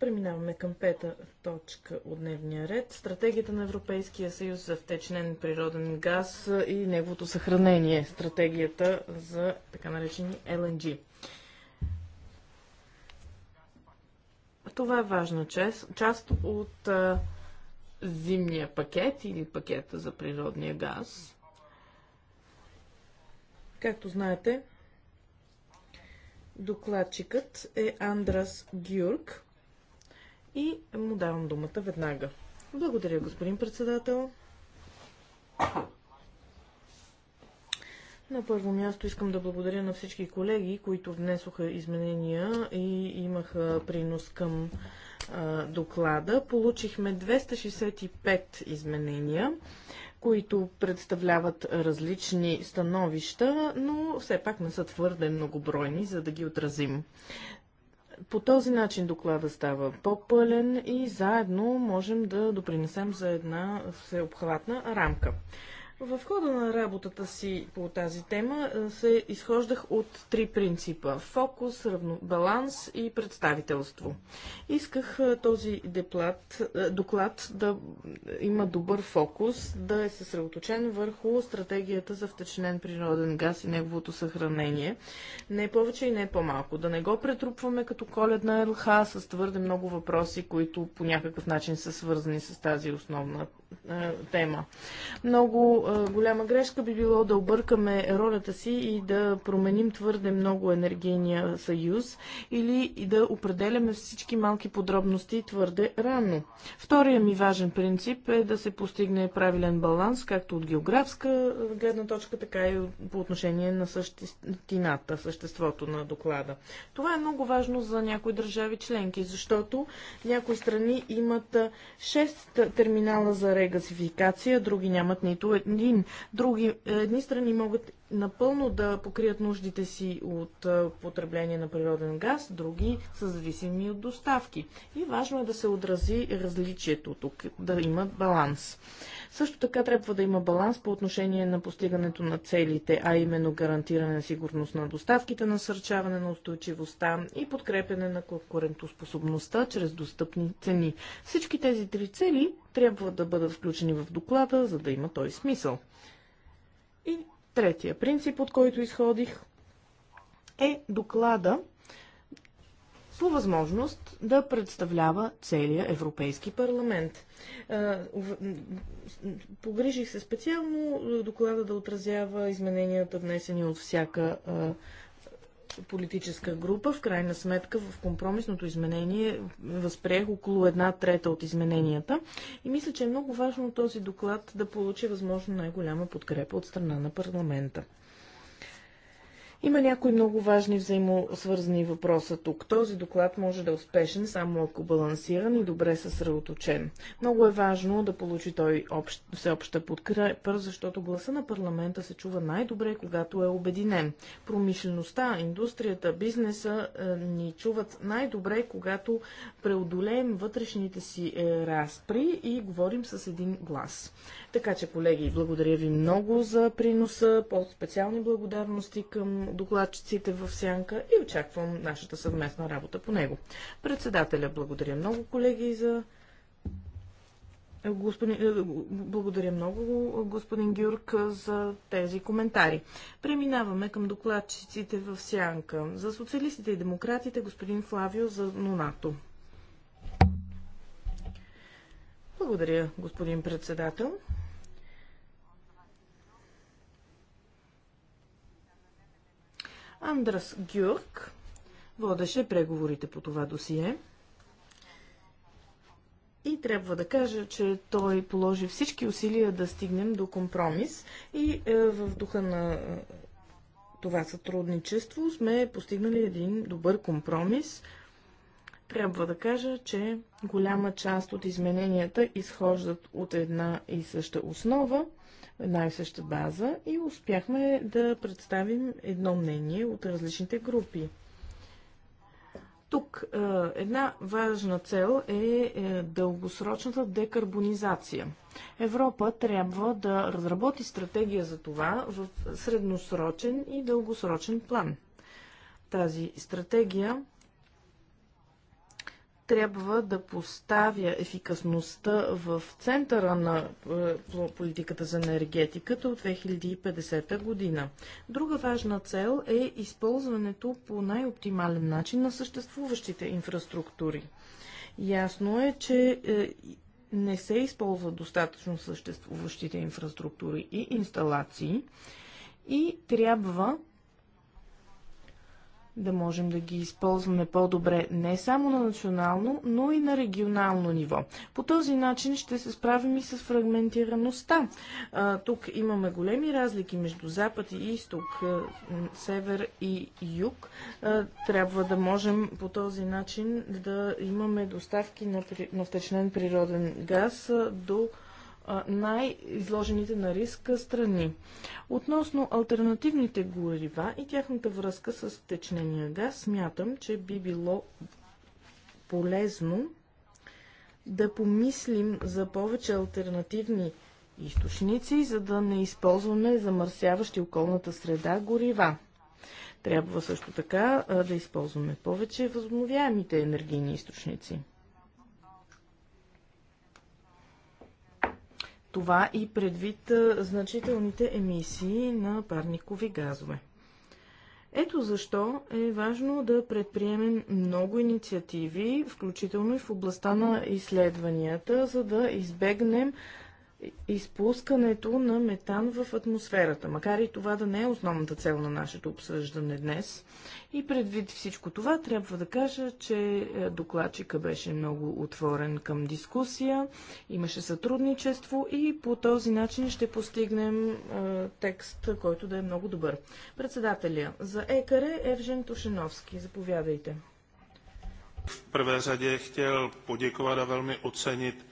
Преминаваме към пета точка от дневния ред. Стратегията на Европейския съюз за втечнен природен газ и неговото съхранение. Стратегията за така наречени LNG. Това е важна част, част от а, зимния пакет или пакета за природния газ. Както знаете, докладчикът е Андрас Гюрк и му давам думата веднага. Благодаря, господин председател. На първо място искам да благодаря на всички колеги, които внесоха изменения и имаха принос към а, доклада. Получихме 265 изменения, които представляват различни становища, но все пак не са твърде многобройни, за да ги отразим. По този начин доклада става по-пълен и заедно можем да допринесем за една всеобхватна рамка. В хода на работата си по тази тема се изхождах от три принципа – фокус, равнобаланс и представителство. Исках този деплат, доклад да има добър фокус, да е съсредоточен върху стратегията за втечнен природен газ и неговото съхранение. Не повече и не по-малко. Да не го претрупваме като коледна на РЛХ с твърде много въпроси, които по някакъв начин са свързани с тази основна тема. Много голяма грешка би било да объркаме ролята си и да променим твърде много енергийния съюз или да определяме всички малки подробности твърде рано. Втория ми важен принцип е да се постигне правилен баланс, както от географска гледна точка, така и по отношение на същината, съществото на доклада. Това е много важно за някои държави членки, защото някои страни имат 6 терминала за регасификация, други нямат нито един. Други, е, едни страни могат напълно да покрият нуждите си от е, потребление на природен газ, други са зависими от доставки. И важно е да се отрази различието тук, да има баланс. Също така трябва да има баланс по отношение на постигането на целите, а именно гарантиране на сигурност на доставките, насърчаване на устойчивостта и подкрепене на конкурентоспособността чрез достъпни цени. Всички тези три цели трябва да бъдат включени в доклада, за да има той смисъл. И третия принцип, от който изходих, е доклада по възможност да представлява целия Европейски парламент. Погрижих се специално доклада да отразява измененията, внесени от всяка политическа група. В крайна сметка в компромисното изменение възприех около една трета от измененията и мисля, че е много важно този доклад да получи възможно най-голяма подкрепа от страна на парламента. Има някои много важни взаимосвързани въпроса тук. Този доклад може да е успешен само ако балансиран и добре съсредоточен. Много е важно да получи той общ, всеобща подкрепа, защото гласа на парламента се чува най-добре, когато е обединен. Промишлеността, индустрията, бизнеса е, ни чуват най-добре, когато преодолеем вътрешните си е, разпри и говорим с един глас. Така че, колеги, благодаря ви много за приноса, по-специални благодарности към докладчиците в Сянка и очаквам нашата съвместна работа по него. Председателя, благодаря много, колеги, за Господин, е, благодаря много, господин Гюрк, за тези коментари. Преминаваме към докладчиците в сянка. За социалистите и демократите, господин Флавио за Нонато. Благодаря, господин председател. Андрас Гюрк водеше преговорите по това досие. И трябва да кажа, че той положи всички усилия да стигнем до компромис и е, в духа на е, това сътрудничество сме постигнали един добър компромис. Трябва да кажа, че голяма част от измененията изхождат от една и съща основа една и съща база и успяхме да представим едно мнение от различните групи. Тук е, една важна цел е, е дългосрочната декарбонизация. Европа трябва да разработи стратегия за това в средносрочен и дългосрочен план. Тази стратегия трябва да поставя ефикасността в центъра на е, политиката за енергетиката от 2050 година. Друга важна цел е използването по най-оптимален начин на съществуващите инфраструктури. Ясно е, че е, не се използват достатъчно съществуващите инфраструктури и инсталации и трябва да можем да ги използваме по-добре не само на национално, но и на регионално ниво. По този начин ще се справим и с фрагментираността. А, тук имаме големи разлики между запад и изток, север и юг. А, трябва да можем по този начин да имаме доставки на, на втечнен природен газ до най-изложените на риск страни. Относно альтернативните горива и тяхната връзка с течнения газ, смятам, че би било полезно да помислим за повече альтернативни източници, за да не използваме замърсяващи околната среда горива. Трябва също така да използваме повече възобновяемите енергийни източници. Това и предвид значителните емисии на парникови газове. Ето защо е важно да предприемем много инициативи, включително и в областта на изследванията, за да избегнем изпускането на метан в атмосферата, макар и това да не е основната цел на нашето обсъждане днес. И предвид всичко това, трябва да кажа, че е, докладчика беше много отворен към дискусия, имаше сътрудничество и по този начин ще постигнем е, текст, който да е много добър. Председателя за ЕКАРЕ Евжен Тушеновски. Заповядайте. В prvé řadě хотел poděkovat да velmi ocenit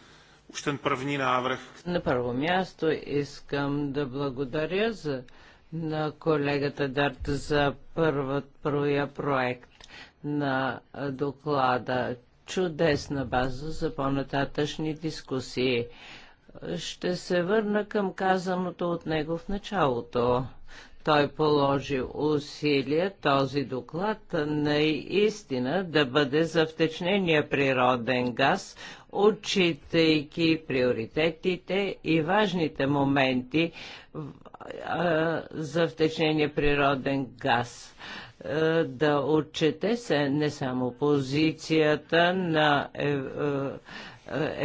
ten první návrh. На първо място искам да благодаря за, на колегата Дарт за първат първия проект на доклада. Чудесна база за по-нататъчни дискусии. Ще се върна към казаното от него в началото. Той положи усилия този доклад наистина да бъде за втечнения природен газ, отчитайки приоритетите и важните моменти за втечнения природен газ да отчете се не само позицията на е, е,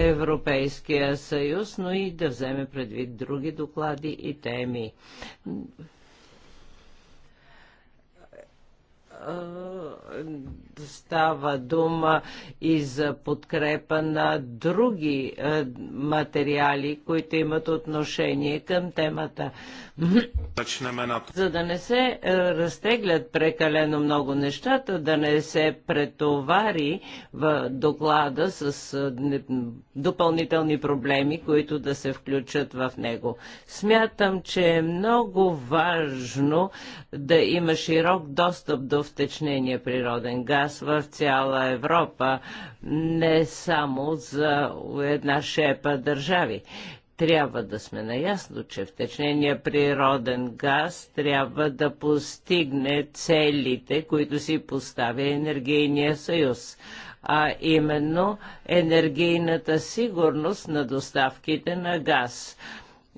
Европейския съюз, но и да вземе предвид други доклади и теми. Е, става дума и за подкрепа на други е, материали, които имат отношение към темата. За да не се е, разтеглят прекалено много нещата, да не се претовари в доклада с допълнителни проблеми, които да се включат в него. Смятам, че е много важно да има широк достъп до втечнения природен газ в цяла Европа, не само за една шепа държави трябва да сме наясно, че втечнения природен газ трябва да постигне целите, които си поставя енергийния съюз, а именно енергийната сигурност на доставките на газ,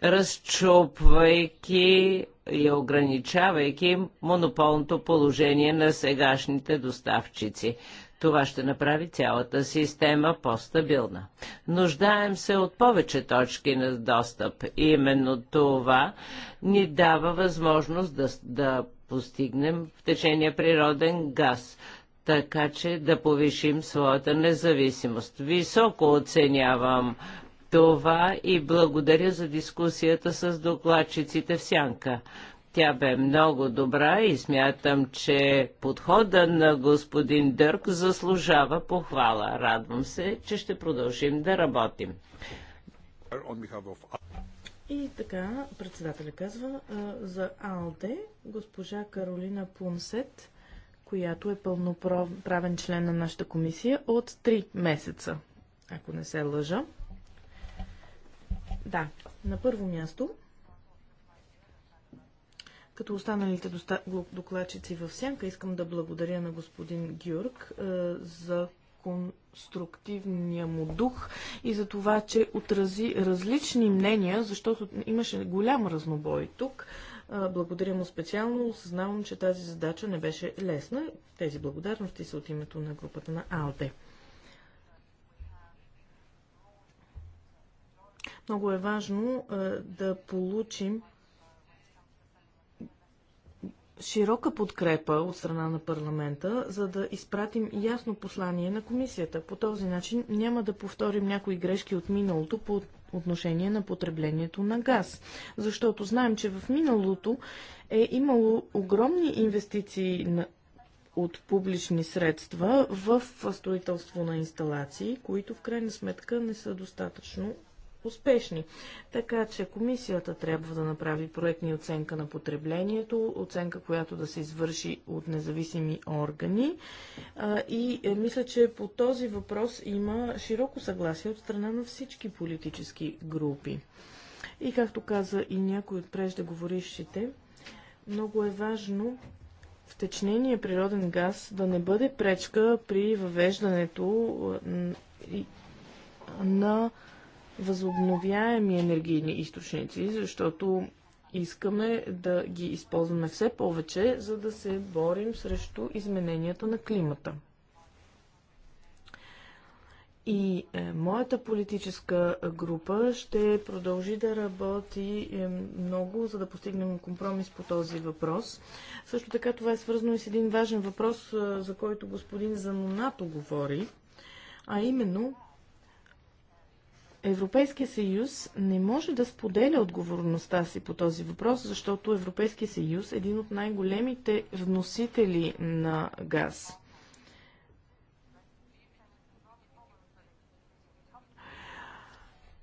разчупвайки и ограничавайки монополното положение на сегашните доставчици. Това ще направи цялата система по-стабилна. Нуждаем се от повече точки на достъп. Именно това ни дава възможност да, да постигнем течение природен газ така че да повишим своята независимост. Високо оценявам това и благодаря за дискусията с докладчиците в Сянка. Тя бе много добра и смятам, че подхода на господин Дърк заслужава похвала. Радвам се, че ще продължим да работим. И така, председателя казва за АЛДЕ госпожа Каролина Пунсет, която е пълноправен член на нашата комисия от 3 месеца, ако не се лъжа. Да, на първо място, като останалите докладчици в сянка, искам да благодаря на господин Георг е, за конструктивния му дух и за това, че отрази различни мнения, защото имаше голям разнобой тук. Е, благодаря му специално. Осъзнавам, че тази задача не беше лесна. Тези благодарности са от името на групата на АЛДЕ. Много е важно е, да получим широка подкрепа от страна на парламента, за да изпратим ясно послание на комисията. По този начин няма да повторим някои грешки от миналото по отношение на потреблението на газ. Защото знаем, че в миналото е имало огромни инвестиции на от публични средства в строителство на инсталации, които в крайна сметка не са достатъчно успешни. Така че комисията трябва да направи проектни оценка на потреблението, оценка, която да се извърши от независими органи. И е, мисля, че по този въпрос има широко съгласие от страна на всички политически групи. И както каза и някой от преждеговорившите, много е важно втечнение природен газ да не бъде пречка при въвеждането на възобновяеми енергийни източници, защото искаме да ги използваме все повече, за да се борим срещу измененията на климата. И е, моята политическа група ще продължи да работи е, много, за да постигнем компромис по този въпрос. Също така това е свързано и с един важен въпрос, е, за който господин Занонато говори, а именно Европейския съюз не може да споделя отговорността си по този въпрос, защото Европейския съюз е един от най-големите вносители на газ.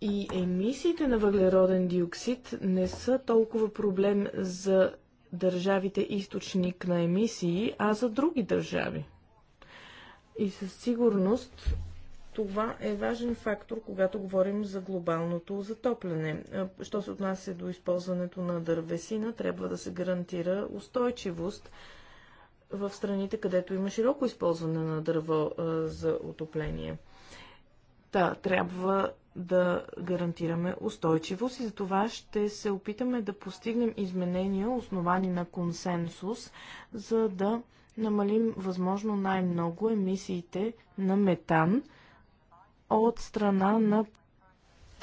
И емисиите на въглероден диоксид не са толкова проблем за държавите източник на емисии, а за други държави. И със сигурност това е важен фактор, когато говорим за глобалното затопляне. Що се отнася до използването на дървесина, трябва да се гарантира устойчивост в страните, където има широко използване на дърво за отопление. Та, трябва да гарантираме устойчивост и за това ще се опитаме да постигнем изменения, основани на консенсус, за да намалим възможно най-много емисиите на метан от страна на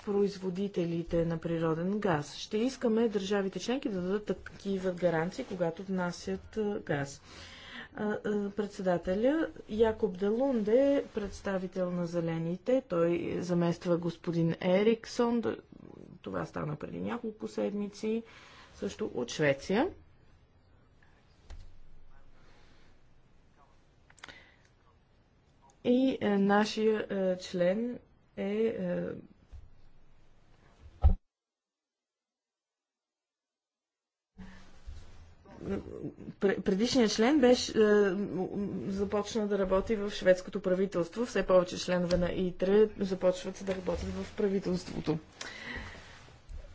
производителите на природен газ. Ще искаме държавите членки да дадат такива гаранции, когато внасят газ. Председателя Якоб Делунде, представител на Зелените, той замества господин Ериксон, това стана преди няколко седмици, също от Швеция. И е, нашия е, член е. е предишният член беше, е, започна да работи в шведското правителство. Все повече членове на ИТРЕ започват да работят в правителството.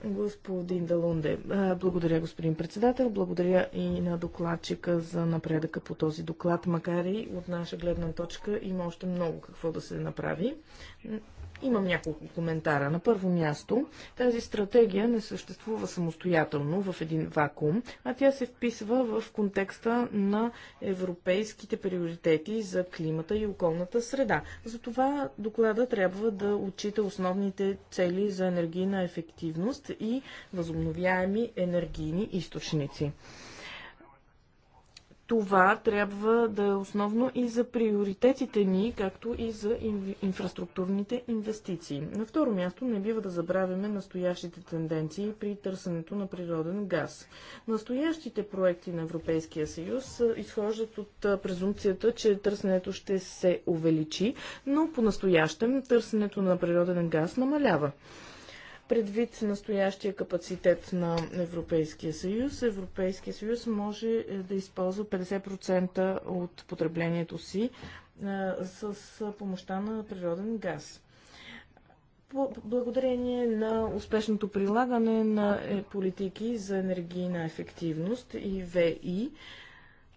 Господин Далунде, благодаря господин председател, благодаря и на докладчика за напредъка по този доклад, макар и от наша гледна точка има още много какво да се направи. Имам няколко коментара. На първо място, тази стратегия не съществува самостоятелно в един вакуум, а тя се вписва в контекста на европейските приоритети за климата и околната среда. Затова доклада трябва да отчита основните цели за енергийна ефективност и възобновяеми енергийни източници. Това трябва да е основно и за приоритетите ни, както и за инфраструктурните инвестиции. На второ място не бива да забравяме настоящите тенденции при търсенето на природен газ. Настоящите проекти на Европейския съюз изхождат от презумпцията, че търсенето ще се увеличи, но по-настоящем търсенето на природен газ намалява. Предвид настоящия капацитет на Европейския съюз, Европейския съюз може е, да използва 50% от потреблението си е, с е, помощта на природен газ благодарение на успешното прилагане на политики за енергийна ефективност и ВИ,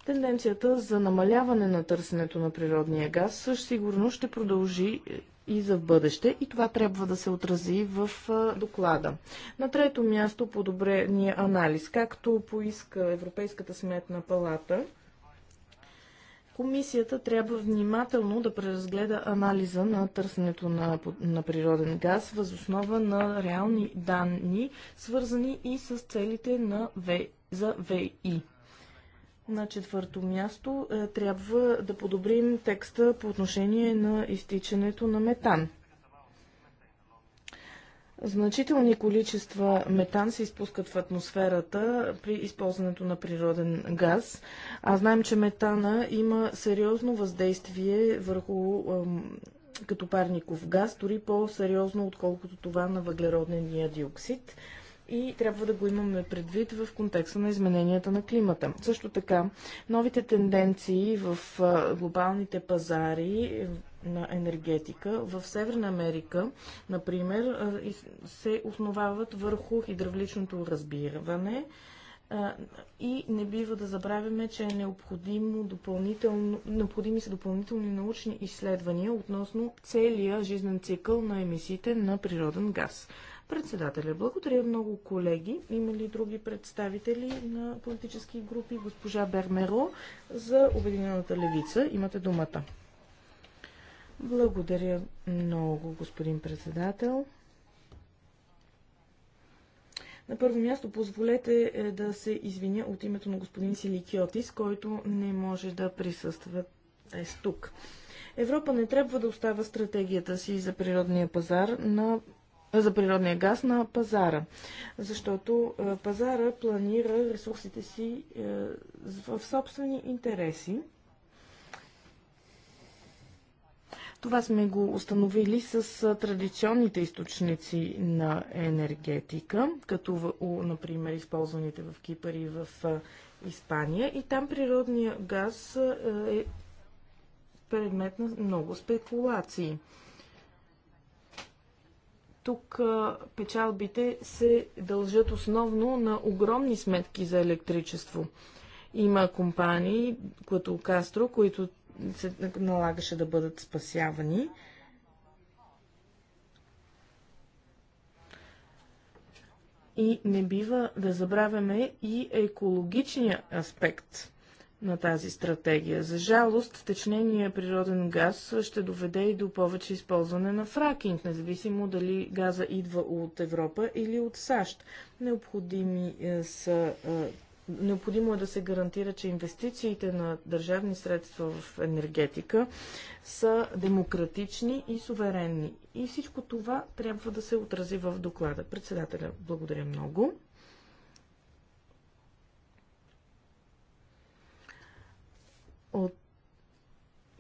тенденцията за намаляване на търсенето на природния газ също сигурно ще продължи и за в бъдеще и това трябва да се отрази в доклада. На трето място подобрения анализ, както поиска Европейската сметна палата. Комисията трябва внимателно да преразгледа анализа на търсенето на, на природен газ възоснова на реални данни, свързани и с целите на v, за ВИ. На четвърто място е, трябва да подобрим текста по отношение на изтичането на метан. Значителни количества метан се изпускат в атмосферата при използването на природен газ, а знаем, че метана има сериозно въздействие върху като парников газ, дори по-сериозно, отколкото това на въглеродния диоксид и трябва да го имаме предвид в контекста на измененията на климата. Също така, новите тенденции в глобалните пазари на енергетика в Северна Америка, например, се основават върху хидравличното разбиране и не бива да забравяме, че е необходимо допълнително, необходими са допълнителни научни изследвания относно целия жизнен цикъл на емисиите на природен газ. Председателя, благодаря много колеги. Има ли други представители на политически групи? Госпожа Бермеро за Обединената левица. Имате думата. Благодаря много, господин председател. На първо място позволете е, да се извиня от името на господин Силикиотис, който не може да присъства днес тук. Европа не трябва да остава стратегията си за природния пазар на за природния газ на пазара. Защото е, пазара планира ресурсите си е, в собствени интереси. Това сме го установили с е, традиционните източници на енергетика, като например използваните в Кипър и в Испания. И там природния газ е предмет на много спекулации. Тук печалбите се дължат основно на огромни сметки за електричество. Има компании, като Кастро, които се налагаше да бъдат спасявани. И не бива да забравяме и екологичния аспект на тази стратегия. За жалост, течнения природен газ ще доведе и до повече използване на фракинг, независимо дали газа идва от Европа или от САЩ. Необходими е, са е, Необходимо е да се гарантира, че инвестициите на държавни средства в енергетика са демократични и суверенни. И всичко това трябва да се отрази в доклада. Председателя, благодаря много. от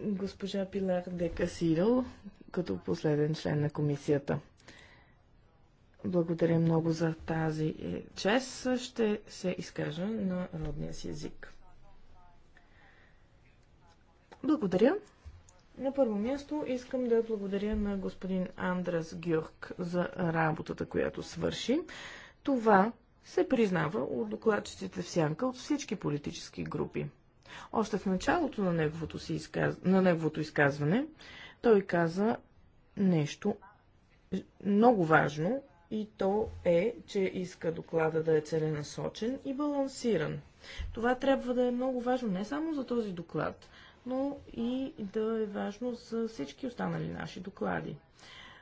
госпожа Пилар де Касидо като последен член на комисията. Благодаря много за тази е, чест. Ще се изкажа на родния си език. Благодаря. На първо място искам да благодаря на господин Андрас Гюрк за работата, която свърши. Това се признава от докладчиците в сянка от всички политически групи. Още в началото на неговото, си изказ... на неговото изказване той каза нещо много важно и то е, че иска доклада да е целенасочен и балансиран. Това трябва да е много важно не само за този доклад, но и да е важно за всички останали наши доклади.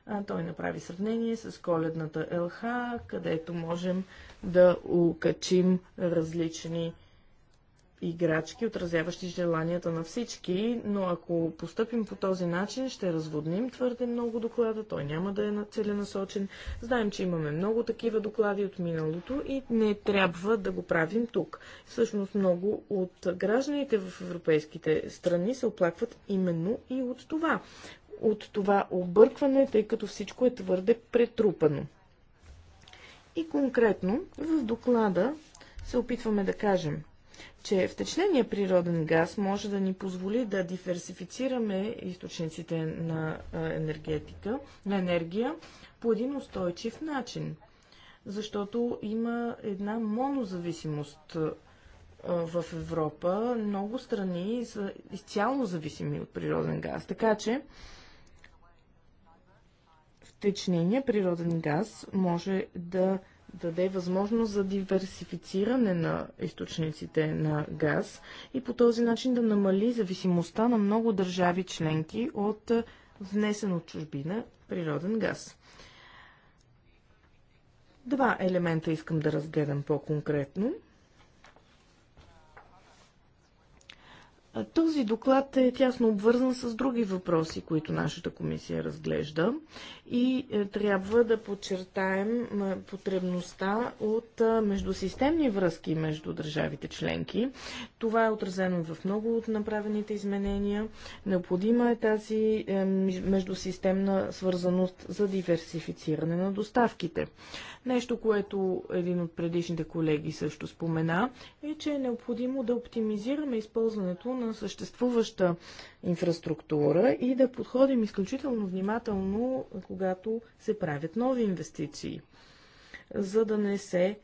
А, той направи сравнение с коледната ЛХ, където можем да укачим различни играчки, отразяващи желанията на всички, но ако постъпим по този начин, ще разводним твърде много доклада, той няма да е целенасочен. Знаем, че имаме много такива доклади от миналото и не трябва да го правим тук. Всъщност много от гражданите в европейските страни се оплакват именно и от това. От това объркване, тъй като всичко е твърде претрупано. И конкретно в доклада се опитваме да кажем – че втечнения природен газ може да ни позволи да диверсифицираме източниците на енергетика, на енергия по един устойчив начин. Защото има една монозависимост в Европа. Много страни са изцяло зависими от природен газ. Така че втечнения природен газ може да даде възможност за диверсифициране на източниците на газ и по този начин да намали зависимостта на много държави членки от внесен от чужбина природен газ. Два елемента искам да разгледам по-конкретно. Този доклад е тясно обвързан с други въпроси, които нашата комисия разглежда и е, трябва да подчертаем потребността от междусистемни връзки между държавите членки. Това е отразено в много от направените изменения. Необходима е тази е, междусистемна свързаност за диверсифициране на доставките. Нещо, което един от предишните колеги също спомена, е, че е необходимо да оптимизираме използването на на съществуваща инфраструктура и да подходим изключително внимателно, когато се правят нови инвестиции, за да не се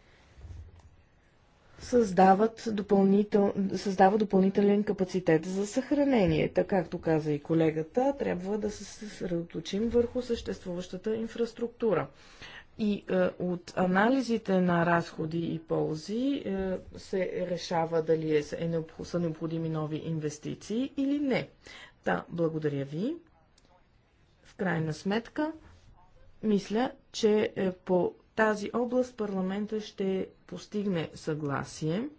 създават допълнител... създава допълнителен капацитет за съхранение. Така както каза и колегата, трябва да се съсредоточим върху съществуващата инфраструктура. И е, от анализите на разходи и ползи е, се решава дали е, е необх... са необходими нови инвестиции или не. Та, благодаря ви. В крайна сметка, мисля, че е, по тази област парламента ще постигне съгласие.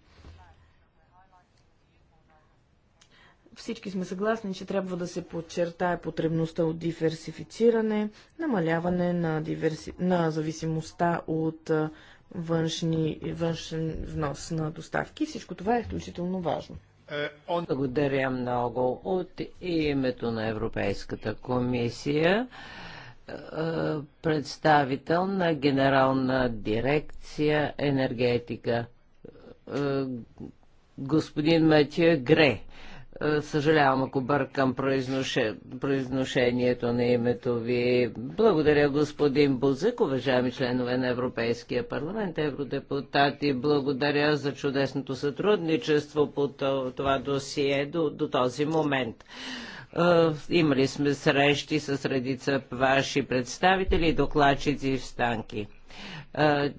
Всички сме съгласни, че трябва да се подчертае потребността от диверсифициране, намаляване на, диверси... на зависимостта от външни... външен внос на доставки. Всичко това е изключително важно. Е, Благодаря много. От името на Европейската комисия е, представител на Генерална дирекция енергетика е, господин Матия Гре. Е, съжалявам, ако бъркам произноше, произношението на името ви. Благодаря, господин Бузък, уважаеми членове на Европейския парламент, евродепутати. Благодаря за чудесното сътрудничество по това досие до, до този момент. Е, имали сме срещи с редица ваши представители и докладчици в станки е,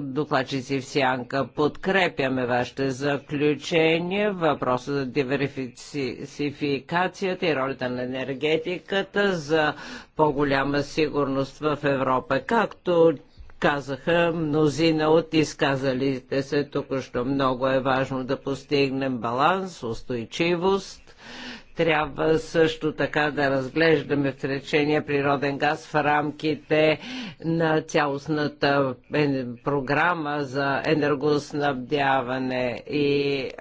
докладчици в Сянка. Подкрепяме вашите заключения, въпроса за диверсификацията и ролята на енергетиката за по-голяма сигурност в Европа. Както казаха мнозина от изказалите се тук, що много е важно да постигнем баланс, устойчивост трябва също така да разглеждаме втречения природен газ в рамките на цялостната е, програма за енергоснабдяване и е,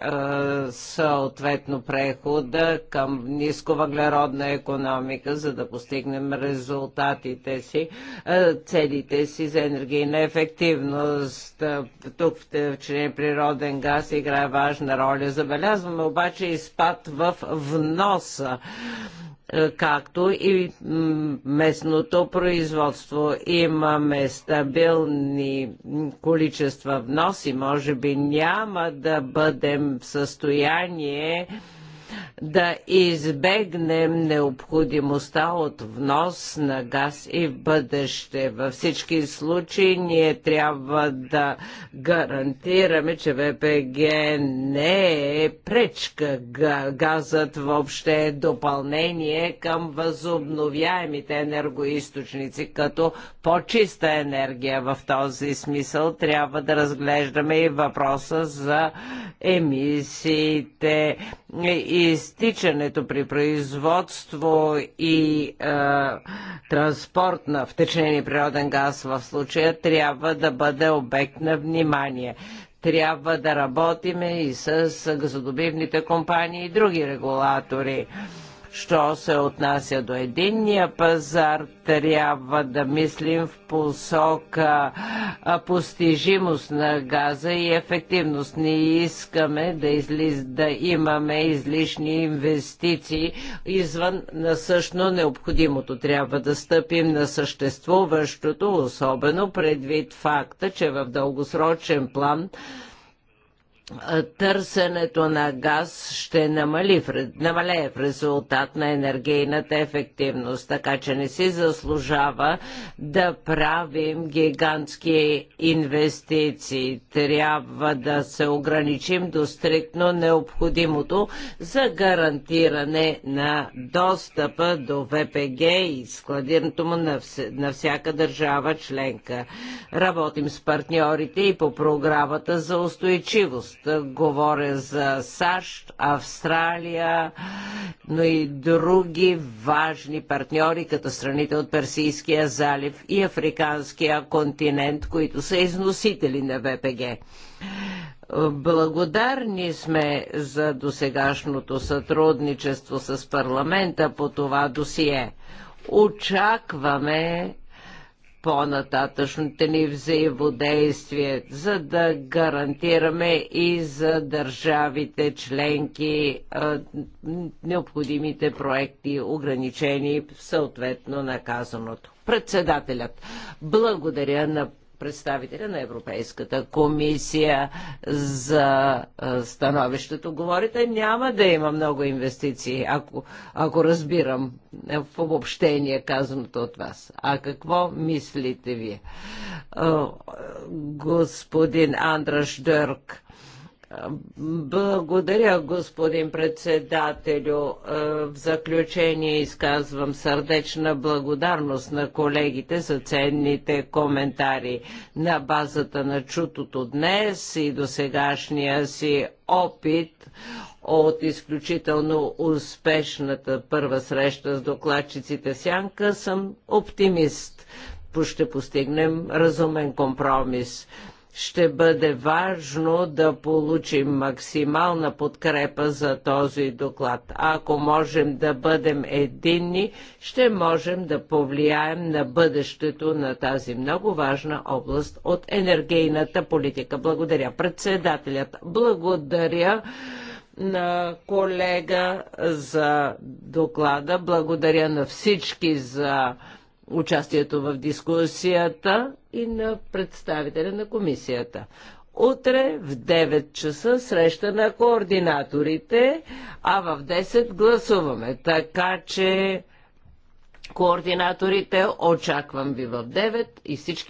съответно прехода към нисковъглеродна економика, за да постигнем резултатите си, е, целите си за енергийна ефективност. Тук в член природен газ играе важна роля. Забелязваме обаче и спад в внос вноса е, както и местното производство. Имаме стабилни количества внос и може би няма да бъдем в състояние да избегнем необходимостта от внос на газ и в бъдеще. Във всички случаи ние трябва да гарантираме, че ВПГ не е пречка. Газът въобще е допълнение към възобновяемите енергоисточници, като по-чиста енергия. В този смисъл трябва да разглеждаме и въпроса за емисиите, изтичането при производство и е, транспорт на втечнен и природен газ в случая трябва да бъде обект на внимание трябва да работиме и с газодобивните компании и други регулатори. Що се отнася до единния пазар, трябва да мислим в посока постижимост на газа и ефективност. Не искаме да, излиз, да имаме излишни инвестиции извън на също необходимото. Трябва да стъпим на съществуващото, особено предвид факта, че в дългосрочен план търсенето на газ ще намали, намалее в резултат на енергийната ефективност, така че не си заслужава да правим гигантски инвестиции. Трябва да се ограничим до стриктно необходимото за гарантиране на достъпа до ВПГ и складирането му на, вс... на всяка държава членка. Работим с партньорите и по програмата за устойчивост област. Говоря за САЩ, Австралия, но и други важни партньори, като страните от Персийския залив и Африканския континент, които са износители на ВПГ. Благодарни сме за досегашното сътрудничество с парламента по това досие. Очакваме по-нататъчните ни взаимодействие, за да гарантираме и за държавите членки необходимите проекти, ограничени съответно наказаното. Председателят, благодаря на представителя на Европейската комисия за становището говорите. Няма да има много инвестиции, ако, ако разбирам е, в обобщение казаното от вас. А какво мислите вие? Господин Андраш Дърк, благодаря, господин председателю. Е, в заключение изказвам сърдечна благодарност на колегите за ценните коментари. На базата на чутото днес и до сегашния си опит от изключително успешната първа среща с докладчиците Сянка съм оптимист. Ще постигнем разумен компромис ще бъде важно да получим максимална подкрепа за този доклад. Ако можем да бъдем единни, ще можем да повлияем на бъдещето на тази много важна област от енергийната политика. Благодаря председателят. Благодаря на колега за доклада. Благодаря на всички за участието в дискусията и на представителя на комисията. Утре в 9 часа среща на координаторите, а в 10 гласуваме. Така че координаторите очаквам ви в 9 и всички